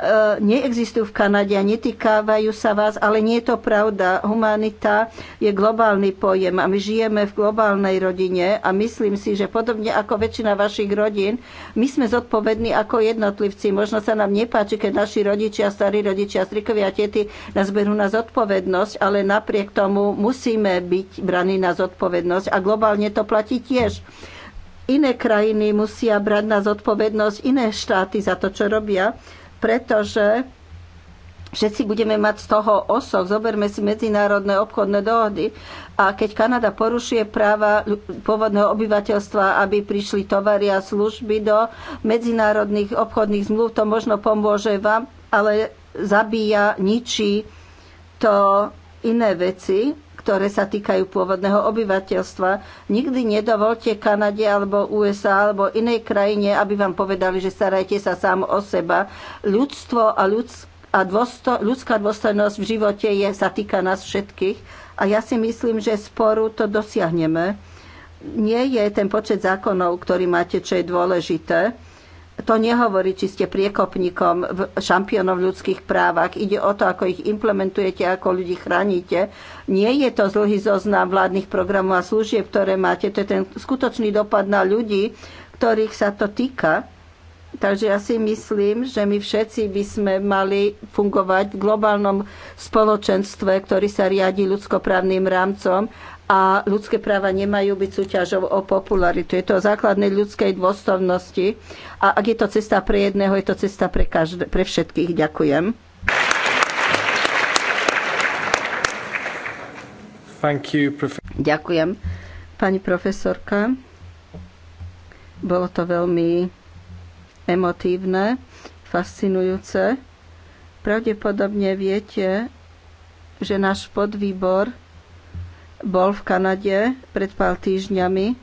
E, neexistujú v Kanade a netýkávajú sa vás, ale nie je to pravda. Humanita je globálny pojem a my žijeme v globálnej rodine a myslím si, že podobne ako väčšina vašich rodín, my sme zodpovední ako jednotlivci. Možno sa nám nepáči, keď naši rodičia, starí rodičia, strikovia a tety nás berú na zodpovednosť, ale napriek tomu musíme byť braní na zodpovednosť a globálne to platí tiež iné krajiny musia brať na zodpovednosť iné štáty za to, čo robia pretože všetci budeme mať z toho osoch. Zoberme si medzinárodné obchodné dohody. A keď Kanada porušuje práva pôvodného obyvateľstva, aby prišli tovary a služby do medzinárodných obchodných zmluv, to možno pomôže vám, ale zabíja, ničí to iné veci ktoré sa týkajú pôvodného obyvateľstva. Nikdy nedovolte Kanade alebo USA alebo inej krajine, aby vám povedali, že starajte sa sám o seba. Ľudstvo a, ľudsk- a dôsto- ľudská dôstojnosť v živote je, sa týka nás všetkých. A ja si myslím, že sporu to dosiahneme. Nie je ten počet zákonov, ktorý máte, čo je dôležité to nehovorí, či ste priekopníkom v šampiónov ľudských právach. Ide o to, ako ich implementujete, ako ľudí chránite. Nie je to zlhý zoznam vládnych programov a služieb, ktoré máte. To je ten skutočný dopad na ľudí, ktorých sa to týka. Takže ja si myslím, že my všetci by sme mali fungovať v globálnom spoločenstve, ktorý sa riadi ľudskoprávnym rámcom a ľudské práva nemajú byť súťažou o popularitu. Je to o základnej ľudskej dôstojnosti a ak je to cesta pre jedného, je to cesta pre, každé, pre všetkých. Ďakujem. Thank you, Ďakujem. Pani profesorka, bolo to veľmi emotívne, fascinujúce. Pravdepodobne viete, že náš podvýbor bol v Kanade pred pár týždňami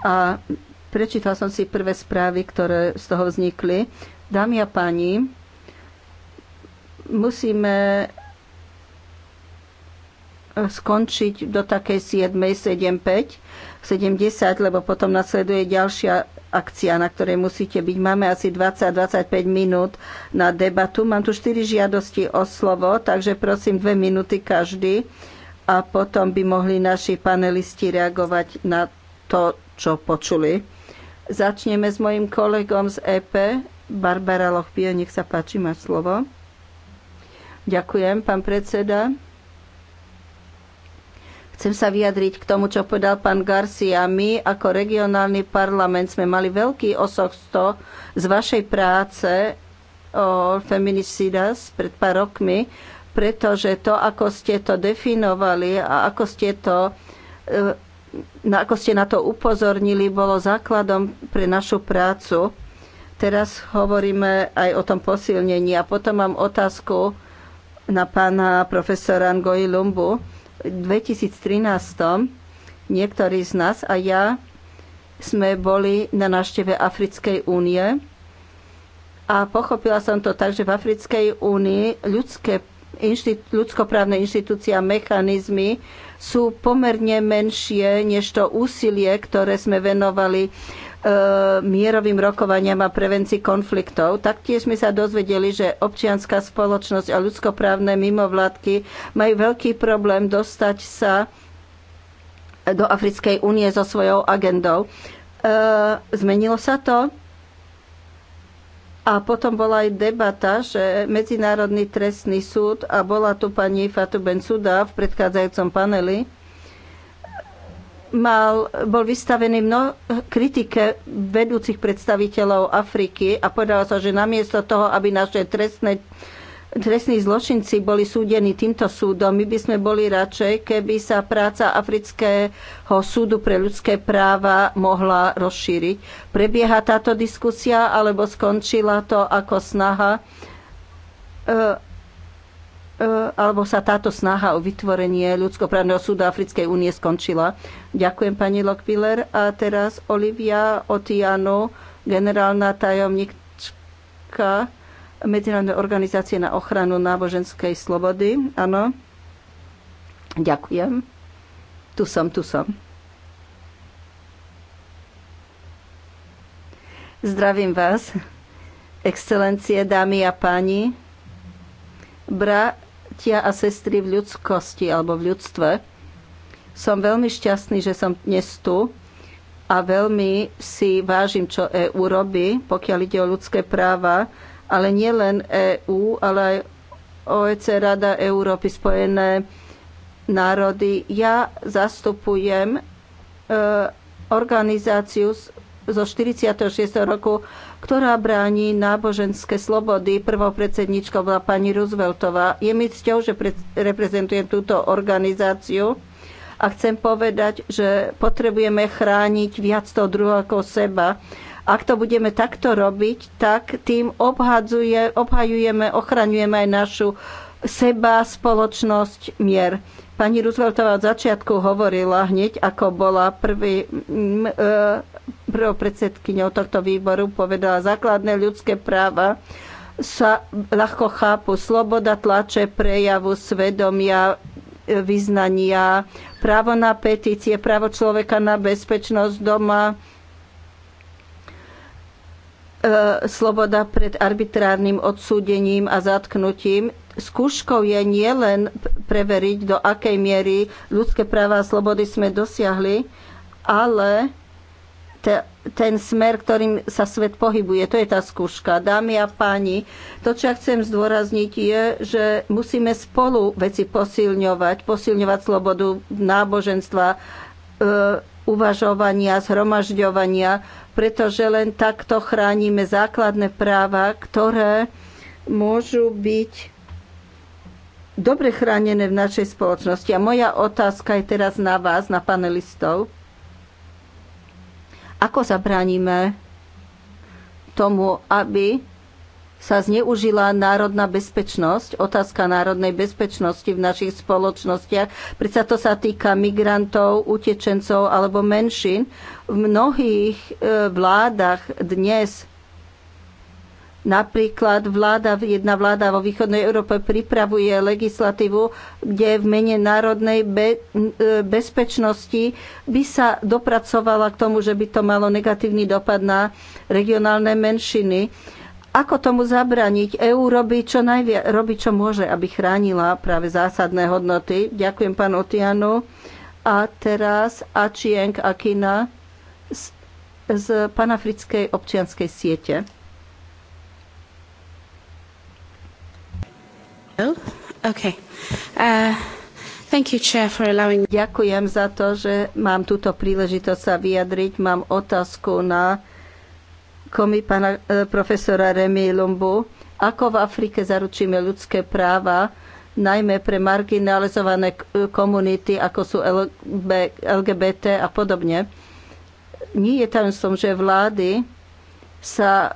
a prečítal som si prvé správy, ktoré z toho vznikli. Dámy a páni, musíme skončiť do takej 7, 7, 5, 70, lebo potom nasleduje ďalšia akcia, na ktorej musíte byť. Máme asi 20-25 minút na debatu. Mám tu 4 žiadosti o slovo, takže prosím 2 minúty každý a potom by mohli naši panelisti reagovať na to, čo počuli. Začneme s mojim kolegom z EP, Barbara Lochbie, nech sa páči, máš slovo. Ďakujem, pán predseda. Chcem sa vyjadriť k tomu, čo povedal pán Garcia. My ako regionálny parlament sme mali veľký osoch z, to, z vašej práce o Feminicidas pred pár rokmi, pretože to, ako ste to definovali a ako ste to e, ako ste na to upozornili, bolo základom pre našu prácu. Teraz hovoríme aj o tom posilnení a potom mám otázku na pána profesora Ngoi Lumbu. V 2013 niektorí z nás a ja sme boli na návšteve Africkej únie a pochopila som to tak, že v Africkej únii ľudské inštit- ľudskoprávne inštitúcie a mechanizmy sú pomerne menšie než to úsilie, ktoré sme venovali e, mierovým rokovaniam a prevencii konfliktov. Taktiež sme sa dozvedeli, že občianská spoločnosť a ľudskoprávne mimovládky majú veľký problém dostať sa do Africkej únie so svojou agendou. E, zmenilo sa to? A potom bola aj debata, že Medzinárodný trestný súd, a bola tu pani Fatu Suda v predchádzajúcom paneli, mal, bol vystavený mno, kritike vedúcich predstaviteľov Afriky a povedalo sa, že namiesto toho, aby naše trestné trestní zločinci boli súdení týmto súdom. My by sme boli radšej, keby sa práca Afrického súdu pre ľudské práva mohla rozšíriť. Prebieha táto diskusia, alebo skončila to ako snaha, e, e, alebo sa táto snaha o vytvorenie ľudskoprávneho súdu Africkej únie skončila. Ďakujem pani Lockpiller. A teraz Olivia Otiano, generálna tajomníčka Medzinárodné organizácie na ochranu náboženskej slobody. Áno. Ďakujem. Tu som, tu som. Zdravím vás, excelencie, dámy a páni, bratia a sestry v ľudskosti alebo v ľudstve. Som veľmi šťastný, že som dnes tu a veľmi si vážim, čo EU robí, pokiaľ ide o ľudské práva ale nielen EÚ, ale aj OEC, Rada Európy, Spojené národy. Ja zastupujem e, organizáciu zo 46. roku, ktorá bráni náboženské slobody. Prvou predsedničkou bola pani Rooseveltová. Je mi cťou, že pred, reprezentujem túto organizáciu a chcem povedať, že potrebujeme chrániť viac toho druhého ako seba ak to budeme takto robiť, tak tým obhadzuje, obhajujeme, ochraňujeme aj našu seba, spoločnosť, mier. Pani Rooseveltová od začiatku hovorila hneď, ako bola prvý, e, prvou predsedkyňou tohto výboru, povedala základné ľudské práva sa ľahko chápu. Sloboda tlače, prejavu, svedomia, e, vyznania, právo na petície, právo človeka na bezpečnosť doma, E, sloboda pred arbitrárnym odsúdením a zatknutím. Skúškou je nielen preveriť, do akej miery ľudské práva a slobody sme dosiahli, ale ten smer, ktorým sa svet pohybuje. To je tá skúška. Dámy a páni, to, čo ja chcem zdôrazniť, je, že musíme spolu veci posilňovať. Posilňovať slobodu náboženstva, e, uvažovania, zhromažďovania, pretože len takto chránime základné práva, ktoré môžu byť dobre chránené v našej spoločnosti. A moja otázka je teraz na vás, na panelistov. Ako zabránime tomu, aby sa zneužila národná bezpečnosť, otázka národnej bezpečnosti v našich spoločnostiach. Predsa to sa týka migrantov, utečencov alebo menšín. V mnohých e, vládach dnes Napríklad vláda, jedna vláda vo východnej Európe pripravuje legislatívu, kde v mene národnej be, e, bezpečnosti by sa dopracovala k tomu, že by to malo negatívny dopad na regionálne menšiny. Ako tomu zabraniť? EÚ robí čo, najvia- robí, čo môže, aby chránila práve zásadné hodnoty. Ďakujem pánu Tianu. A teraz Ačienk Akina z, z panafrickej občianskej siete. okay. uh... You, chair, allowing... Ďakujem za to, že mám túto príležitosť sa vyjadriť. Mám otázku na výsledkami pána e, profesora Remy Lumbu, ako v Afrike zaručíme ľudské práva, najmä pre marginalizované e, komunity, ako sú LGBT a podobne. Nie je tajomstvom, že vlády sa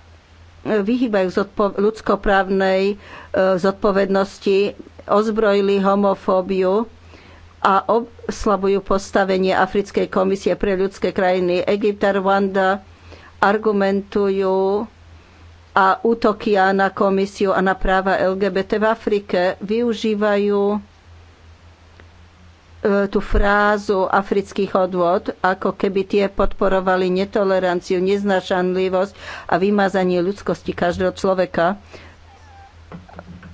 e, vyhýbajú zodpo- ľudskoprávnej zodpovednosti, ozbrojili homofóbiu a oslabujú postavenie Africkej komisie pre ľudské krajiny Egypta, Rwanda, argumentujú a útokia na komisiu a na práva LGBT v Afrike. Využívajú e, tú frázu afrických odvod, ako keby tie podporovali netoleranciu, neznašanlivosť a vymazanie ľudskosti každého človeka.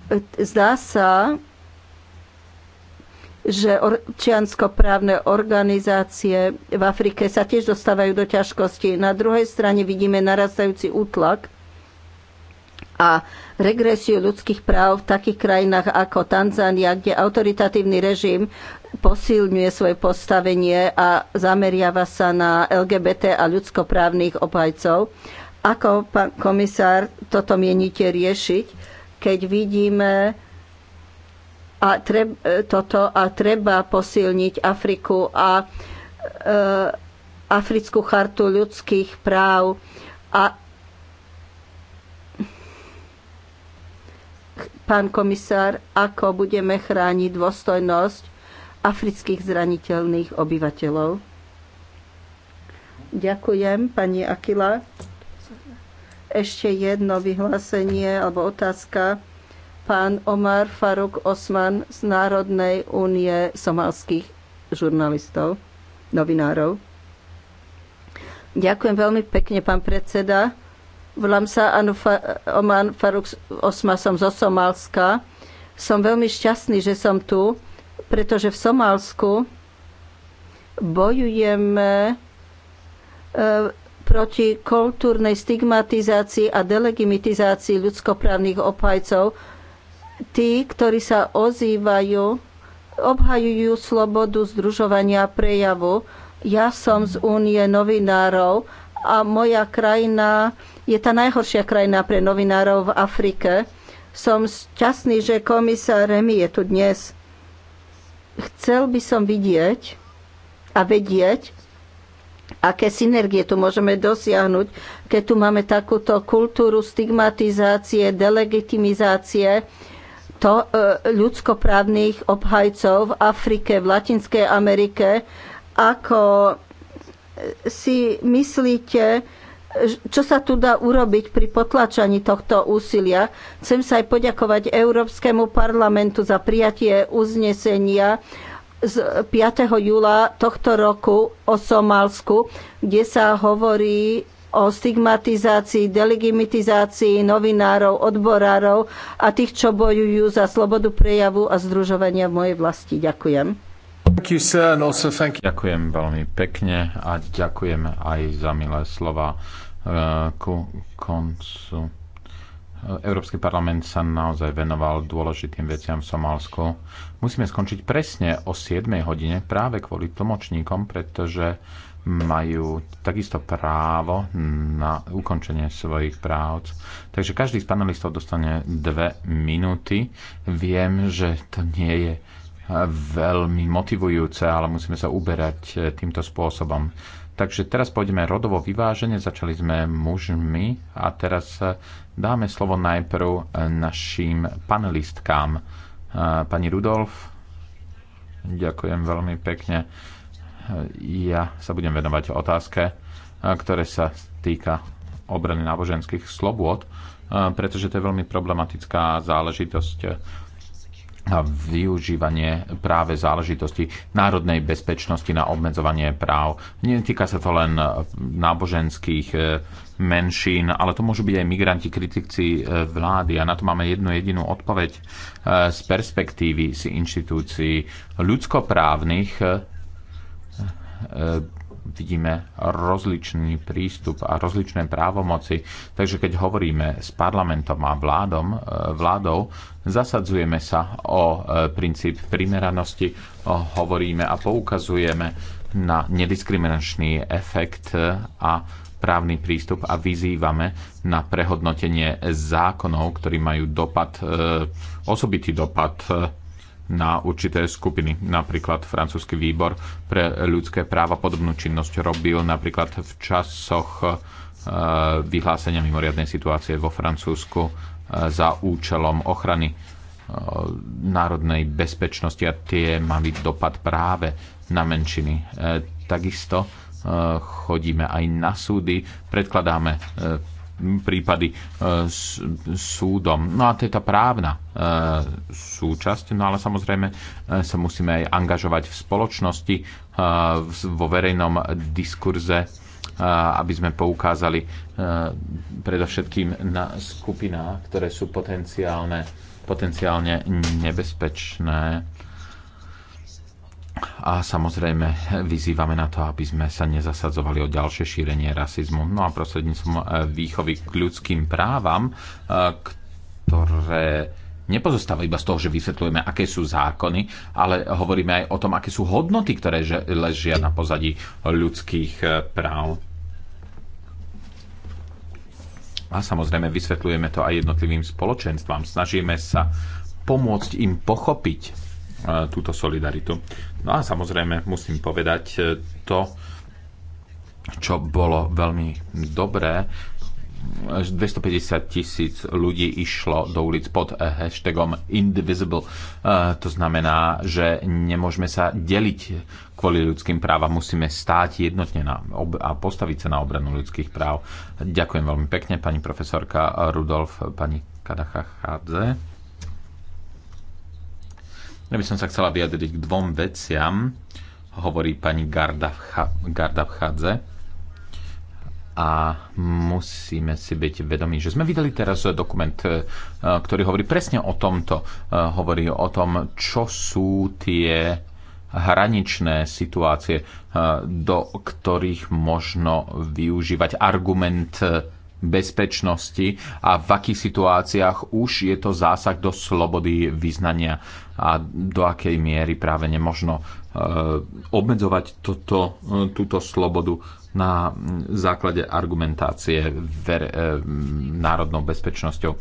E, zdá sa, že občianskoprávne organizácie v Afrike sa tiež dostávajú do ťažkosti. Na druhej strane vidíme narastajúci útlak a regresiu ľudských práv v takých krajinách ako Tanzánia, kde autoritatívny režim posilňuje svoje postavenie a zameriava sa na LGBT a ľudskoprávnych obhajcov. Ako, pán komisár, toto mienite riešiť, keď vidíme a treb, e, toto a treba posilniť Afriku a e, Africkú chartu ľudských práv a pán komisár, ako budeme chrániť dôstojnosť afrických zraniteľných obyvateľov. Ďakujem, pani Akila. Ešte jedno vyhlásenie alebo otázka pán Omar Faruk Osman z Národnej únie somalských žurnalistov, novinárov. Ďakujem veľmi pekne, pán predseda. Volám sa Anu Fa- Oman Faruk Osma, som zo Somálska. Som veľmi šťastný, že som tu, pretože v Somálsku bojujeme e, proti kultúrnej stigmatizácii a delegimitizácii ľudskoprávnych obhajcov, tí, ktorí sa ozývajú, obhajujú slobodu združovania a prejavu. Ja som z Únie novinárov a moja krajina je tá najhoršia krajina pre novinárov v Afrike. Som šťastný, že komisár Remy je tu dnes. Chcel by som vidieť a vedieť, aké synergie tu môžeme dosiahnuť, keď tu máme takúto kultúru stigmatizácie, delegitimizácie, to e, ľudskoprávnych obhajcov v Afrike, v Latinskej Amerike, ako si myslíte, čo sa tu dá urobiť pri potlačaní tohto úsilia. Chcem sa aj poďakovať Európskemu parlamentu za prijatie uznesenia z 5. júla tohto roku o Somálsku, kde sa hovorí o stigmatizácii, delegitimizácii novinárov, odborárov a tých, čo bojujú za slobodu prejavu a združovania v mojej vlasti. Ďakujem. You, ďakujem veľmi pekne a ďakujem aj za milé slova eh, ku koncu. Európsky parlament sa naozaj venoval dôležitým veciam v Somálsku. Musíme skončiť presne o 7 hodine práve kvôli tlmočníkom, pretože majú takisto právo na ukončenie svojich práv. Takže každý z panelistov dostane dve minúty. Viem, že to nie je veľmi motivujúce, ale musíme sa uberať e, týmto spôsobom. Takže teraz pôjdeme rodovo vyváženie, začali sme mužmi a teraz e, dáme slovo najprv e, našim panelistkám. Pani Rudolf, ďakujem veľmi pekne ja sa budem venovať otázke, ktoré sa týka obrany náboženských slobôd, pretože to je veľmi problematická záležitosť a využívanie práve záležitosti národnej bezpečnosti na obmedzovanie práv. Netýka sa to len náboženských e, menšín, ale to môžu byť aj migranti, kritici e, vlády. A na to máme jednu jedinú odpoveď e, z perspektívy si inštitúcií ľudskoprávnych E, vidíme rozličný prístup a rozličné právomoci. Takže keď hovoríme s parlamentom a vládom, e, vládou, zasadzujeme sa o e, princíp primeranosti, hovoríme a poukazujeme na nediskriminačný efekt a právny prístup a vyzývame na prehodnotenie zákonov, ktorí majú dopad, osobitý dopad na určité skupiny. Napríklad francúzsky výbor pre ľudské práva podobnú činnosť robil napríklad v časoch e, vyhlásenia mimoriadnej situácie vo Francúzsku e, za účelom ochrany e, národnej bezpečnosti a tie mali dopad práve na menšiny. Takisto chodíme aj na súdy, predkladáme prípady e, s súdom. No a to je tá právna e, súčasť, no ale samozrejme e, sa musíme aj angažovať v spoločnosti, vo verejnom diskurze, aby sme poukázali predovšetkým na skupinách, ktoré sú potenciálne, potenciálne nebezpečné a samozrejme vyzývame na to, aby sme sa nezasadzovali o ďalšie šírenie rasizmu. No a prostredníctvom e, výchovy k ľudským právam, e, ktoré nepozostáva iba z toho, že vysvetľujeme, aké sú zákony, ale hovoríme aj o tom, aké sú hodnoty, ktoré ležia na pozadí ľudských e, práv. A samozrejme vysvetľujeme to aj jednotlivým spoločenstvám. Snažíme sa pomôcť im pochopiť túto solidaritu. No a samozrejme musím povedať e, to, čo bolo veľmi dobré, 250 tisíc ľudí išlo do ulic pod hashtagom Indivisible. E, to znamená, že nemôžeme sa deliť kvôli ľudským právam. Musíme stáť jednotne na ob- a postaviť sa na obranu ľudských práv. Ďakujem veľmi pekne, pani profesorka Rudolf, pani Kadachachadze. Ja by som sa chcela vyjadriť k dvom veciam, hovorí pani Garda, v chádze A musíme si byť vedomí, že sme videli teraz dokument, e, ktorý hovorí presne o tomto. E, hovorí o tom, čo sú tie hraničné situácie, e, do ktorých možno využívať argument bezpečnosti a v akých situáciách už je to zásah do slobody vyznania a do akej miery práve nemožno e, obmedzovať toto, e, túto slobodu na základe argumentácie ver, e, národnou bezpečnosťou.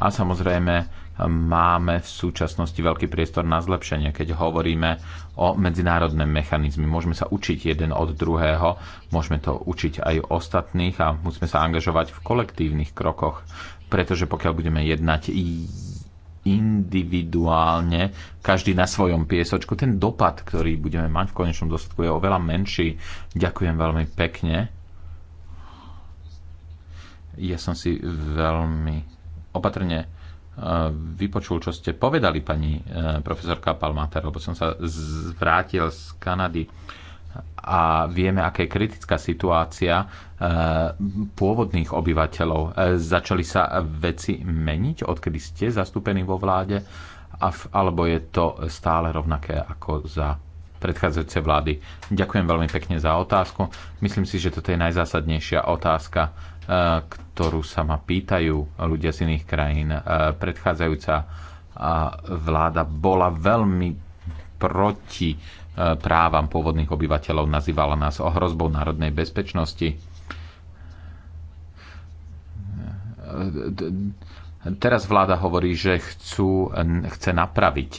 A samozrejme máme v súčasnosti veľký priestor na zlepšenie. Keď hovoríme o medzinárodné mechanizmy, môžeme sa učiť jeden od druhého, môžeme to učiť aj ostatných a musíme sa angažovať v kolektívnych krokoch, pretože pokiaľ budeme jednať individuálne, každý na svojom piesočku, ten dopad, ktorý budeme mať v konečnom dôsledku, je oveľa menší. Ďakujem veľmi pekne. Ja som si veľmi opatrne Eh, vypočul, čo ste povedali, pani eh, profesorka Palmater, lebo som sa vrátil z Kanady a vieme, aká je kritická situácia eh, pôvodných obyvateľov. Začali sa veci meniť, odkedy ste zastúpení vo vláde, alebo je to stále rovnaké ako za predchádzajúce vlády. Ďakujem veľmi pekne za otázku. Myslím si, že toto je najzásadnejšia otázka E, ktorú sa ma pýtajú ľudia z iných krajín. E, predchádzajúca e, vláda bola veľmi proti právam pôvodných obyvateľov, nazývala nás ohrozbou národnej bezpečnosti. Teraz vláda hovorí, že chcú, chce napraviť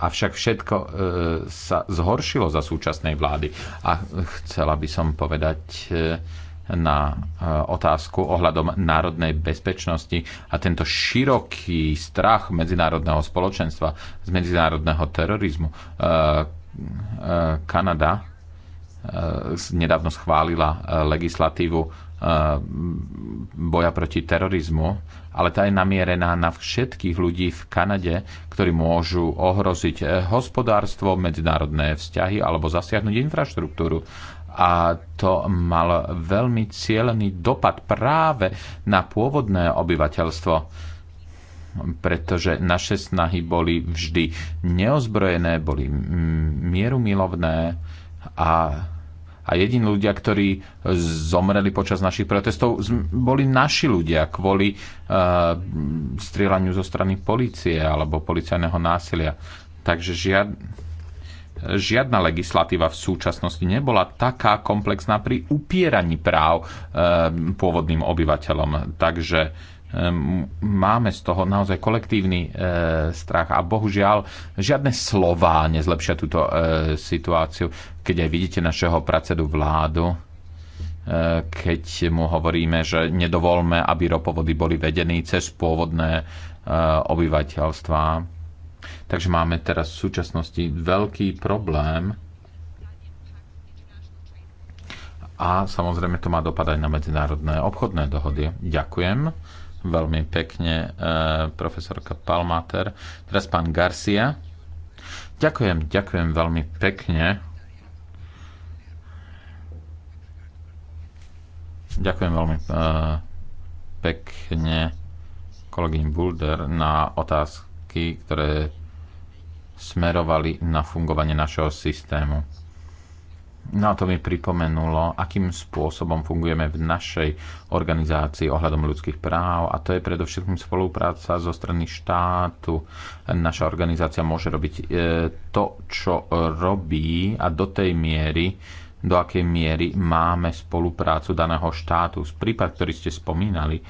Avšak všetko e, sa zhoršilo za súčasnej vlády. A chcela by som povedať, e, na eh, otázku ohľadom národnej bezpečnosti a tento široký strach medzinárodného spoločenstva z medzinárodného terorizmu. Eh, eh, Kanada nedávno schválila legislatívu boja proti terorizmu, ale tá je namierená na všetkých ľudí v Kanade, ktorí môžu ohroziť hospodárstvo, medzinárodné vzťahy alebo zasiahnuť infraštruktúru a to mal veľmi cieľený dopad práve na pôvodné obyvateľstvo, pretože naše snahy boli vždy neozbrojené, boli mierumilovné a, a jediní ľudia, ktorí zomreli počas našich protestov, boli naši ľudia kvôli uh, strieľaniu zo strany policie alebo policajného násilia. Takže žiad, žiadna legislatíva v súčasnosti nebola taká komplexná pri upieraní práv eh, pôvodným obyvateľom. Takže eh, máme z toho naozaj kolektívny eh, strach a bohužiaľ žiadne slová nezlepšia túto situáciu. Keď aj vidíte našeho predsedu vládu, keď mu hovoríme, že nedovolme, aby ropovody boli vedení cez pôvodné obyvateľstva. Takže máme teraz v súčasnosti veľký problém a samozrejme to má dopad aj na medzinárodné obchodné dohody. Ďakujem veľmi pekne eh, profesorka Palmater. Teraz pán Garcia. Ďakujem, ďakujem veľmi pekne. Ďakujem veľmi eh, pekne kolegyň Bulder na otázku otázky, ktoré smerovali na fungovanie našeho systému. No a to mi pripomenulo, akým spôsobom fungujeme v našej organizácii ohľadom ľudských práv a to je predovšetkým spolupráca zo strany štátu. Naša organizácia môže robiť e, to, čo robí a do tej miery, do akej miery máme spoluprácu daného štátu. Z prípad, ktorý ste spomínali, e,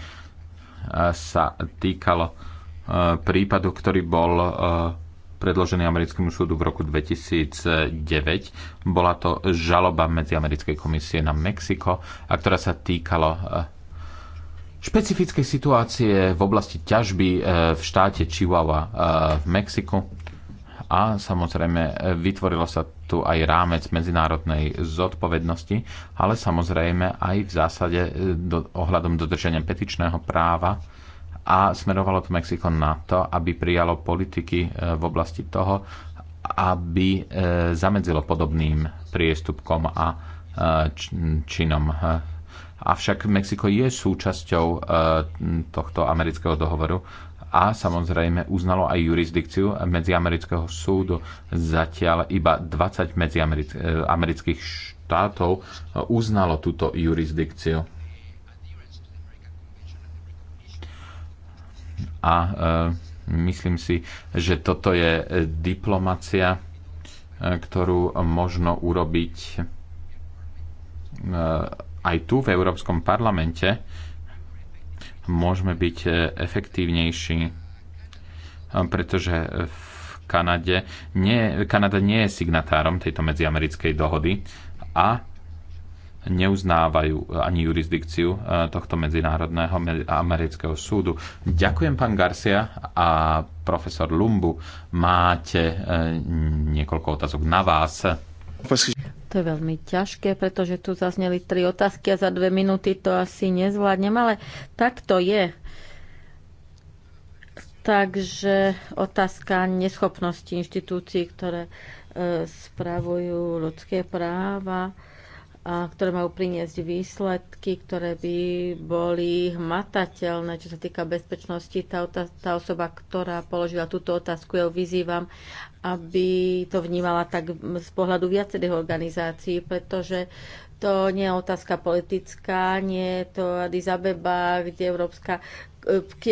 sa týkalo prípadu, ktorý bol e, predložený americkému súdu v roku 2009. Bola to žaloba medzi Americkej komisie na Mexiko, a ktorá sa týkala e, špecifickej situácie v oblasti ťažby e, v štáte Chihuahua v Mexiku. A samozrejme vytvorilo sa tu aj rámec medzinárodnej zodpovednosti, ale samozrejme aj v zásade do, ohľadom dodržania petičného práva a smerovalo to Mexiko na to, aby prijalo politiky e, v oblasti toho, aby e, zamedzilo podobným priestupkom a e, činom. Avšak Mexiko je súčasťou tohto amerického dohovoru a samozrejme uznalo aj jurisdikciu Medziamerického súdu. Zatiaľ iba 20 medziamerických štátov uznalo túto jurisdikciu a e, myslím si, že toto je e, diplomacia, e, ktorú možno urobiť aj tu v Európskom parlamente. Môžeme byť efektívnejší, pretože v Kanade nie, Kanada nie je signatárom tejto medziamerickej dohody a neuznávajú e, ani jurisdikciu e, tohto medzinárodného amerického súdu. Ďakujem, pán Garcia a profesor Lumbu. Máte e, niekoľko otázok na vás. To je veľmi ťažké, pretože tu zazneli tri otázky a za dve minúty to asi nezvládnem, ale tak to je. Takže otázka neschopnosti inštitúcií, ktoré spravujú ľudské práva a ktoré majú priniesť výsledky, ktoré by boli hmatateľné, čo sa týka bezpečnosti. Tá, tá osoba, ktorá položila túto otázku, ja vyzývam, aby to vnímala tak z pohľadu viacerých organizácií, pretože to nie je otázka politická, nie je to Addis Abeba, kde Európska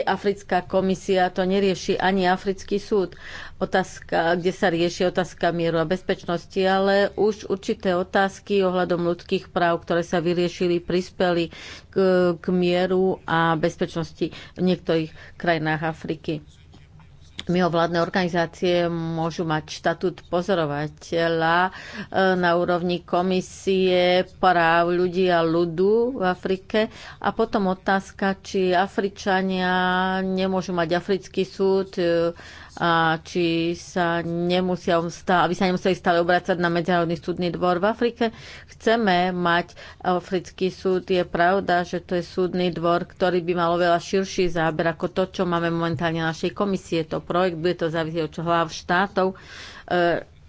Africká komisia to nerieši ani Africký súd otázka, kde sa rieši otázka mieru a bezpečnosti, ale už určité otázky ohľadom ľudských práv, ktoré sa vyriešili, prispeli k, k mieru a bezpečnosti v niektorých krajinách Afriky. Mimovládne organizácie môžu mať štatút pozorovateľa e, na úrovni komisie práv ľudí a ľudu v Afrike. A potom otázka, či Afričania nemôžu mať africký súd, e, a či sa nemusia stále, aby sa nemuseli stále obracať na Medzinárodný súdny dvor v Afrike. Chceme mať Africký súd. Je pravda, že to je súdny dvor, ktorý by mal oveľa širší záber ako to, čo máme momentálne na našej komisie. To projekt bude to závisieť od hlav štátov, e,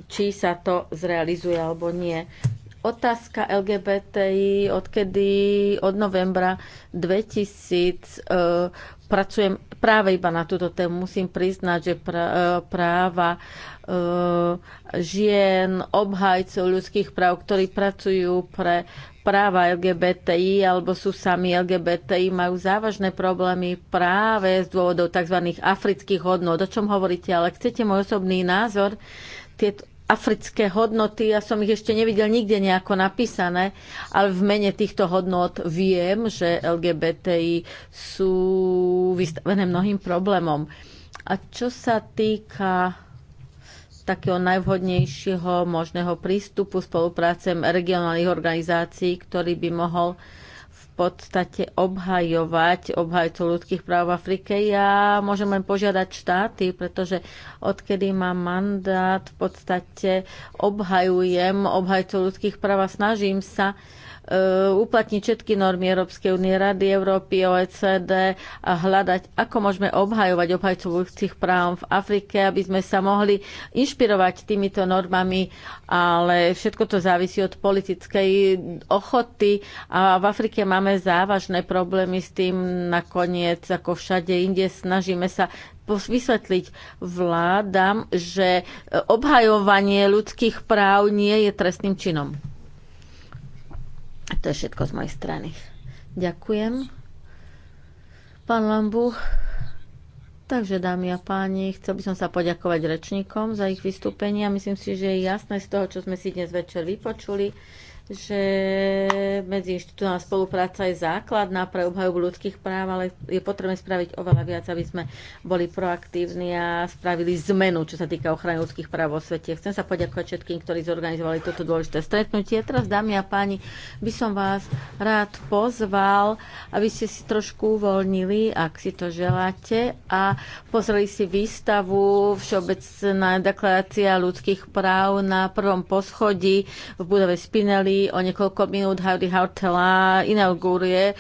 či sa to zrealizuje alebo nie. Otázka LGBTI, odkedy od novembra 2000 e, pracujem práve iba na túto tému musím priznať, že e, práva e, žien, obhajcov ľudských práv, ktorí pracujú pre práva LGBTI alebo sú sami LGBTI, majú závažné problémy práve z dôvodov tzv. afrických hodnot. O čom hovoríte? Ale chcete môj osobný názor? Tieto africké hodnoty, ja som ich ešte nevidel nikde nejako napísané, ale v mene týchto hodnot viem, že LGBTI sú vystavené mnohým problémom. A čo sa týka takého najvhodnejšieho možného prístupu spolupráce regionálnych organizácií, ktorý by mohol uh, podstate obhajovať obhajcov ľudských práv v Afrike. Ja môžem len požiadať štáty, pretože odkedy mám mandát, v podstate obhajujem obhajcov ľudských práv a snažím sa uh, E, uplatniť všetky normy Európskej únie, Rady Európy, OECD a hľadať, ako môžeme obhajovať obhajcovúcich práv v Afrike, aby sme sa mohli inšpirovať týmito normami, ale všetko to závisí od politickej ochoty a v Afrike máme závažné problémy s tým nakoniec, ako všade inde, snažíme sa vysvetliť vládam, že obhajovanie ľudských práv nie je trestným činom. To je všetko z mojej strany. Ďakujem. Pán Lambu, Takže, dámy a páni, chcel by som sa poďakovať rečníkom za ich a Myslím si, že je jasné z toho, čo sme si dnes večer vypočuli, že medziinstitucionálna spolupráca je základná pre obhajobu ľudských práv, ale je potrebné spraviť oveľa viac, aby sme boli proaktívni a spravili zmenu, čo sa týka ochrany ľudských práv vo svete. Chcem sa poďakovať všetkým, ktorí zorganizovali toto dôležité stretnutie. Teraz, dámy a páni, by som vás rád pozval, aby ste si trošku uvoľnili, ak si to želáte, a pozreli si výstavu Všeobecná deklarácia ľudských práv na prvom poschodí v budove Spinelli o niekoľko minút Harry Hartela inauguruje e,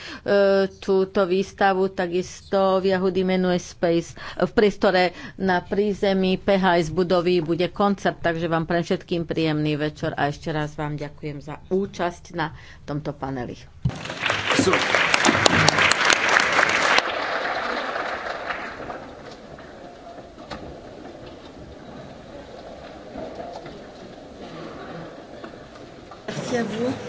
túto výstavu takisto v Yahudy menuje Space. V priestore na prízemí PHS budovy bude koncert, takže vám pre všetkým príjemný večer a ešte raz vám ďakujem za účasť na tomto paneli. Super. merci à vous.